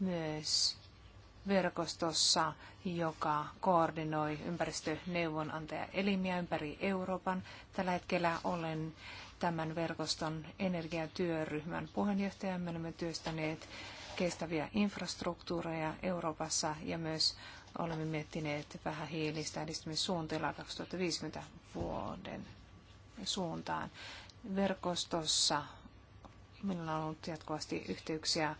myös verkostossa, joka koordinoi ympäristöneuvonantajaelimiä ympäri Euroopan. Tällä hetkellä olen tämän verkoston energiatyöryhmän puheenjohtaja. Me olemme työstäneet kestäviä infrastruktuureja Euroopassa ja myös olemme miettineet vähän hiilistä edistymissuunnitelmaa 2050 vuoden suuntaan. Verkostossa minulla on ollut jatkuvasti yhteyksiä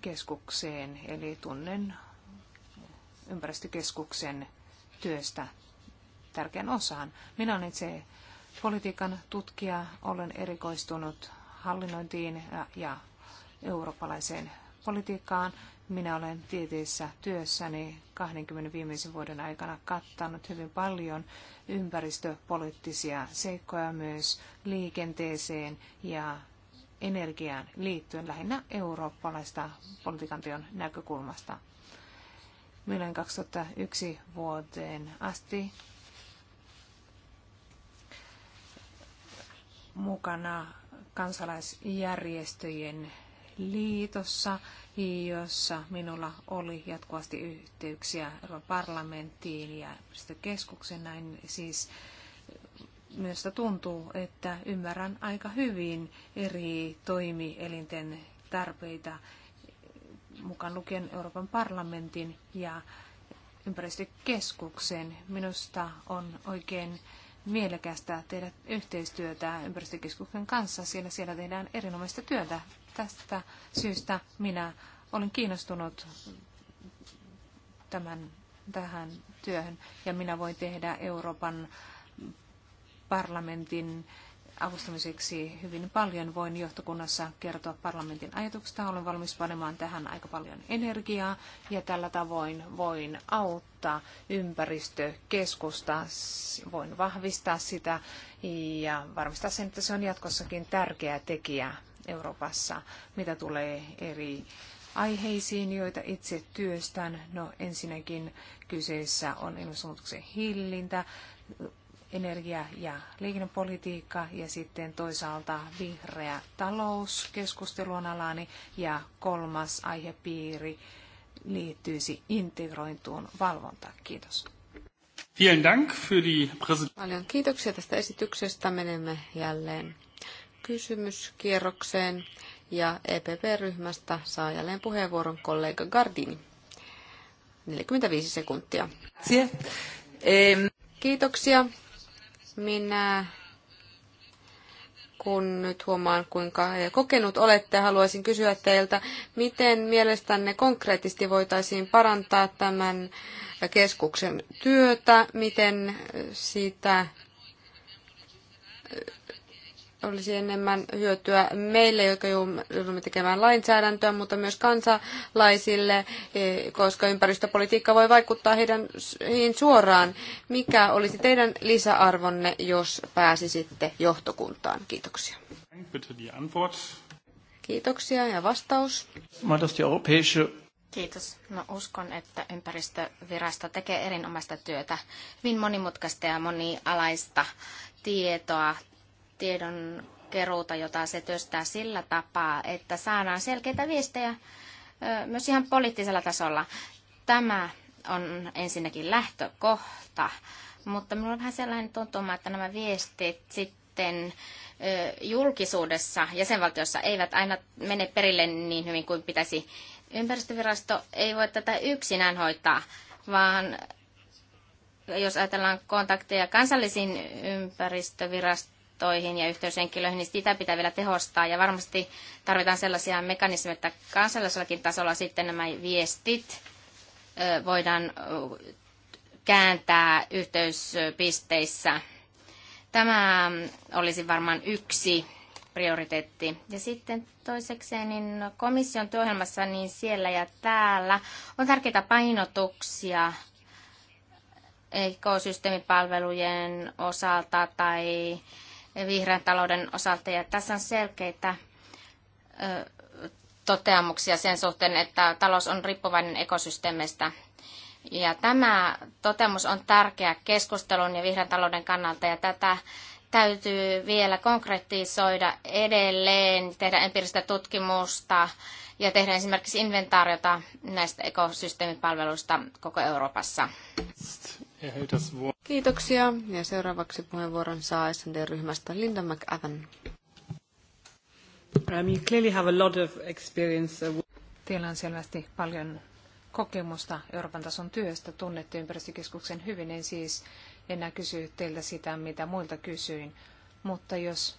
keskukseen, eli tunnen ympäristökeskuksen työstä tärkeän osaan. Minä olen itse politiikan tutkija, olen erikoistunut hallinnointiin ja eurooppalaiseen politiikkaan. Minä olen tieteessä työssäni 20 viimeisen vuoden aikana kattanut hyvin paljon ympäristöpoliittisia seikkoja myös liikenteeseen ja energiaan liittyen lähinnä eurooppalaista politiikanteon näkökulmasta. Minä olen 2001 vuoteen asti mukana kansalaisjärjestöjen liitossa, jossa minulla oli jatkuvasti yhteyksiä Euroopan parlamenttiin ja keskuksen näin siis Minusta tuntuu, että ymmärrän aika hyvin eri toimielinten tarpeita, mukaan lukien Euroopan parlamentin ja ympäristökeskuksen. Minusta on oikein mielekästä tehdä yhteistyötä ympäristökeskuksen kanssa, siellä siellä tehdään erinomaista työtä tästä syystä minä olen kiinnostunut tämän, tähän työhön ja minä voin tehdä Euroopan parlamentin avustamiseksi hyvin paljon. Voin johtokunnassa kertoa parlamentin ajatuksista. Olen valmis panemaan tähän aika paljon energiaa ja tällä tavoin voin auttaa ympäristökeskusta. Voin vahvistaa sitä ja varmistaa sen, että se on jatkossakin tärkeä tekijä Euroopassa, mitä tulee eri aiheisiin, joita itse työstän. No ensinnäkin kyseessä on ilmastonmuutoksen hillintä, energia- ja liikennepolitiikka ja sitten toisaalta vihreä talouskeskustelu on alani ja kolmas aihepiiri liittyisi integrointuun valvontaan. Kiitos. Vielen Dank für die Paljon kiitoksia tästä esityksestä. Menemme jälleen kysymyskierrokseen ja EPP-ryhmästä saa jälleen puheenvuoron kollega Gardini. 45 sekuntia. Kiitoksia. Minä kun nyt huomaan, kuinka kokenut olette, haluaisin kysyä teiltä, miten mielestänne konkreettisesti voitaisiin parantaa tämän keskuksen työtä, miten sitä olisi enemmän hyötyä meille, jotka joudumme tekemään lainsäädäntöä, mutta myös kansalaisille, eh, koska ympäristöpolitiikka voi vaikuttaa heidän heihin suoraan. Mikä olisi teidän lisäarvonne, jos pääsisitte johtokuntaan? Kiitoksia. Kiitoksia ja vastaus. Kiitos. No uskon, että ympäristövirasto tekee erinomaista työtä, hyvin monimutkaista ja monialaista tietoa tiedon keruuta, jota se työstää sillä tapaa, että saadaan selkeitä viestejä myös ihan poliittisella tasolla. Tämä on ensinnäkin lähtökohta, mutta minulla on vähän sellainen tuntuma, että nämä viestit sitten julkisuudessa jäsenvaltiossa eivät aina mene perille niin hyvin kuin pitäisi. Ympäristövirasto ei voi tätä yksinään hoitaa, vaan jos ajatellaan kontakteja kansallisiin ympäristövirastoihin, virastoihin ja yhteyshenkilöihin, niin sitä pitää vielä tehostaa. Ja varmasti tarvitaan sellaisia mekanismeja, että kansallisellakin tasolla sitten nämä viestit voidaan kääntää yhteyspisteissä. Tämä olisi varmaan yksi prioriteetti. Ja sitten toisekseen niin komission työohjelmassa niin siellä ja täällä on tärkeitä painotuksia ekosysteemipalvelujen osalta tai vihreän talouden osalta. Ja tässä on selkeitä toteamuksia sen suhteen, että talous on riippuvainen ekosysteemistä. Ja tämä toteamus on tärkeä keskustelun ja vihreän talouden kannalta, ja tätä täytyy vielä konkretisoida edelleen, tehdä empiiristä tutkimusta ja tehdä esimerkiksi inventaariota näistä ekosysteemipalveluista koko Euroopassa. Kiitoksia. Ja seuraavaksi puheenvuoron saa SND-ryhmästä Linda McAvan. Um, you clearly have a lot of experience. Uh, Teillä on selvästi paljon kokemusta Euroopan tason työstä. Tunnette ympäristökeskuksen hyvin. En siis enää kysy teiltä sitä, mitä muilta kysyin. Mutta jos,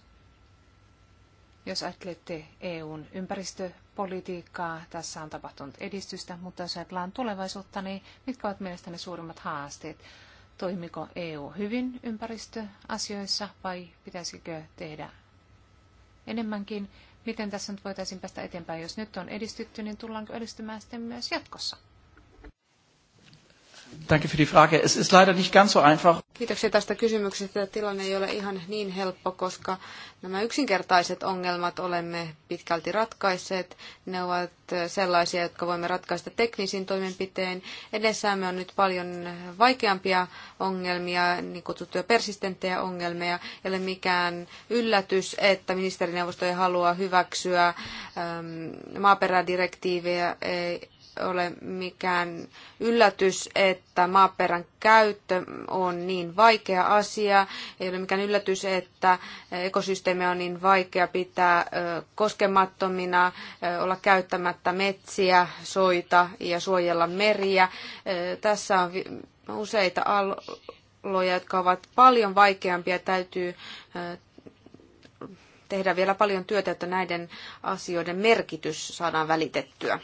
jos ajattelette EUn ympäristö politiikkaa. Tässä on tapahtunut edistystä, mutta jos ajatellaan tulevaisuutta, niin mitkä ovat mielestäni suurimmat haasteet? Toimiko EU hyvin ympäristöasioissa vai pitäisikö tehdä enemmänkin? Miten tässä nyt voitaisiin päästä eteenpäin? Jos nyt on edistytty, niin tullaanko edistymään sitten myös jatkossa? Danke für die Frage. Es ist leider nicht ganz so einfach. Kiitoksia tästä kysymyksestä. Tilanne ei ole ihan niin helppo, koska nämä yksinkertaiset ongelmat olemme pitkälti ratkaisseet. Ne ovat sellaisia, jotka voimme ratkaista teknisin toimenpiteen. Edessämme on nyt paljon vaikeampia ongelmia, niin kutsuttuja persistenttejä ongelmia. Ei ole mikään yllätys, että ministerineuvosto ei halua hyväksyä ähm, maaperädirektiiviä, ei, ole mikään yllätys, että maaperän käyttö on niin vaikea asia. Ei ole mikään yllätys, että ekosysteemi on niin vaikea pitää koskemattomina, olla käyttämättä metsiä, soita ja suojella meriä. Tässä on useita aloja, jotka ovat paljon vaikeampia. Täytyy tehdä vielä paljon työtä, että näiden asioiden merkitys saadaan välitettyä.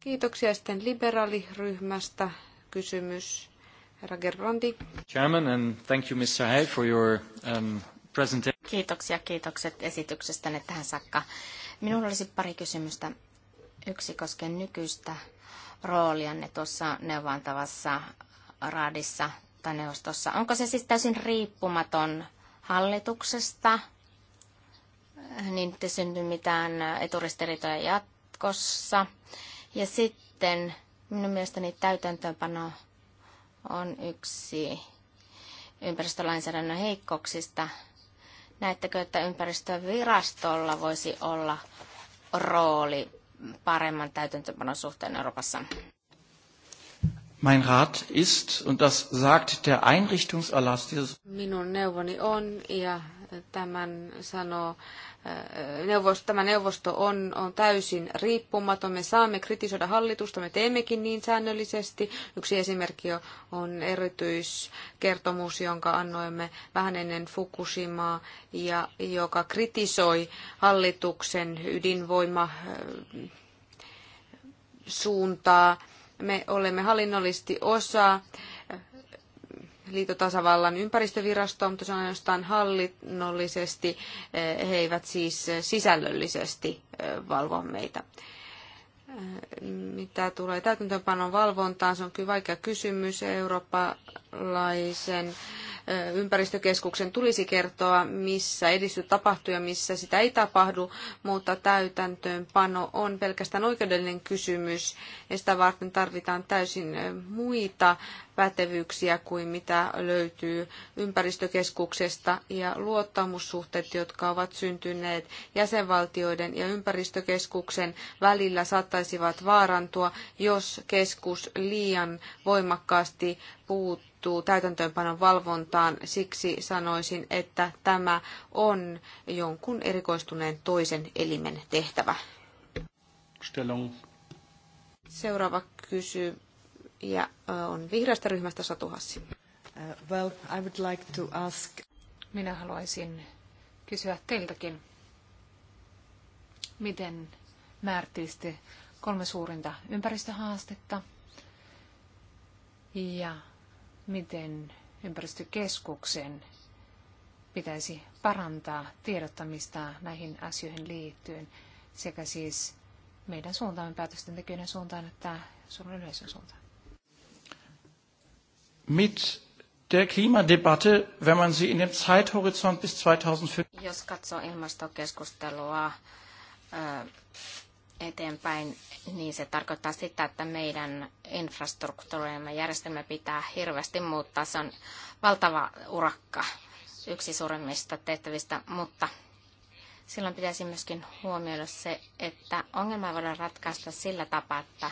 Kiitoksia sitten liberaaliryhmästä. Kysymys. Herra Gerbrandi. Chairman, and thank you, Mr. Hay, for your um, presentation. Kiitoksia, kiitokset esityksestänne tähän saakka. Minulla olisi pari kysymystä. Yksi koskee nykyistä roolianne tuossa neuvontavassa raadissa tai neuvostossa. Onko se siis täysin riippumaton hallituksesta, niin ettei synny mitään eturistiriitoja jatkossa. Ja sitten minun mielestäni täytäntöönpano on yksi ympäristölainsäädännön heikkouksista. Näettekö, että ympäristövirastolla voisi olla rooli paremman täytäntöönpanon suhteen Euroopassa? Mein Rat ist, und das sagt der Einrichtungserlass dieses... Minun neuvoni on, ja tämän sanoo, äh, neuvosto, tämä neuvosto on, on täysin riippumaton. Me saamme kritisoida hallitusta, me teemmekin niin säännöllisesti. Yksi esimerkki on erityiskertomus, jonka annoimme vähän ennen Fukushimaa, ja joka kritisoi hallituksen ydinvoima äh, suuntaa me olemme hallinnollisesti osa liitotasavallan ympäristövirastoa, mutta se on ainoastaan hallinnollisesti. Eh, he eivät siis sisällöllisesti eh, valvo meitä. Eh, mitä tulee täytäntöönpanon valvontaan, se on kyllä vaikea kysymys eurooppalaisen ympäristökeskuksen tulisi kertoa, missä edistys tapahtuu ja missä sitä ei tapahdu, mutta täytäntöönpano on pelkästään oikeudellinen kysymys ja sitä varten tarvitaan täysin muita pätevyyksiä kuin mitä löytyy ympäristökeskuksesta ja luottamussuhteet, jotka ovat syntyneet jäsenvaltioiden ja ympäristökeskuksen välillä saattaisivat vaarantua, jos keskus liian voimakkaasti puuttuu puuttuu täytäntöönpanon valvontaan. Siksi sanoisin, että tämä on jonkun erikoistuneen toisen elimen tehtävä. Seuraava kysyjä on vihreästä ryhmästä Satu Hassi. Uh, well, I would like to ask... Minä haluaisin kysyä teiltäkin, miten määrittelisitte kolme suurinta ympäristöhaastetta ja miten ympäristökeskuksen pitäisi parantaa tiedottamista näihin asioihin liittyen sekä siis meidän suuntaamme tekijöiden suuntaan että Suomen yleisön suuntaan. Mit der Klimadebatte, wenn man sie in dem Zeithorizont bis 2005... Jos katsoo ilmastokeskustelua äh, eteenpäin, niin se tarkoittaa sitä, että meidän infrastruktuurimme järjestelmä pitää hirveästi muuttaa. Se on valtava urakka, yksi suurimmista tehtävistä, mutta silloin pitäisi myöskin huomioida se, että ongelma voidaan ratkaista sillä tapaa, että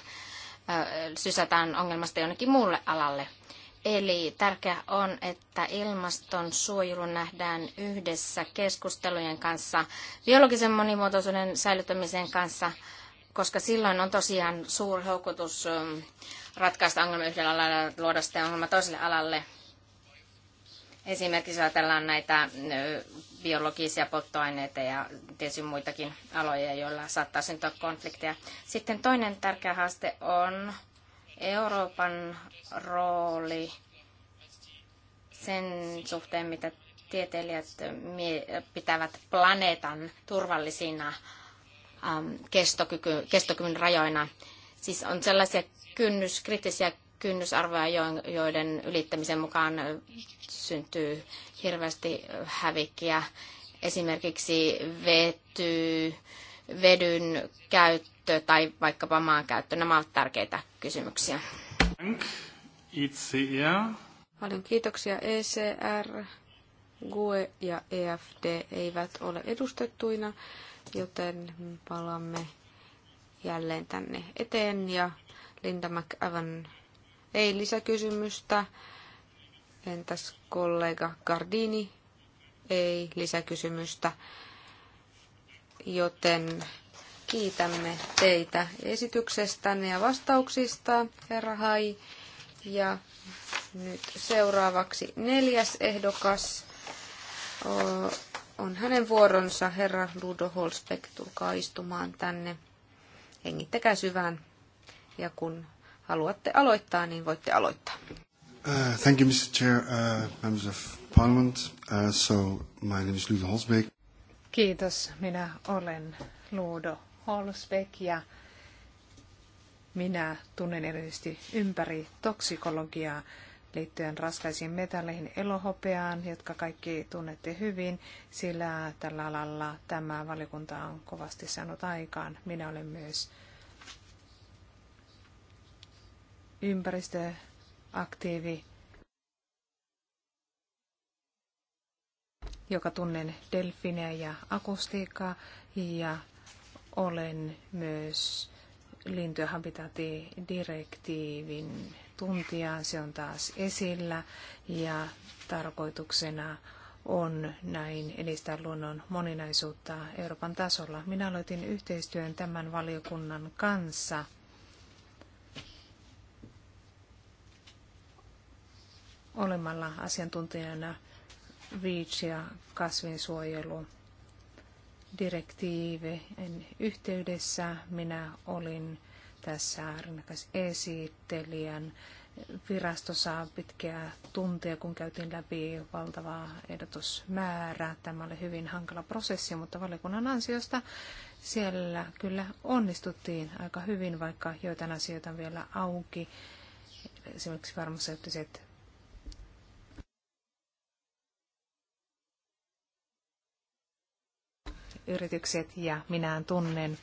sysätään ongelmasta jonnekin muulle alalle. Eli tärkeää on, että ilmaston suojelu nähdään yhdessä keskustelujen kanssa, biologisen monimuotoisuuden säilyttämisen kanssa, koska silloin on tosiaan suuri houkutus um, ratkaista ongelma yhdellä alalla ja luoda sitä ongelma toiselle alalle. Esimerkiksi ajatellaan näitä biologisia polttoaineita ja tietysti muitakin aloja, joilla saattaa syntyä konflikteja. Sitten toinen tärkeä haaste on Euroopan rooli sen suhteen, mitä tieteilijät pitävät planeetan turvallisina ähm, kestokyky, kestokyvyn rajoina. Siis on sellaisia kynnys, kriittisiä kynnysarvoja, joiden ylittämisen mukaan syntyy hirveästi hävikkiä. Esimerkiksi vety, vedyn käyttö käyttö tai vaikkapa maankäyttö. Nämä ovat tärkeitä kysymyksiä. ICR. E Paljon kiitoksia ECR, GUE ja EFD eivät ole edustettuina, joten palaamme jälleen tänne eteen ja Linda McAvan ei lisäkysymystä. Entäs kollega Gardini? Ei lisäkysymystä. Joten Kiitämme teitä esityksestänne ja vastauksista, herra Hai. Ja nyt seuraavaksi neljäs ehdokas on hänen vuoronsa, herra Ludo Holsbeck, tulkaa istumaan tänne. Hengittäkää syvään ja kun haluatte aloittaa, niin voitte aloittaa. Uh, thank you, Mr. Chair, uh, members of Parliament. Uh, so, my name is Ludo Holsbeck. Kiitos, minä olen Ludo Holsbeck ja minä tunnen erityisesti ympäri toksikologiaa liittyen raskaisiin metalleihin elohopeaan, jotka kaikki tunnette hyvin, sillä tällä alalla tämä valikunta on kovasti saanut aikaan. Minä olen myös ympäristöaktiivi, joka tunnen delfinejä ja akustiikkaa ja olen myös lintu- ja habitaattidirektiivin tuntija. Se on taas esillä ja tarkoituksena on näin edistää luonnon moninaisuutta Euroopan tasolla. Minä aloitin yhteistyön tämän valiokunnan kanssa. olemalla asiantuntijana REACH ja kasvinsuojelu direktiivin yhteydessä minä olin tässä rinnakas esittelijän. virastossa pitkiä tunteja, kun käytiin läpi valtavaa ehdotusmäärää. Tämä oli hyvin hankala prosessi, mutta valiokunnan ansiosta siellä kyllä onnistuttiin aika hyvin, vaikka joitain asioita on vielä auki. Esimerkiksi farmaseuttiset yritykset ja minä tunnen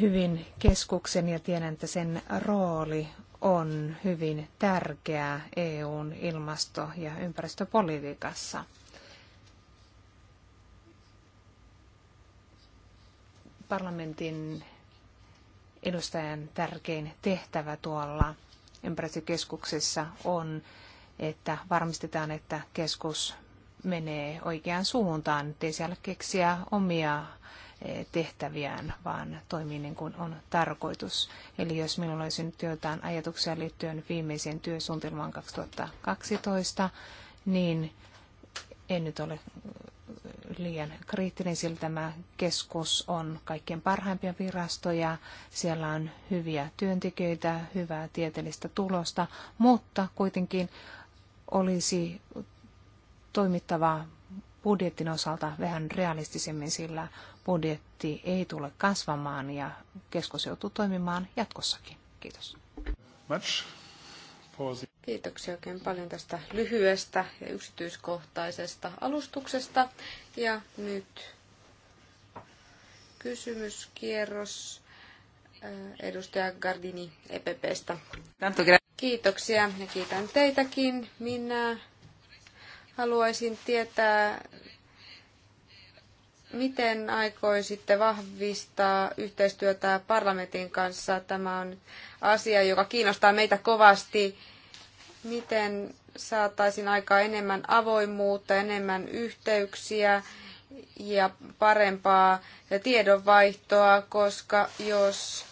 hyvin keskuksen ja tiedän, että sen rooli on hyvin tärkeää EUn ilmasto- ja ympäristöpolitiikassa. Parlamentin edustajan tärkein tehtävä tuolla ympäristökeskuksessa on, että varmistetaan, että keskus menee oikeaan suuntaan, ettei siellä keksiä omia eh, tehtäviään, vaan toimii niin kuin on tarkoitus. Eli jos minulla olisi nyt jotain ajatuksia liittyen viimeiseen työsuunnitelmaan 2012, niin en nyt ole liian kriittinen, sillä tämä keskus on kaikkien parhaimpia virastoja. Siellä on hyviä työntekijöitä, hyvää tieteellistä tulosta, mutta kuitenkin olisi toimittava budjettin osalta vähän realistisemmin, sillä budjetti ei tule kasvamaan ja keskus joutuu toimimaan jatkossakin. Kiitos. Much. Kiitoksia oikein paljon tästä lyhyestä ja yksityiskohtaisesta alustuksesta. Ja nyt kysymyskierros äh, edustaja Gardini EPPstä. Kiitoksia ja kiitän teitäkin. Minä Haluaisin tietää, miten aikoisitte vahvistaa yhteistyötä parlamentin kanssa. Tämä on asia, joka kiinnostaa meitä kovasti. Miten saataisiin aikaa enemmän avoimuutta, enemmän yhteyksiä ja parempaa tiedonvaihtoa, koska jos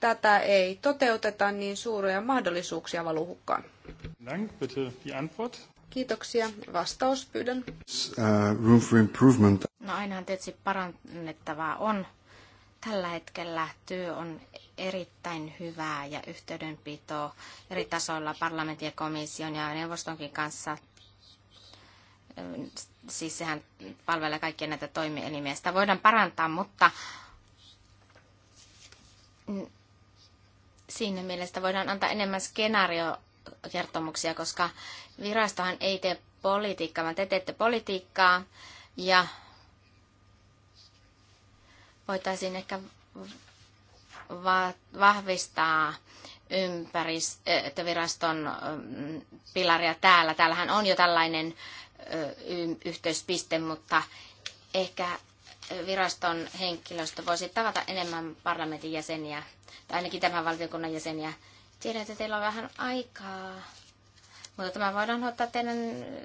tätä ei toteuteta, niin suuria mahdollisuuksia valuu hukkaan. Dank, bitte die Antwort. Kiitoksia. Vastaus pyydän. Uh, room for improvement. No ainahan tietysti parannettavaa on. Tällä hetkellä työ on erittäin hyvää ja yhteydenpito eri tasoilla parlamentin ja komission ja neuvostonkin kanssa. Siis sehän palvelee kaikkia näitä toimielimiä. Sitä voidaan parantaa, mutta siinä mielessä voidaan antaa enemmän skenaario kertomuksia, koska virastohan ei tee politiikkaa, vaan te teette politiikkaa ja voitaisiin ehkä va- vahvistaa ympäristöviraston mm, pilaria täällä. Täällähän on jo tällainen yhteyspiste, mutta ehkä viraston henkilöstö voisi tavata enemmän parlamentin jäseniä, tai ainakin tämän valtiokunnan jäseniä, Tiedän, että teillä on vähän aikaa, mutta tämä voidaan ottaa teidän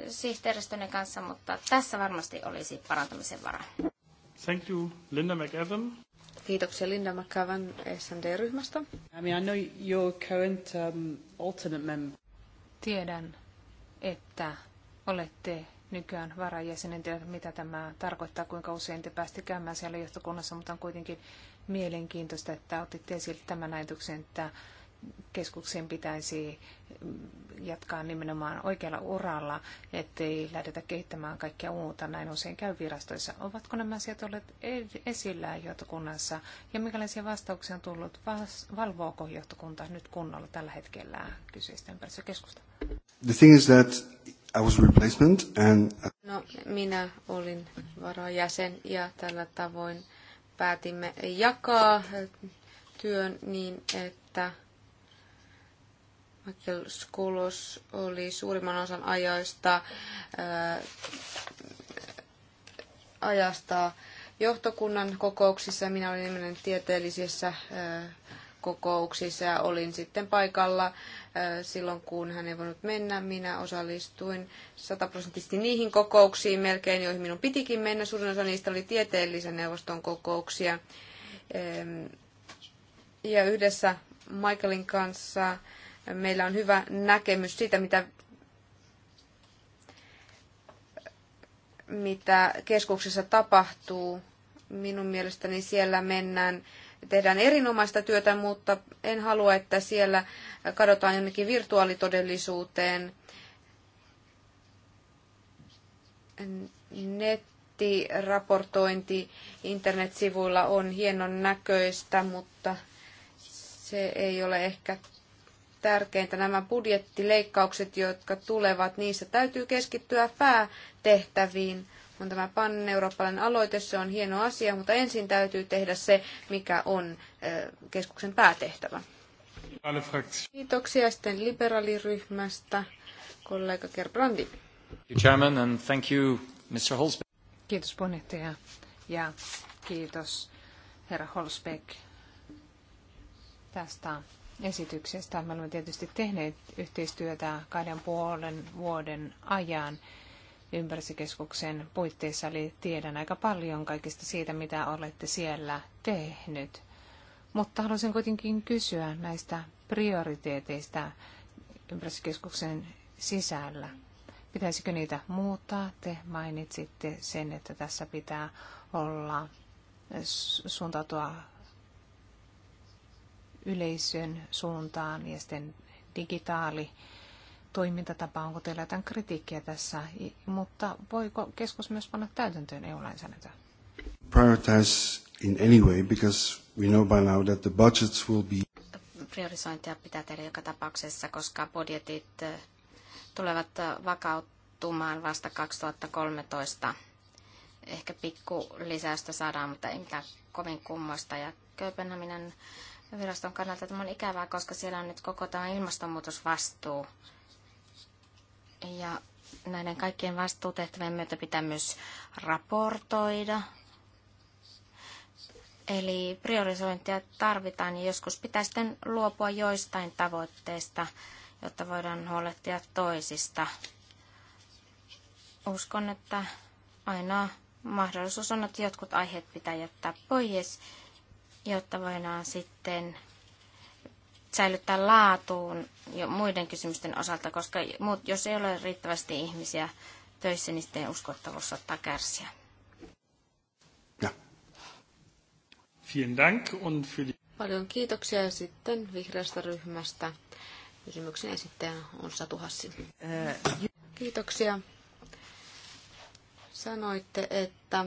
sihteeristönne kanssa, mutta tässä varmasti olisi parantamisen varaa. Thank you, Linda McEvan. Kiitoksia Linda McEvan SND-ryhmästä. I mean, I know your current um, alternate member. Tiedän, että olette nykyään varajäsenen tiedä, mitä tämä tarkoittaa, kuinka usein te päästi käymään siellä johtokunnassa, mutta on kuitenkin mielenkiintoista, että otitte esille tämän ajatuksen, että keskuksen pitäisi jatkaa nimenomaan oikealla uralla, ettei lähdetä kehittämään kaikkea muuta. Näin usein käy virastoissa. Ovatko nämä asiat olleet e- esillä johtokunnassa ja minkälaisia vastauksia on tullut? Valvooko johtokunta nyt kunnolla tällä hetkellä kyseistä ympäristökeskusta? The thing is that I was replacement and... Uh, no, minä olin varajäsen ja tällä tavoin päätimme jakaa työn niin, että Michael Skulos oli suurimman osan ajoista ää, ajasta johtokunnan kokouksissa. Minä olin nimenen tieteellisissä ää, kokouksissa ja olin sitten paikalla silloin, kun hän ei voinut mennä. Minä osallistuin sataprosenttisesti niihin kokouksiin melkein, joihin minun pitikin mennä. Suurin osa niistä oli tieteellisen neuvoston kokouksia. Ja yhdessä Michaelin kanssa meillä on hyvä näkemys siitä, mitä, mitä keskuksessa tapahtuu. Minun mielestäni siellä mennään, tehdään erinomaista työtä, mutta en halua, että siellä kadotaan jonnekin virtuaalitodellisuuteen. Nettiraportointi internetsivuilla on hienon näköistä, mutta se ei ole ehkä tärkeintä, nämä budjettileikkaukset, jotka tulevat, niissä täytyy keskittyä päätehtäviin. On tämä pan-eurooppalainen aloite, se on hieno asia, mutta ensin täytyy tehdä se, mikä on keskuksen päätehtävä. Kiitoksia sitten liberaaliryhmästä, kollega Gerbrandi. Chairman, Kiitos puheenjohtaja ja kiitos herra Holzbeck tästä esityksestä. Me olemme tietysti tehneet yhteistyötä kahden puolen vuoden ajan ympäristökeskuksen puitteissa, eli tiedän aika paljon kaikista siitä, mitä olette siellä tehnyt. Mutta haluaisin kuitenkin kysyä näistä prioriteeteista ympäristökeskuksen sisällä. Pitäisikö niitä muuttaa? Te mainitsitte sen, että tässä pitää olla suuntautua yleisön suuntaan ja sitten digitaali toimintatapa, onko teillä jotain kritiikkiä tässä, mutta voiko keskus myös panna täytäntöön EU-lainsäädäntöä? Prioritize in any way, because we know by now that the budgets will be... Priorisointia pitää tehdä joka tapauksessa, koska budjetit eh, tulevat eh, vakauttumaan vasta 2013. Ehkä pikku lisäystä saadaan, mutta ei mitään kovin kummoista. Ja Kööpenhaminan viraston kannalta tämä on ikävää, koska siellä on nyt koko tämä ilmastonmuutosvastuu. Ja näiden kaikkien vastuutehtävien myötä pitää myös raportoida. Eli priorisointia tarvitaan ja joskus pitää sitten luopua joistain tavoitteista, jotta voidaan huolehtia toisista. Uskon, että ainoa mahdollisuus on, että jotkut aiheet pitää jättää pois jotta voidaan sitten säilyttää laatuun jo muiden kysymysten osalta, koska muut, jos ei ole riittävästi ihmisiä töissä, niin sitten uskottavuus saattaa kärsiä. Ja. Dank und für Paljon kiitoksia sitten vihreästä ryhmästä. Kysymyksen esittäjä on Satu Hassi. Kiitoksia. Sanoitte, että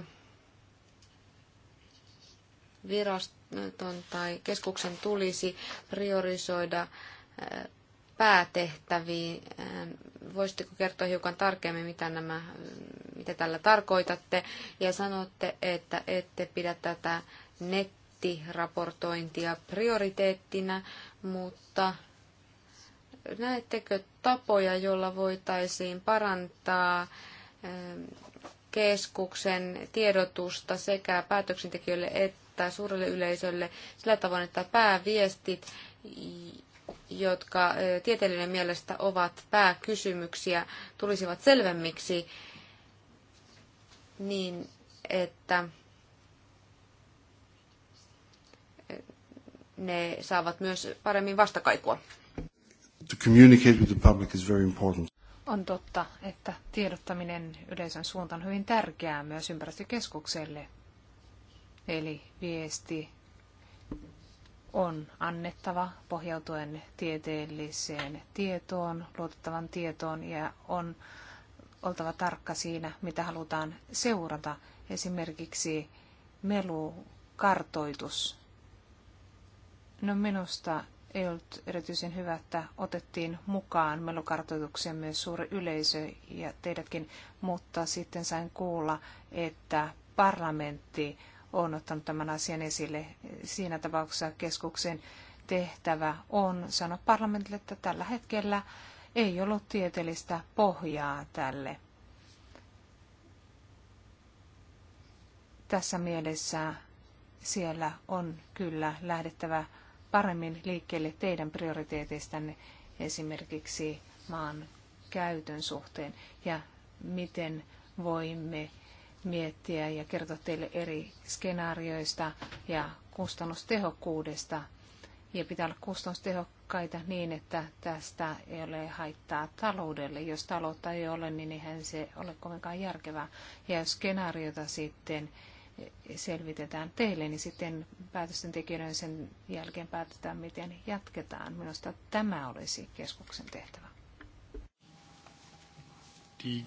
viraston tai keskuksen tulisi priorisoida äh, päätehtäviin. Äh, voisitteko kertoa hiukan tarkemmin, mitä, nämä, äh, mitä tällä tarkoitatte? Ja sanotte, että ette pidä tätä nettiraportointia prioriteettina, mutta näettekö tapoja, joilla voitaisiin parantaa keskuksen tiedotusta sekä päätöksentekijöille että lähettää suurelle yleisölle sillä tavoin, että pääviestit, jotka eh, tieteellinen mielestä ovat pääkysymyksiä, tulisivat selvemmiksi niin, että eh, ne saavat myös paremmin vastakaikua. To communicate with the public is very important. On totta, että tiedottaminen yleisön suuntaan on hyvin tärkeää myös ympäristökeskukselle, Eli viesti on annettava pohjautuen tieteelliseen tietoon, luotettavan tietoon ja on oltava tarkka siinä, mitä halutaan seurata. Esimerkiksi melukartoitus. No minusta ei ollut erityisen hyvä, että otettiin mukaan melukartoitukseen myös suuri yleisö ja teidätkin, mutta sitten sain kuulla, että parlamentti on ottanut tämän asian esille. Siinä tapauksessa keskuksen tehtävä on sanoa parlamentille, että tällä hetkellä ei ollut tieteellistä pohjaa tälle. Tässä mielessä siellä on kyllä lähdettävä paremmin liikkeelle teidän prioriteeteistanne esimerkiksi maan käytön suhteen ja miten voimme miettiä ja kertoa teille eri skenaarioista ja kustannustehokkuudesta. Ja pitää olla kustannustehokkaita niin, että tästä ei ole haittaa taloudelle. Jos taloutta ei ole, niin eihän se ole kovinkaan järkevää. Ja jos skenaariota sitten selvitetään teille, niin sitten päätösten tekijöiden sen jälkeen päätetään, miten jatketaan. Minusta tämä olisi keskuksen tehtävä. E.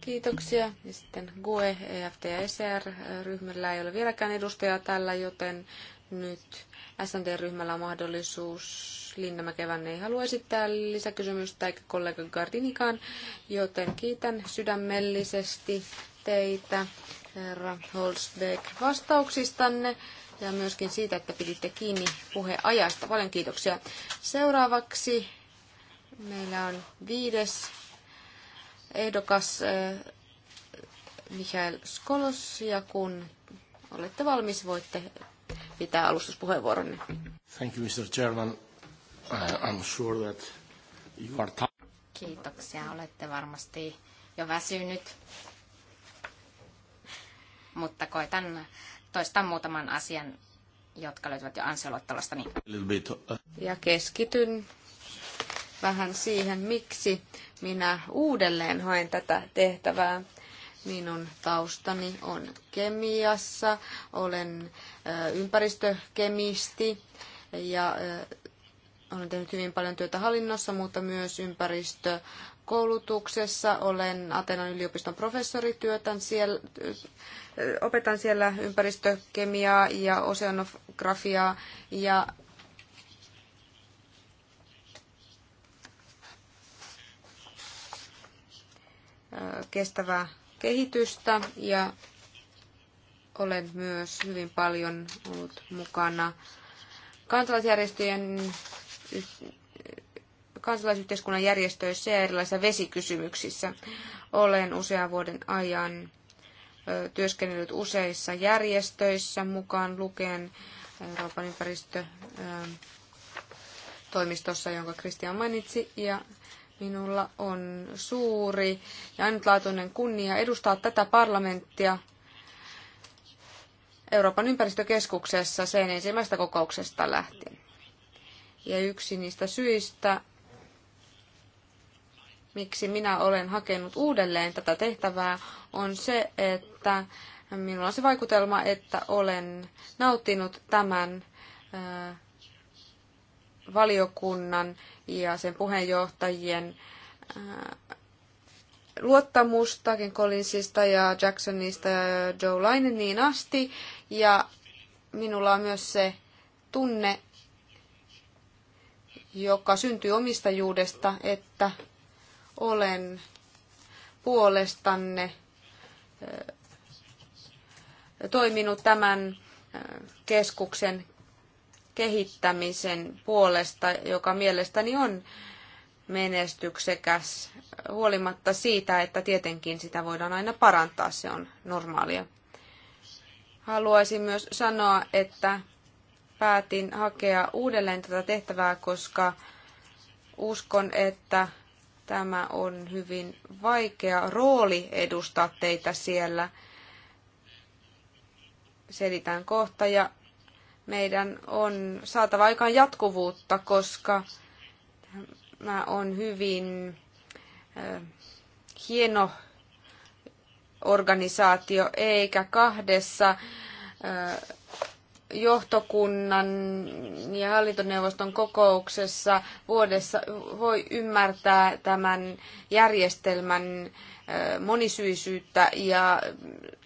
Kiitoksia. Ja sitten GUE, EFT ja ECR-ryhmällä ei ole vieläkään edustajaa tällä, joten nyt SNT-ryhmällä on mahdollisuus. Linnamäkevän ei halua esittää lisäkysymystä eikä kollega Gardinikaan, joten kiitän sydämellisesti teitä, herra Holsbeck, vastauksistanne ja myöskin siitä, että piditte kiinni puheajasta. Paljon kiitoksia. Seuraavaksi meillä on viides ehdokas eh, Mikael Skolos, ja kun olette valmis, voitte pitää alustuspuheenvuoronne. Thank you, Mr. Chairman. I'm sure that you are Kiitoksia, olette varmasti jo väsynyt. Mutta koitan toistaa muutaman asian, jotka löytyvät jo ansioluettelostani. Uh, ja keskityn vähän siihen, miksi minä uudelleen haen tätä tehtävää. Minun taustani on kemiassa, olen ympäristökemisti ja olen tehnyt hyvin paljon työtä hallinnossa, mutta myös ympäristökoulutuksessa. Olen Atenan yliopiston professori, työtän siellä, opetan siellä ympäristökemiaa ja oseanografiaa ja kestävää kehitystä ja olen myös hyvin paljon ollut mukana kansalaisjärjestöjen kansalaisyhteiskunnan järjestöissä ja erilaisissa vesikysymyksissä. Olen usean vuoden ajan työskennellyt useissa järjestöissä mukaan lukien Euroopan ympäristö toimistossa, jonka Kristian mainitsi, ja Minulla on suuri ja ainutlaatuinen kunnia edustaa tätä parlamenttia Euroopan ympäristökeskuksessa sen ensimmäisestä kokouksesta lähtien. Ja yksi niistä syistä, miksi minä olen hakenut uudelleen tätä tehtävää, on se, että minulla on se vaikutelma, että olen nauttinut tämän valiokunnan ja sen puheenjohtajien äh, luottamusta Ken Collinsista ja Jacksonista ja Joe niin asti. Ja minulla on myös se tunne, joka syntyy omistajuudesta, että olen puolestanne äh, toiminut tämän äh, keskuksen kehittämisen puolesta, joka mielestäni on menestyksekäs, huolimatta siitä, että tietenkin sitä voidaan aina parantaa, se on normaalia. Haluaisin myös sanoa, että päätin hakea uudelleen tätä tehtävää, koska uskon, että tämä on hyvin vaikea rooli edustaa teitä siellä. Selitän kohta ja meidän on saatava aikaan jatkuvuutta, koska tämä on hyvin hieno organisaatio, eikä kahdessa johtokunnan ja hallintoneuvoston kokouksessa vuodessa voi ymmärtää tämän järjestelmän monisyisyyttä ja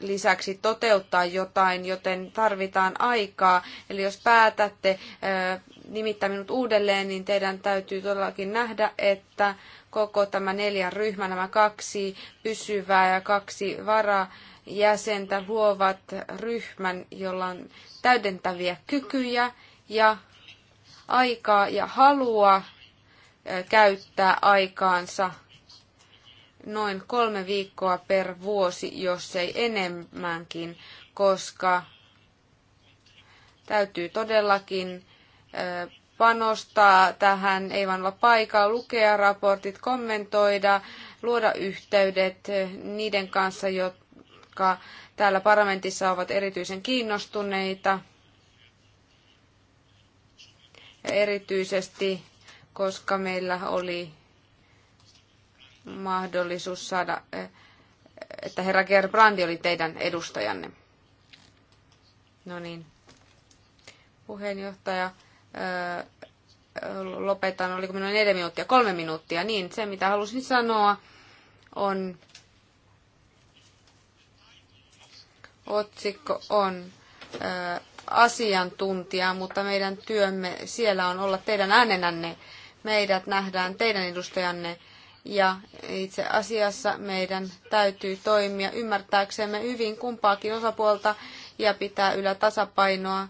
lisäksi toteuttaa jotain, joten tarvitaan aikaa. Eli jos päätätte nimittää minut uudelleen, niin teidän täytyy todellakin nähdä, että koko tämä neljän ryhmä, nämä kaksi pysyvää ja kaksi varaa, jäsentä luovat ryhmän, jolla on täydentäviä kykyjä ja aikaa ja halua käyttää aikaansa noin kolme viikkoa per vuosi, jos ei enemmänkin, koska täytyy todellakin panostaa tähän, ei vain olla paikalla, lukea raportit, kommentoida, luoda yhteydet niiden kanssa, jotka jotka täällä parlamentissa ovat erityisen kiinnostuneita. Ja erityisesti, koska meillä oli mahdollisuus saada, eh, että herra Gerbrandi oli teidän edustajanne. No niin, puheenjohtaja eh, lopetan, oliko minulla neljä minuuttia, kolme minuuttia, niin se mitä halusin sanoa on otsikko on ö, asiantuntija, mutta meidän työmme siellä on olla teidän äänenänne. Meidät nähdään teidän edustajanne ja itse asiassa meidän täytyy toimia ymmärtääksemme hyvin kumpaakin osapuolta ja pitää yllä tasapainoa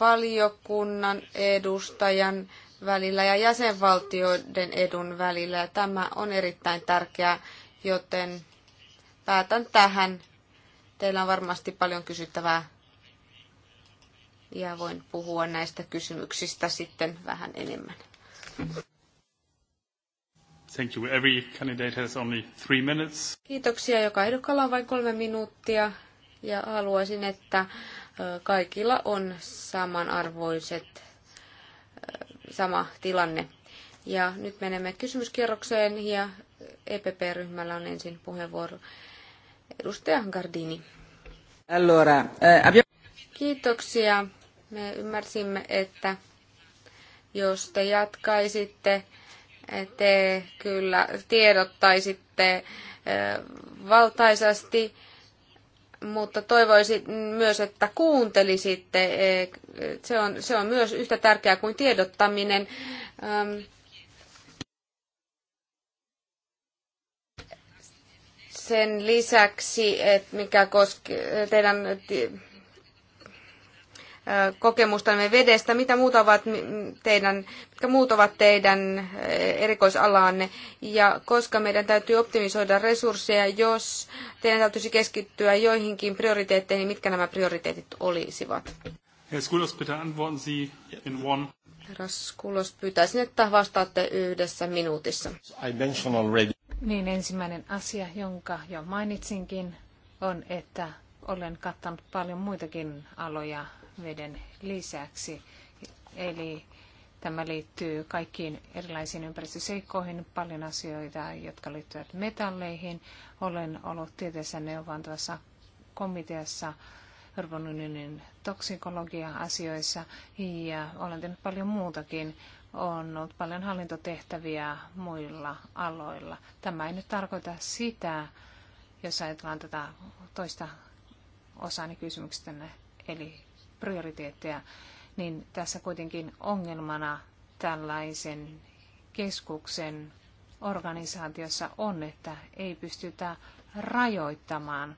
valiokunnan edustajan välillä ja jäsenvaltioiden edun välillä. Ja tämä on erittäin tärkeää, joten päätän tähän. Teillä on varmasti paljon kysyttävää ja voin puhua näistä kysymyksistä sitten vähän enemmän. Thank you. Every candidate has only three minutes. Kiitoksia. Joka ehdokkaalla on vain kolme minuuttia ja haluaisin, että kaikilla on samanarvoiset sama tilanne. Ja nyt menemme kysymyskierrokseen ja EPP-ryhmällä on ensin puheenvuoro. Edustaja Gardini. Allora, eh, Kiitoksia. Me ymmärsimme, että jos te jatkaisitte, te kyllä tiedottaisitte eh, valtaisasti mutta toivoisin myös, että kuuntelisitte. Se on, se on myös yhtä tärkeää kuin tiedottaminen. Ähm, sen lisäksi, että mikä koskee teidän kokemustanne vedestä, mitä muut ovat teidän, mitkä muut ovat teidän erikoisalaanne ja koska meidän täytyy optimisoida resursseja, jos teidän täytyisi keskittyä joihinkin prioriteetteihin, mitkä nämä prioriteetit olisivat? Herr bitte antworten Sie in one. pyytäisin, että vastaatte yhdessä minuutissa. I mentioned already. Niin, ensimmäinen asia, jonka jo mainitsinkin, on, että olen kattanut paljon muitakin aloja veden lisäksi. Eli tämä liittyy kaikkiin erilaisiin ympäristöseikkoihin, paljon asioita, jotka liittyvät metalleihin. Olen ollut tieteessä neuvontavassa komiteassa Euroopan unionin toksikologia-asioissa ja olen tehnyt paljon muutakin. On ollut paljon hallintotehtäviä muilla aloilla. Tämä ei nyt tarkoita sitä, jos ajatellaan tätä toista osaani kysymyksestä, eli prioriteetteja, niin tässä kuitenkin ongelmana tällaisen keskuksen organisaatiossa on, että ei pystytä rajoittamaan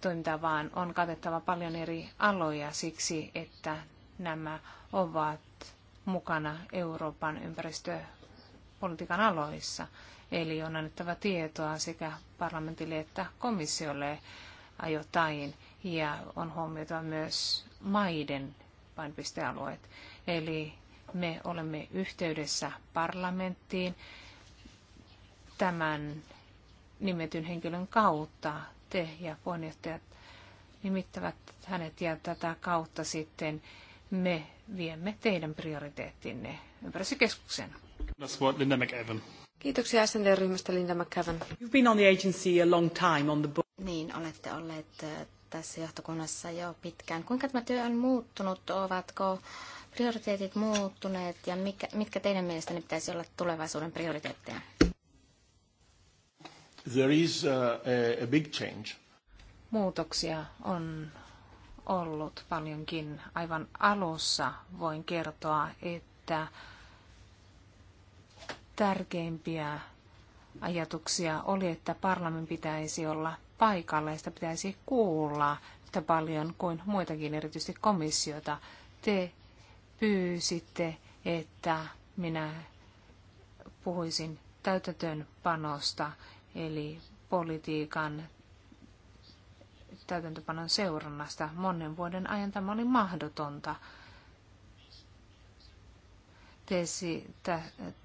toimintaa, vaan on katettava paljon eri aloja siksi, että nämä ovat mukana Euroopan ympäristöpolitiikan aloissa. Eli on annettava tietoa sekä parlamentille että komissiolle ajotain ja on huomioitava myös maiden painopistealueet. Eli me olemme yhteydessä parlamenttiin tämän nimetyn henkilön kautta. Te ja puheenjohtajat nimittävät hänet ja tätä kautta sitten me viemme teidän prioriteettinne ympäristökeskuksen. Linda McEvan. Kiitoksia SND-ryhmästä Linda McEvan. You've been on the agency a long time on the board. Niin, olette olleet äh, tässä johtokunnassa jo pitkään. Kuinka tämä työ on muuttunut? Ovatko prioriteetit muuttuneet ja mikä, mitkä teidän mielestänne pitäisi olla tulevaisuuden prioriteetteja? There is uh, a, a big change. Muutoksia on ollut paljonkin. Aivan alussa voin kertoa, että tärkeimpiä ajatuksia oli, että parlamentin pitäisi olla ja Sitä pitäisi kuulla yhtä paljon kuin muitakin, erityisesti komissiota. Te pyysitte, että minä puhuisin täytätön panosta, eli politiikan täytäntöpanon seurannasta. Monen vuoden ajan tämä oli mahdotonta. Tesi,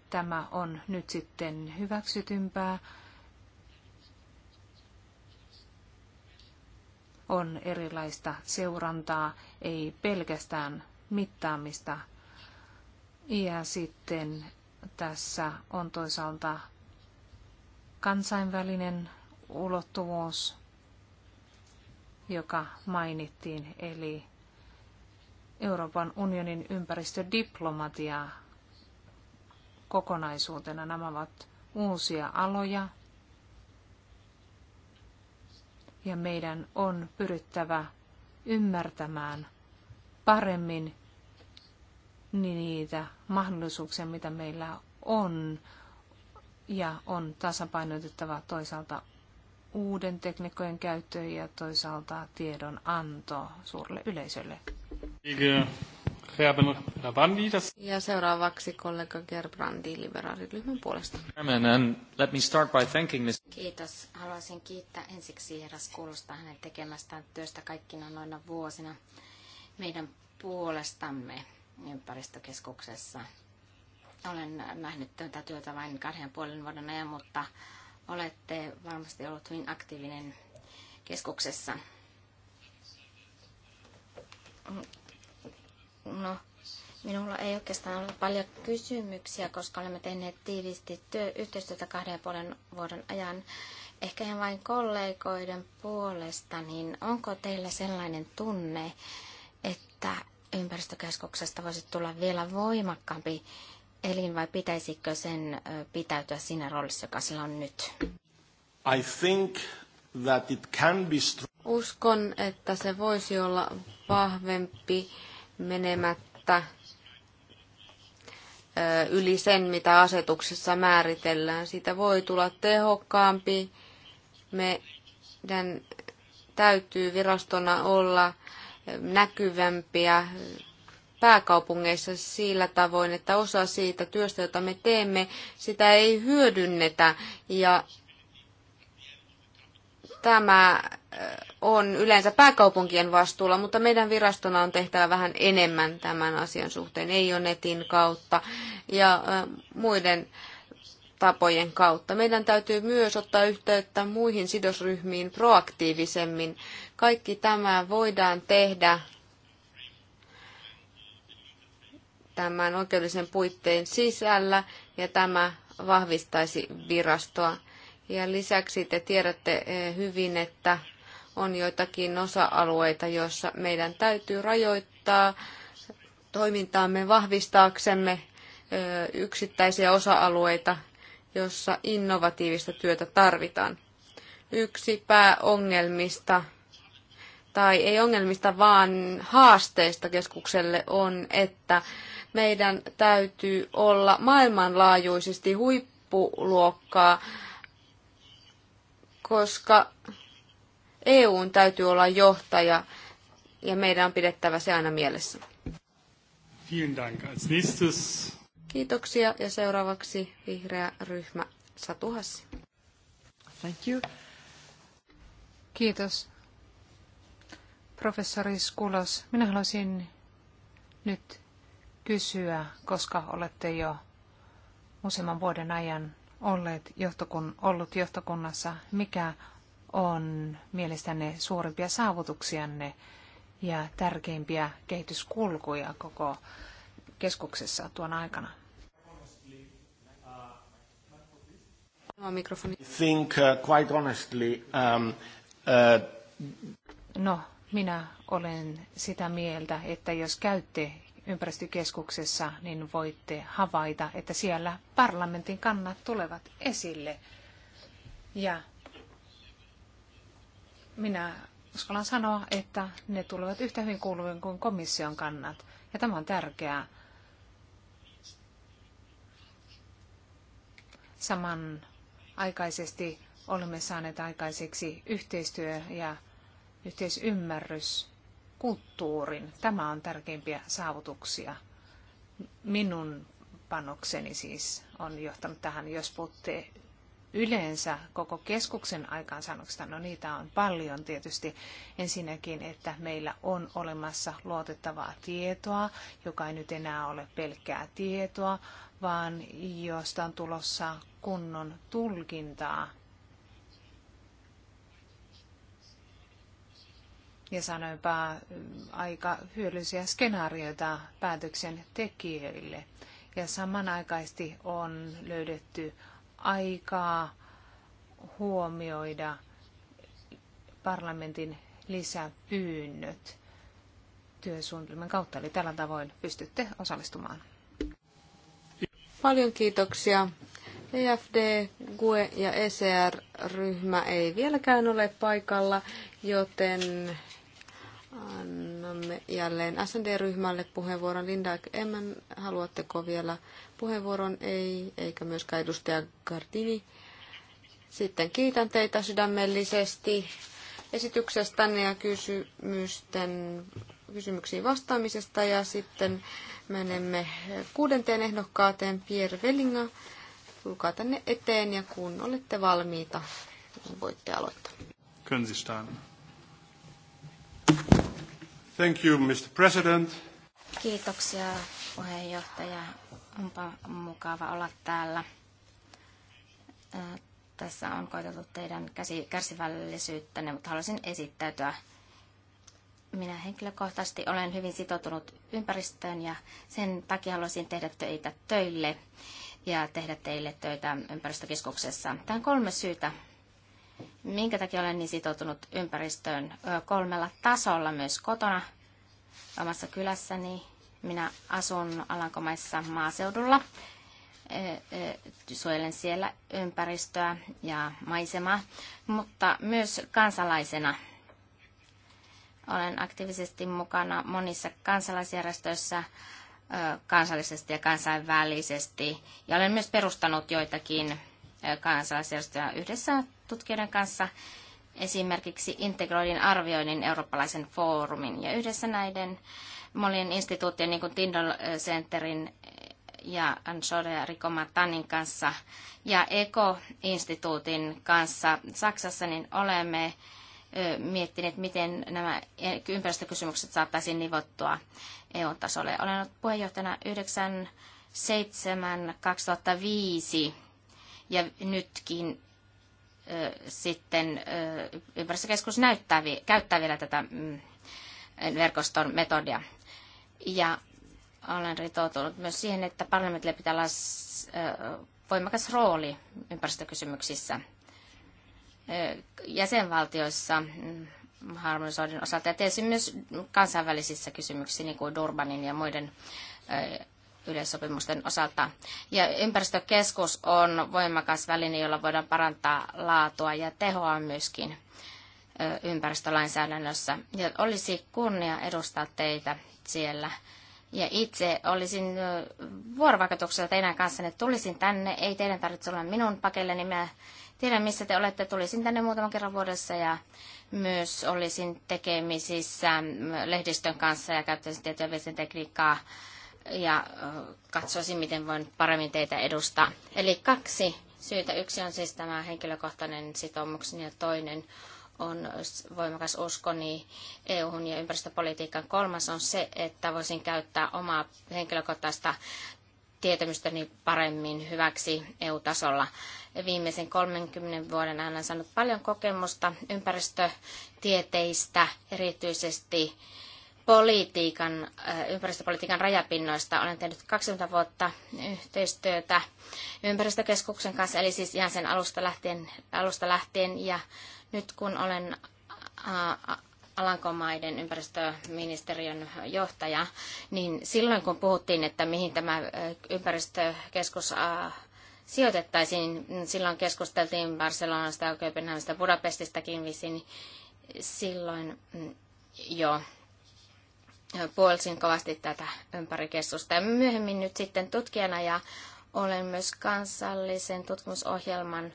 tämä on nyt sitten hyväksytympää on erilaista seurantaa, ei pelkästään mittaamista. Ja sitten tässä on toisaalta kansainvälinen ulottuvuus, joka mainittiin, eli Euroopan unionin ympäristödiplomatia kokonaisuutena. Nämä ovat uusia aloja, ja meidän on pyrittävä ymmärtämään paremmin niitä mahdollisuuksia, mitä meillä on, ja on tasapainotettava toisaalta uuden tekniikojen käyttöön ja toisaalta tiedon anto suurelle yleisölle. Ja seuraavaksi kollega Gerbrandi liberaaliryhmän puolesta. Let me start by thanking Ms. Kiitos. Haluaisin kiittää ensiksi herra Skulusta hänen tekemästään työstä kaikkina noina vuosina meidän puolestamme ympäristökeskuksessa. Olen nähnyt tätä työtä vain kahden puolen vuoden ajan, mutta olette varmasti ollut hyvin aktiivinen keskuksessa No, minulla ei oikeastaan ollut paljon kysymyksiä, koska olemme tehneet tiivisti työ, yhteistyötä kahden ja puolen vuoden ajan. Ehkä ihan vain kollegoiden puolesta, niin onko teillä sellainen tunne, että ympäristökeskuksesta voisi tulla vielä voimakkaampi elin vai pitäisikö sen pitäytyä siinä roolissa, joka sillä on nyt? I think that it can be Uskon, että se voisi olla vahvempi menemättä yli sen, mitä asetuksessa määritellään. Siitä voi tulla tehokkaampi. Meidän täytyy virastona olla näkyvämpiä pääkaupungeissa sillä tavoin, että osa siitä työstä, jota me teemme, sitä ei hyödynnetä ja Tämä äh, on yleensä pääkaupunkien vastuulla, mutta meidän virastona on tehtävä vähän enemmän tämän asian suhteen, ei ole netin kautta ja äh, muiden tapojen kautta. Meidän täytyy myös ottaa yhteyttä muihin sidosryhmiin proaktiivisemmin. Kaikki tämä voidaan tehdä tämän oikeudellisen puitteen sisällä ja tämä vahvistaisi virastoa. Ja lisäksi te tiedätte eh, hyvin, että on joitakin osa-alueita, joissa meidän täytyy rajoittaa toimintaamme vahvistaaksemme eh, yksittäisiä osa-alueita, jossa innovatiivista työtä tarvitaan. Yksi pääongelmista, tai ei ongelmista, vaan haasteista keskukselle on, että meidän täytyy olla maailmanlaajuisesti huippuluokkaa koska EUn täytyy olla johtaja ja meidän on pidettävä se aina mielessä. Kiitoksia ja seuraavaksi vihreä ryhmä Satuhassi. Thank you. Kiitos. Professori Skulos, minä haluaisin nyt kysyä, koska olette jo useamman vuoden ajan olleet johtokun, ollut johtokunnassa, mikä on mielestänne suurimpia saavutuksianne ja tärkeimpiä kehityskulkuja koko keskuksessa tuon aikana? Think, uh, quite honestly, um, uh... No, minä olen sitä mieltä, että jos käytte ympäristökeskuksessa, niin voitte havaita, että siellä parlamentin kannat tulevat esille. Ja minä uskallan sanoa, että ne tulevat yhtä hyvin kuuluviin kuin komission kannat. Ja tämä on tärkeää. Samanaikaisesti olemme saaneet aikaiseksi yhteistyö ja yhteisymmärrys kulttuurin. Tämä on tärkeimpiä saavutuksia. Minun panokseni siis on johtanut tähän, jos puhutte yleensä koko keskuksen aikaansaannoksista, no niitä on paljon tietysti. Ensinnäkin, että meillä on olemassa luotettavaa tietoa, joka ei nyt enää ole pelkkää tietoa, vaan josta on tulossa kunnon tulkintaa ja sanoinpa mm, aika hyödyllisiä skenaarioita päätöksen tekijöille. Ja samanaikaisesti on löydetty aikaa huomioida parlamentin lisäpyynnöt työsuunnitelman kautta. Eli tällä tavoin pystytte osallistumaan. Paljon kiitoksia. EFD, GUE ja ECR-ryhmä ei vieläkään ole paikalla, joten Annamme jälleen SND-ryhmälle puheenvuoron. Linda Emmen, haluatteko vielä puheenvuoron? Ei, eikä myöskään edustaja Gardini. Sitten kiitän teitä sydämellisesti esityksestänne ja kysymysten, kysymyksiin vastaamisesta. Ja sitten menemme kuudenteen ehdokkaateen Pierre Vellinga. Tulkaa tänne eteen ja kun olette valmiita, voitte aloittaa. Können Sie starten. Thank you, Mr. President. Kiitoksia, puheenjohtaja. Onpa mukava olla täällä. Tässä on koiteltu teidän kärsivällisyyttä, kärsivällisyyttänne, mutta haluaisin esittäytyä. Minä henkilökohtaisesti olen hyvin sitoutunut ympäristöön ja sen takia haluaisin tehdä töitä töille ja tehdä teille töitä ympäristökeskuksessa. Tämä on kolme syytä, minkä takia olen niin sitoutunut ympäristöön kolmella tasolla myös kotona omassa kylässäni. Minä asun Alankomaissa maaseudulla. Suojelen siellä ympäristöä ja maisemaa, mutta myös kansalaisena. Olen aktiivisesti mukana monissa kansalaisjärjestöissä kansallisesti ja kansainvälisesti. Ja olen myös perustanut joitakin kansalaisjärjestöjä yhdessä tutkijoiden kanssa esimerkiksi integroidin arvioinnin eurooppalaisen foorumin. Ja yhdessä näiden monien instituutien, niin kuin Tindall Centerin ja Anshore ja Rikoma Tannin kanssa ja Eko-instituutin kanssa Saksassa, niin olemme miettineet, miten nämä ympäristökysymykset saataisiin nivottua EU-tasolle. Olen ollut puheenjohtajana 97-2005 ja nytkin sitten ympäristökeskus näyttää, käyttää vielä tätä mm, verkoston metodia. Ja olen ritoutunut myös siihen, että parlamentille pitää olla voimakas rooli ympäristökysymyksissä jäsenvaltioissa mm, harmonisoidun osalta ja tietysti myös kansainvälisissä kysymyksissä, niin kuin Durbanin ja muiden yleissopimusten osalta. Ja ympäristökeskus on voimakas väline, jolla voidaan parantaa laatua ja tehoa myöskin ympäristölainsäädännössä. Ja olisi kunnia edustaa teitä siellä. Ja itse olisin vuorovaikutuksella teidän että Tulisin tänne, ei teidän tarvitse olla minun pakelle, niin Mä tiedän, missä te olette. Tulisin tänne muutaman kerran vuodessa ja myös olisin tekemisissä lehdistön kanssa ja käyttäisin tietoja viestintätekniikkaa. tekniikkaa ja katsoisin, miten voin paremmin teitä edustaa. Eli kaksi syytä. Yksi on siis tämä henkilökohtainen sitoumukseni ja toinen on voimakas uskoni EU-hun ja ympäristöpolitiikan. Kolmas on se, että voisin käyttää omaa henkilökohtaista tietämystäni paremmin hyväksi EU-tasolla. Viimeisen 30 vuoden ajan olen saanut paljon kokemusta ympäristötieteistä, erityisesti politiikan, äh, ympäristöpolitiikan rajapinnoista. Olen tehnyt 20 vuotta yhteistyötä ympäristökeskuksen kanssa, eli siis ihan sen alusta lähtien, alusta lähtien. ja nyt kun olen äh, Alankomaiden ympäristöministeriön johtaja, niin silloin kun puhuttiin, että mihin tämä äh, ympäristökeskus sijoitettaisiin, niin silloin keskusteltiin Barcelonasta Kööpenhaminasta Budapestistakin vissiin, niin silloin mm, jo puolsin kovasti tätä ympärikeskusta ja myöhemmin nyt sitten tutkijana ja olen myös kansallisen tutkimusohjelman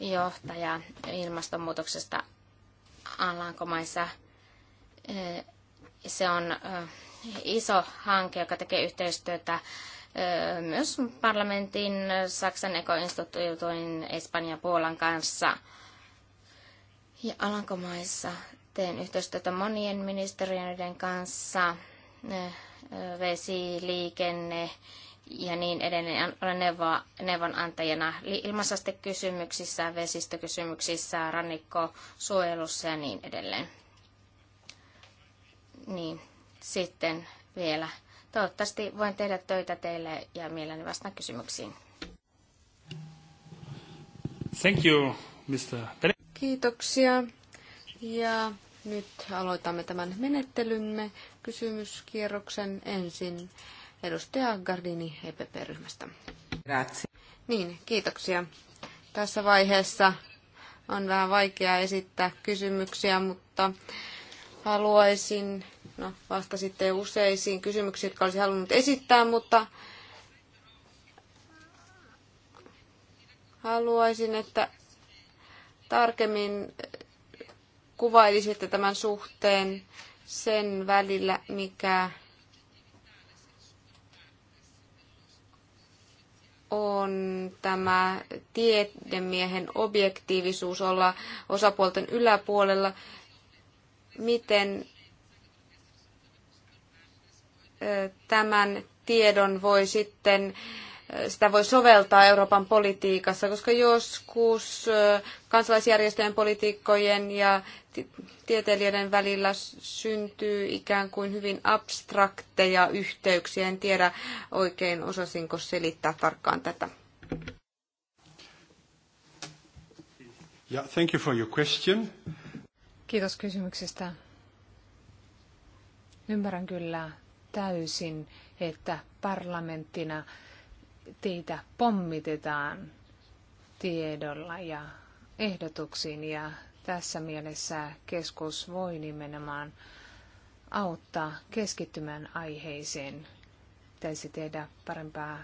johtaja ilmastonmuutoksesta Alankomaissa. Se on iso hanke, joka tekee yhteistyötä myös parlamentin, Saksan ekoinstituutin, Espanjan ja Puolan kanssa. Ja Alankomaissa teen yhteistyötä monien ministeriöiden kanssa, eh, vesi, liikenne ja niin edelleen. Olen neuvoa, neuvonantajana ilmansastekysymyksissä, vesistökysymyksissä, suojelussa ja niin edelleen. Niin, sitten vielä. Toivottavasti voin tehdä töitä teille ja mielelläni vastaan kysymyksiin. Thank you, Mr. Kiitoksia. Ja nyt aloitamme tämän menettelymme kysymyskierroksen ensin edustaja Gardini EPP-ryhmästä. Grazie. Niin, kiitoksia. Tässä vaiheessa on vähän vaikea esittää kysymyksiä, mutta haluaisin, no vasta sitten useisiin kysymyksiin, jotka olisin halunnut esittää, mutta haluaisin, että tarkemmin kuvailisitte tämän suhteen sen välillä, mikä on tämä tiedemiehen objektiivisuus olla osapuolten yläpuolella. Miten tämän tiedon voi sitten sitä voi soveltaa Euroopan politiikassa, koska joskus kansalaisjärjestöjen, politiikkojen ja tieteilijöiden välillä syntyy ikään kuin hyvin abstrakteja yhteyksiä. En tiedä oikein, osasinko selittää tarkkaan tätä. Yeah, thank you for your question. Kiitos kysymyksestä. Ymmärrän kyllä täysin, että parlamenttina teitä pommitetaan tiedolla ja ehdotuksiin ja tässä mielessä keskus voi nimenomaan auttaa keskittymään aiheeseen. Pitäisi tehdä parempaa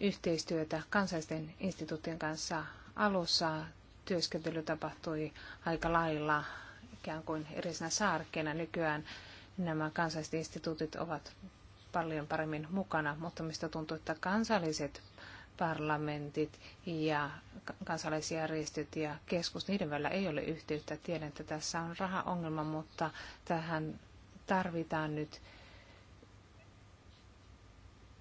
yhteistyötä kansallisten instituutien kanssa. Alussa työskentely tapahtui aika lailla ikään kuin erisenä saarkkeena. Nykyään nämä kansalliset instituutit ovat paljon paremmin mukana, mutta mistä tuntuu, että kansalliset parlamentit ja kansalaisjärjestöt ja keskus, niiden välillä ei ole yhteyttä. Tiedän, että tässä on rahaongelma, mutta tähän tarvitaan nyt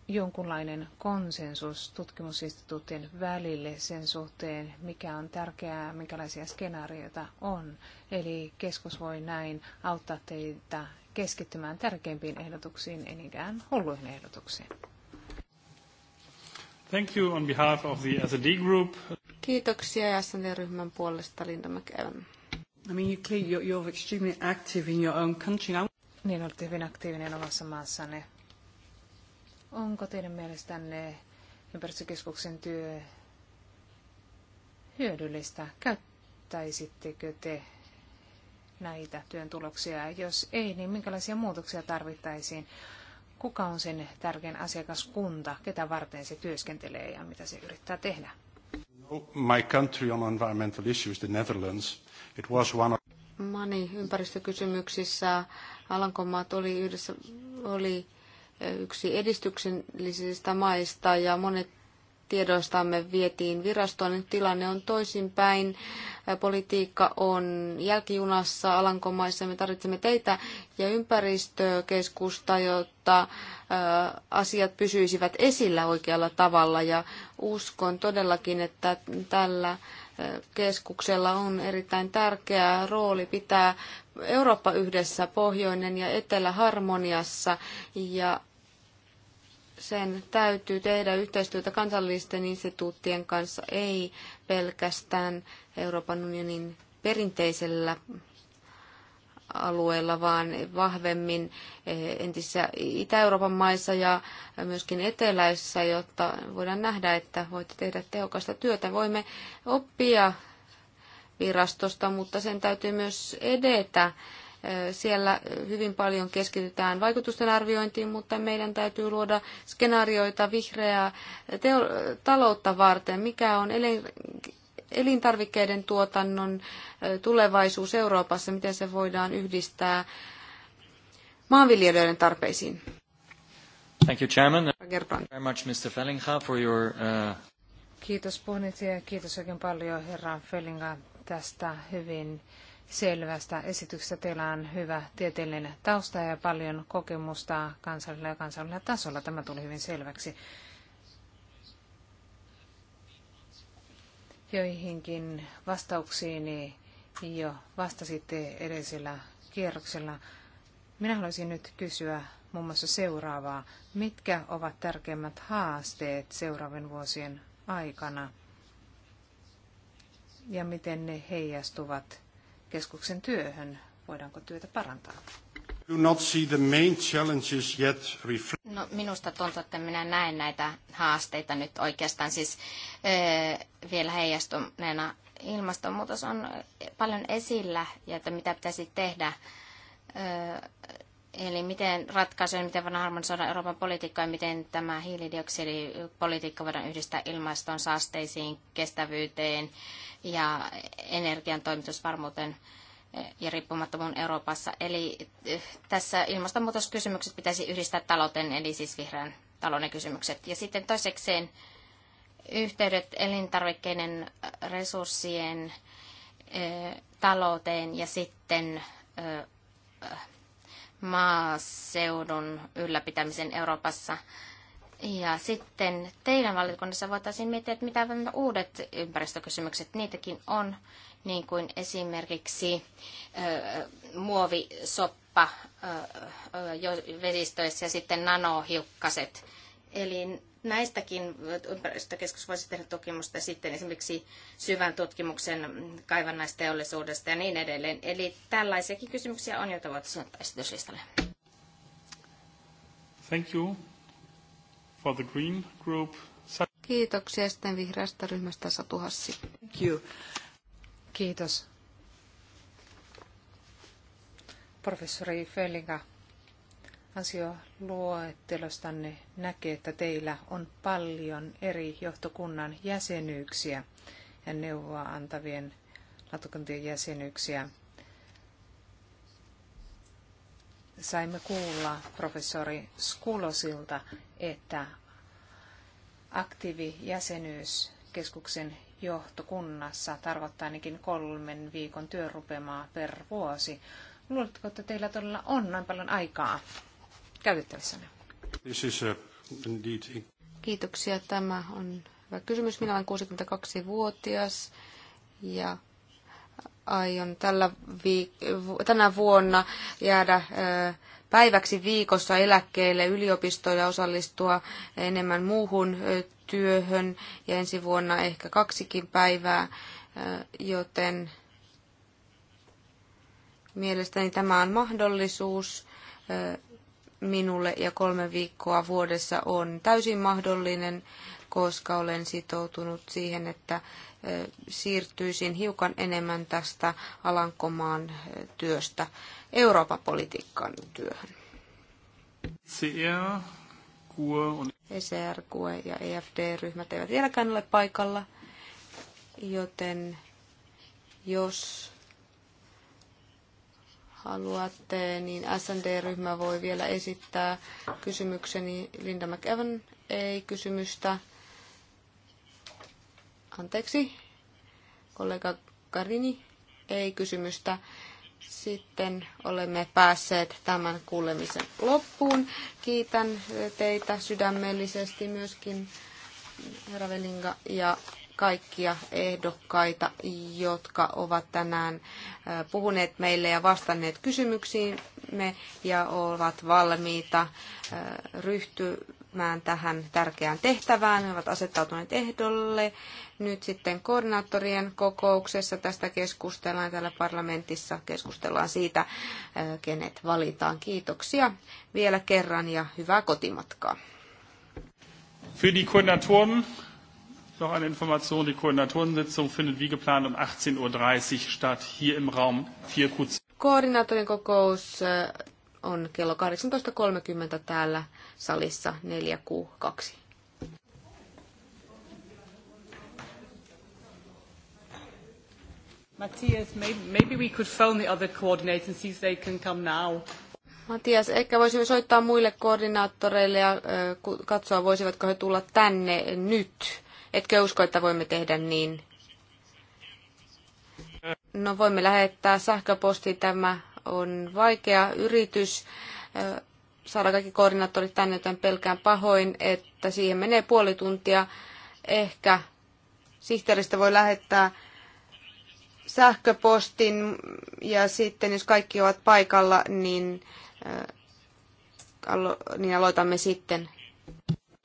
jonkunlainen konsensus tutkimusinstituutin välille sen suhteen, mikä on tärkeää, minkälaisia skenaarioita on. Eli keskus voi näin auttaa teitä keskittymään tärkeimpiin ehdotuksiin, enikään hulluihin ehdotuksiin. Thank you on behalf of the SD group. Kiitoksia SND-ryhmän puolesta Linda McEwen. I mean, you clearly, you're, you're extremely active in your own country. I... Niin, olette hyvin aktiivinen omassa maassanne. Onko teidän mielestänne ympäristökeskuksen työ hyödyllistä? Käyttäisittekö te näitä työn tuloksia? Jos ei, niin minkälaisia muutoksia tarvittaisiin? Kuka on sen tärkein asiakaskunta? Ketä varten se työskentelee ja mitä se yrittää tehdä? My country on environmental issues, the Netherlands. It was one of... Mani, ympäristökysymyksissä Alankomaat oli, yhdessä, oli eh, yksi edistyksellisistä maista ja monet tiedoistamme vietiin virastoon. Nyt tilanne on toisinpäin. Politiikka on jälkijunassa Alankomaissa. Me tarvitsemme teitä ja ympäristökeskusta, jotta asiat pysyisivät esillä oikealla tavalla. Ja uskon todellakin, että tällä keskuksella on erittäin tärkeä rooli pitää Eurooppa yhdessä pohjoinen ja etelä harmoniassa ja sen täytyy tehdä yhteistyötä kansallisten instituuttien kanssa, ei pelkästään Euroopan unionin perinteisellä alueella, vaan vahvemmin eh, entisissä Itä-Euroopan maissa ja myöskin eteläisissä, jotta voidaan nähdä, että voitte tehdä tehokasta työtä. Voimme oppia virastosta, mutta sen täytyy myös edetä siellä hyvin paljon keskitytään vaikutusten arviointiin, mutta meidän täytyy luoda skenaarioita vihreää teo- taloutta varten, mikä on elintarvikkeiden tuotannon tulevaisuus Euroopassa, miten se voidaan yhdistää maanviljelijöiden tarpeisiin. Thank you, Chairman. Very much, Mr. Fellingha, for your, uh... Kiitos puheenjohtaja ja kiitos oikein paljon herra Fellinga tästä hyvin selvästä esityksestä. Teillä on hyvä tieteellinen tausta ja paljon kokemusta kansallisella ja kansallisella tasolla. Tämä tuli hyvin selväksi. Joihinkin vastauksiini jo vastasitte edellisellä kierroksella. Minä haluaisin nyt kysyä muun muassa seuraavaa. Mitkä ovat tärkeimmät haasteet seuraavien vuosien aikana ja miten ne heijastuvat keskuksen työhön? Voidaanko työtä parantaa? No, minusta tuntuu, että minä näen näitä haasteita nyt oikeastaan. Siis öö, vielä heijastuneena ilmastonmuutos on paljon esillä ja että mitä pitäisi tehdä. Öö, Eli miten ratkaisuja, miten voidaan harmonisoida Euroopan politiikkaa ja miten tämä hiilidioksidipolitiikka voidaan yhdistää ilmaston saasteisiin, kestävyyteen ja energian toimitusvarmuuteen ja riippumattomuun Euroopassa. Eli eh, tässä ilmastonmuutoskysymykset pitäisi yhdistää talouteen, eli siis vihreän talouden kysymykset. Ja sitten toisekseen yhteydet elintarvikkeiden eh, resurssien eh, talouteen ja sitten maaseudun ylläpitämisen Euroopassa. Ja sitten teidän valiokunnassa voitaisiin miettiä, että mitä uudet ympäristökysymykset, niitäkin on, niin kuin esimerkiksi ö, muovisoppa ö, ö, vesistöissä ja sitten nanohiukkaset. Eli Näistäkin ympäristökeskus voisi tehdä tutkimusta sitten esimerkiksi syvän tutkimuksen kaivannaisteollisuudesta ja niin edelleen. Eli tällaisiakin kysymyksiä on, joita voitaisiin ottaa esityslistalle. Thank you for the Green Group. Kiitoksia sitten vihreästä ryhmästä Satu Hassi. Thank you. Kiitos. Professori Föllinga, ansioluettelostanne näkee, että teillä on paljon eri johtokunnan jäsenyyksiä ja neuvoa antavien lautakuntien jäsenyyksiä. Saimme kuulla professori Skulosilta, että aktiivijäsenyys keskuksen johtokunnassa tarkoittaa ainakin kolmen viikon työrupemaa per vuosi. Luuletko, että teillä todella on noin paljon aikaa käytettävissänne? Uh, Kiitoksia. Tämä on hyvä kysymys. Minä olen 62-vuotias ja aion tällä viik- tänä vuonna jäädä uh, päiväksi viikossa eläkkeelle yliopistoja osallistua enemmän muuhun uh, työhön ja ensi vuonna ehkä kaksikin päivää, joten mielestäni tämä on mahdollisuus minulle ja kolme viikkoa vuodessa on täysin mahdollinen, koska olen sitoutunut siihen, että siirtyisin hiukan enemmän tästä Alankomaan työstä Euroopan politiikan työhön. CR, QE on... ECR, QE ja EFD-ryhmät eivät vieläkään ole paikalla, joten jos haluatte, niin SND-ryhmä voi vielä esittää kysymykseni. Linda McEvan ei kysymystä. Anteeksi. Kollega Karini ei kysymystä. Sitten olemme päässeet tämän kuulemisen loppuun. Kiitän teitä sydämellisesti myöskin herra Velinga ja kaikkia ehdokkaita, jotka ovat tänään puhuneet meille ja vastanneet kysymyksiimme ja ovat valmiita ryhtymään tähän tärkeään tehtävään. He ovat asettautuneet ehdolle. Nyt sitten koordinaattorien kokouksessa tästä keskustellaan täällä parlamentissa. Keskustellaan siitä, kenet valitaan. Kiitoksia vielä kerran ja hyvää kotimatkaa. Für die Koordinatoren Noch eine Information, die Koordinatorensitzung findet wie geplant um 18.30 Uhr statt, hier im Raum 4Q2. Koordinaatorin kokous äh, on kello 18.30 täällä salissa 4Q2. Matthias, maybe, maybe we could phone the other coordinators and see if they can come now. Matias, ehkä voisimme soittaa muille koordinaattoreille ja äh, katsoa, voisivatko he tulla tänne nyt. Etkö usko, että voimme tehdä niin? No voimme lähettää sähköposti. Tämä on vaikea yritys saada kaikki koordinaattorit tänne, joten pelkään pahoin, että siihen menee puoli tuntia. Ehkä sihteeristä voi lähettää sähköpostin ja sitten jos kaikki ovat paikalla, niin, niin aloitamme sitten.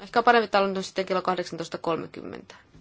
Ehkä on parempi, että aloitan sitten kello 18.30.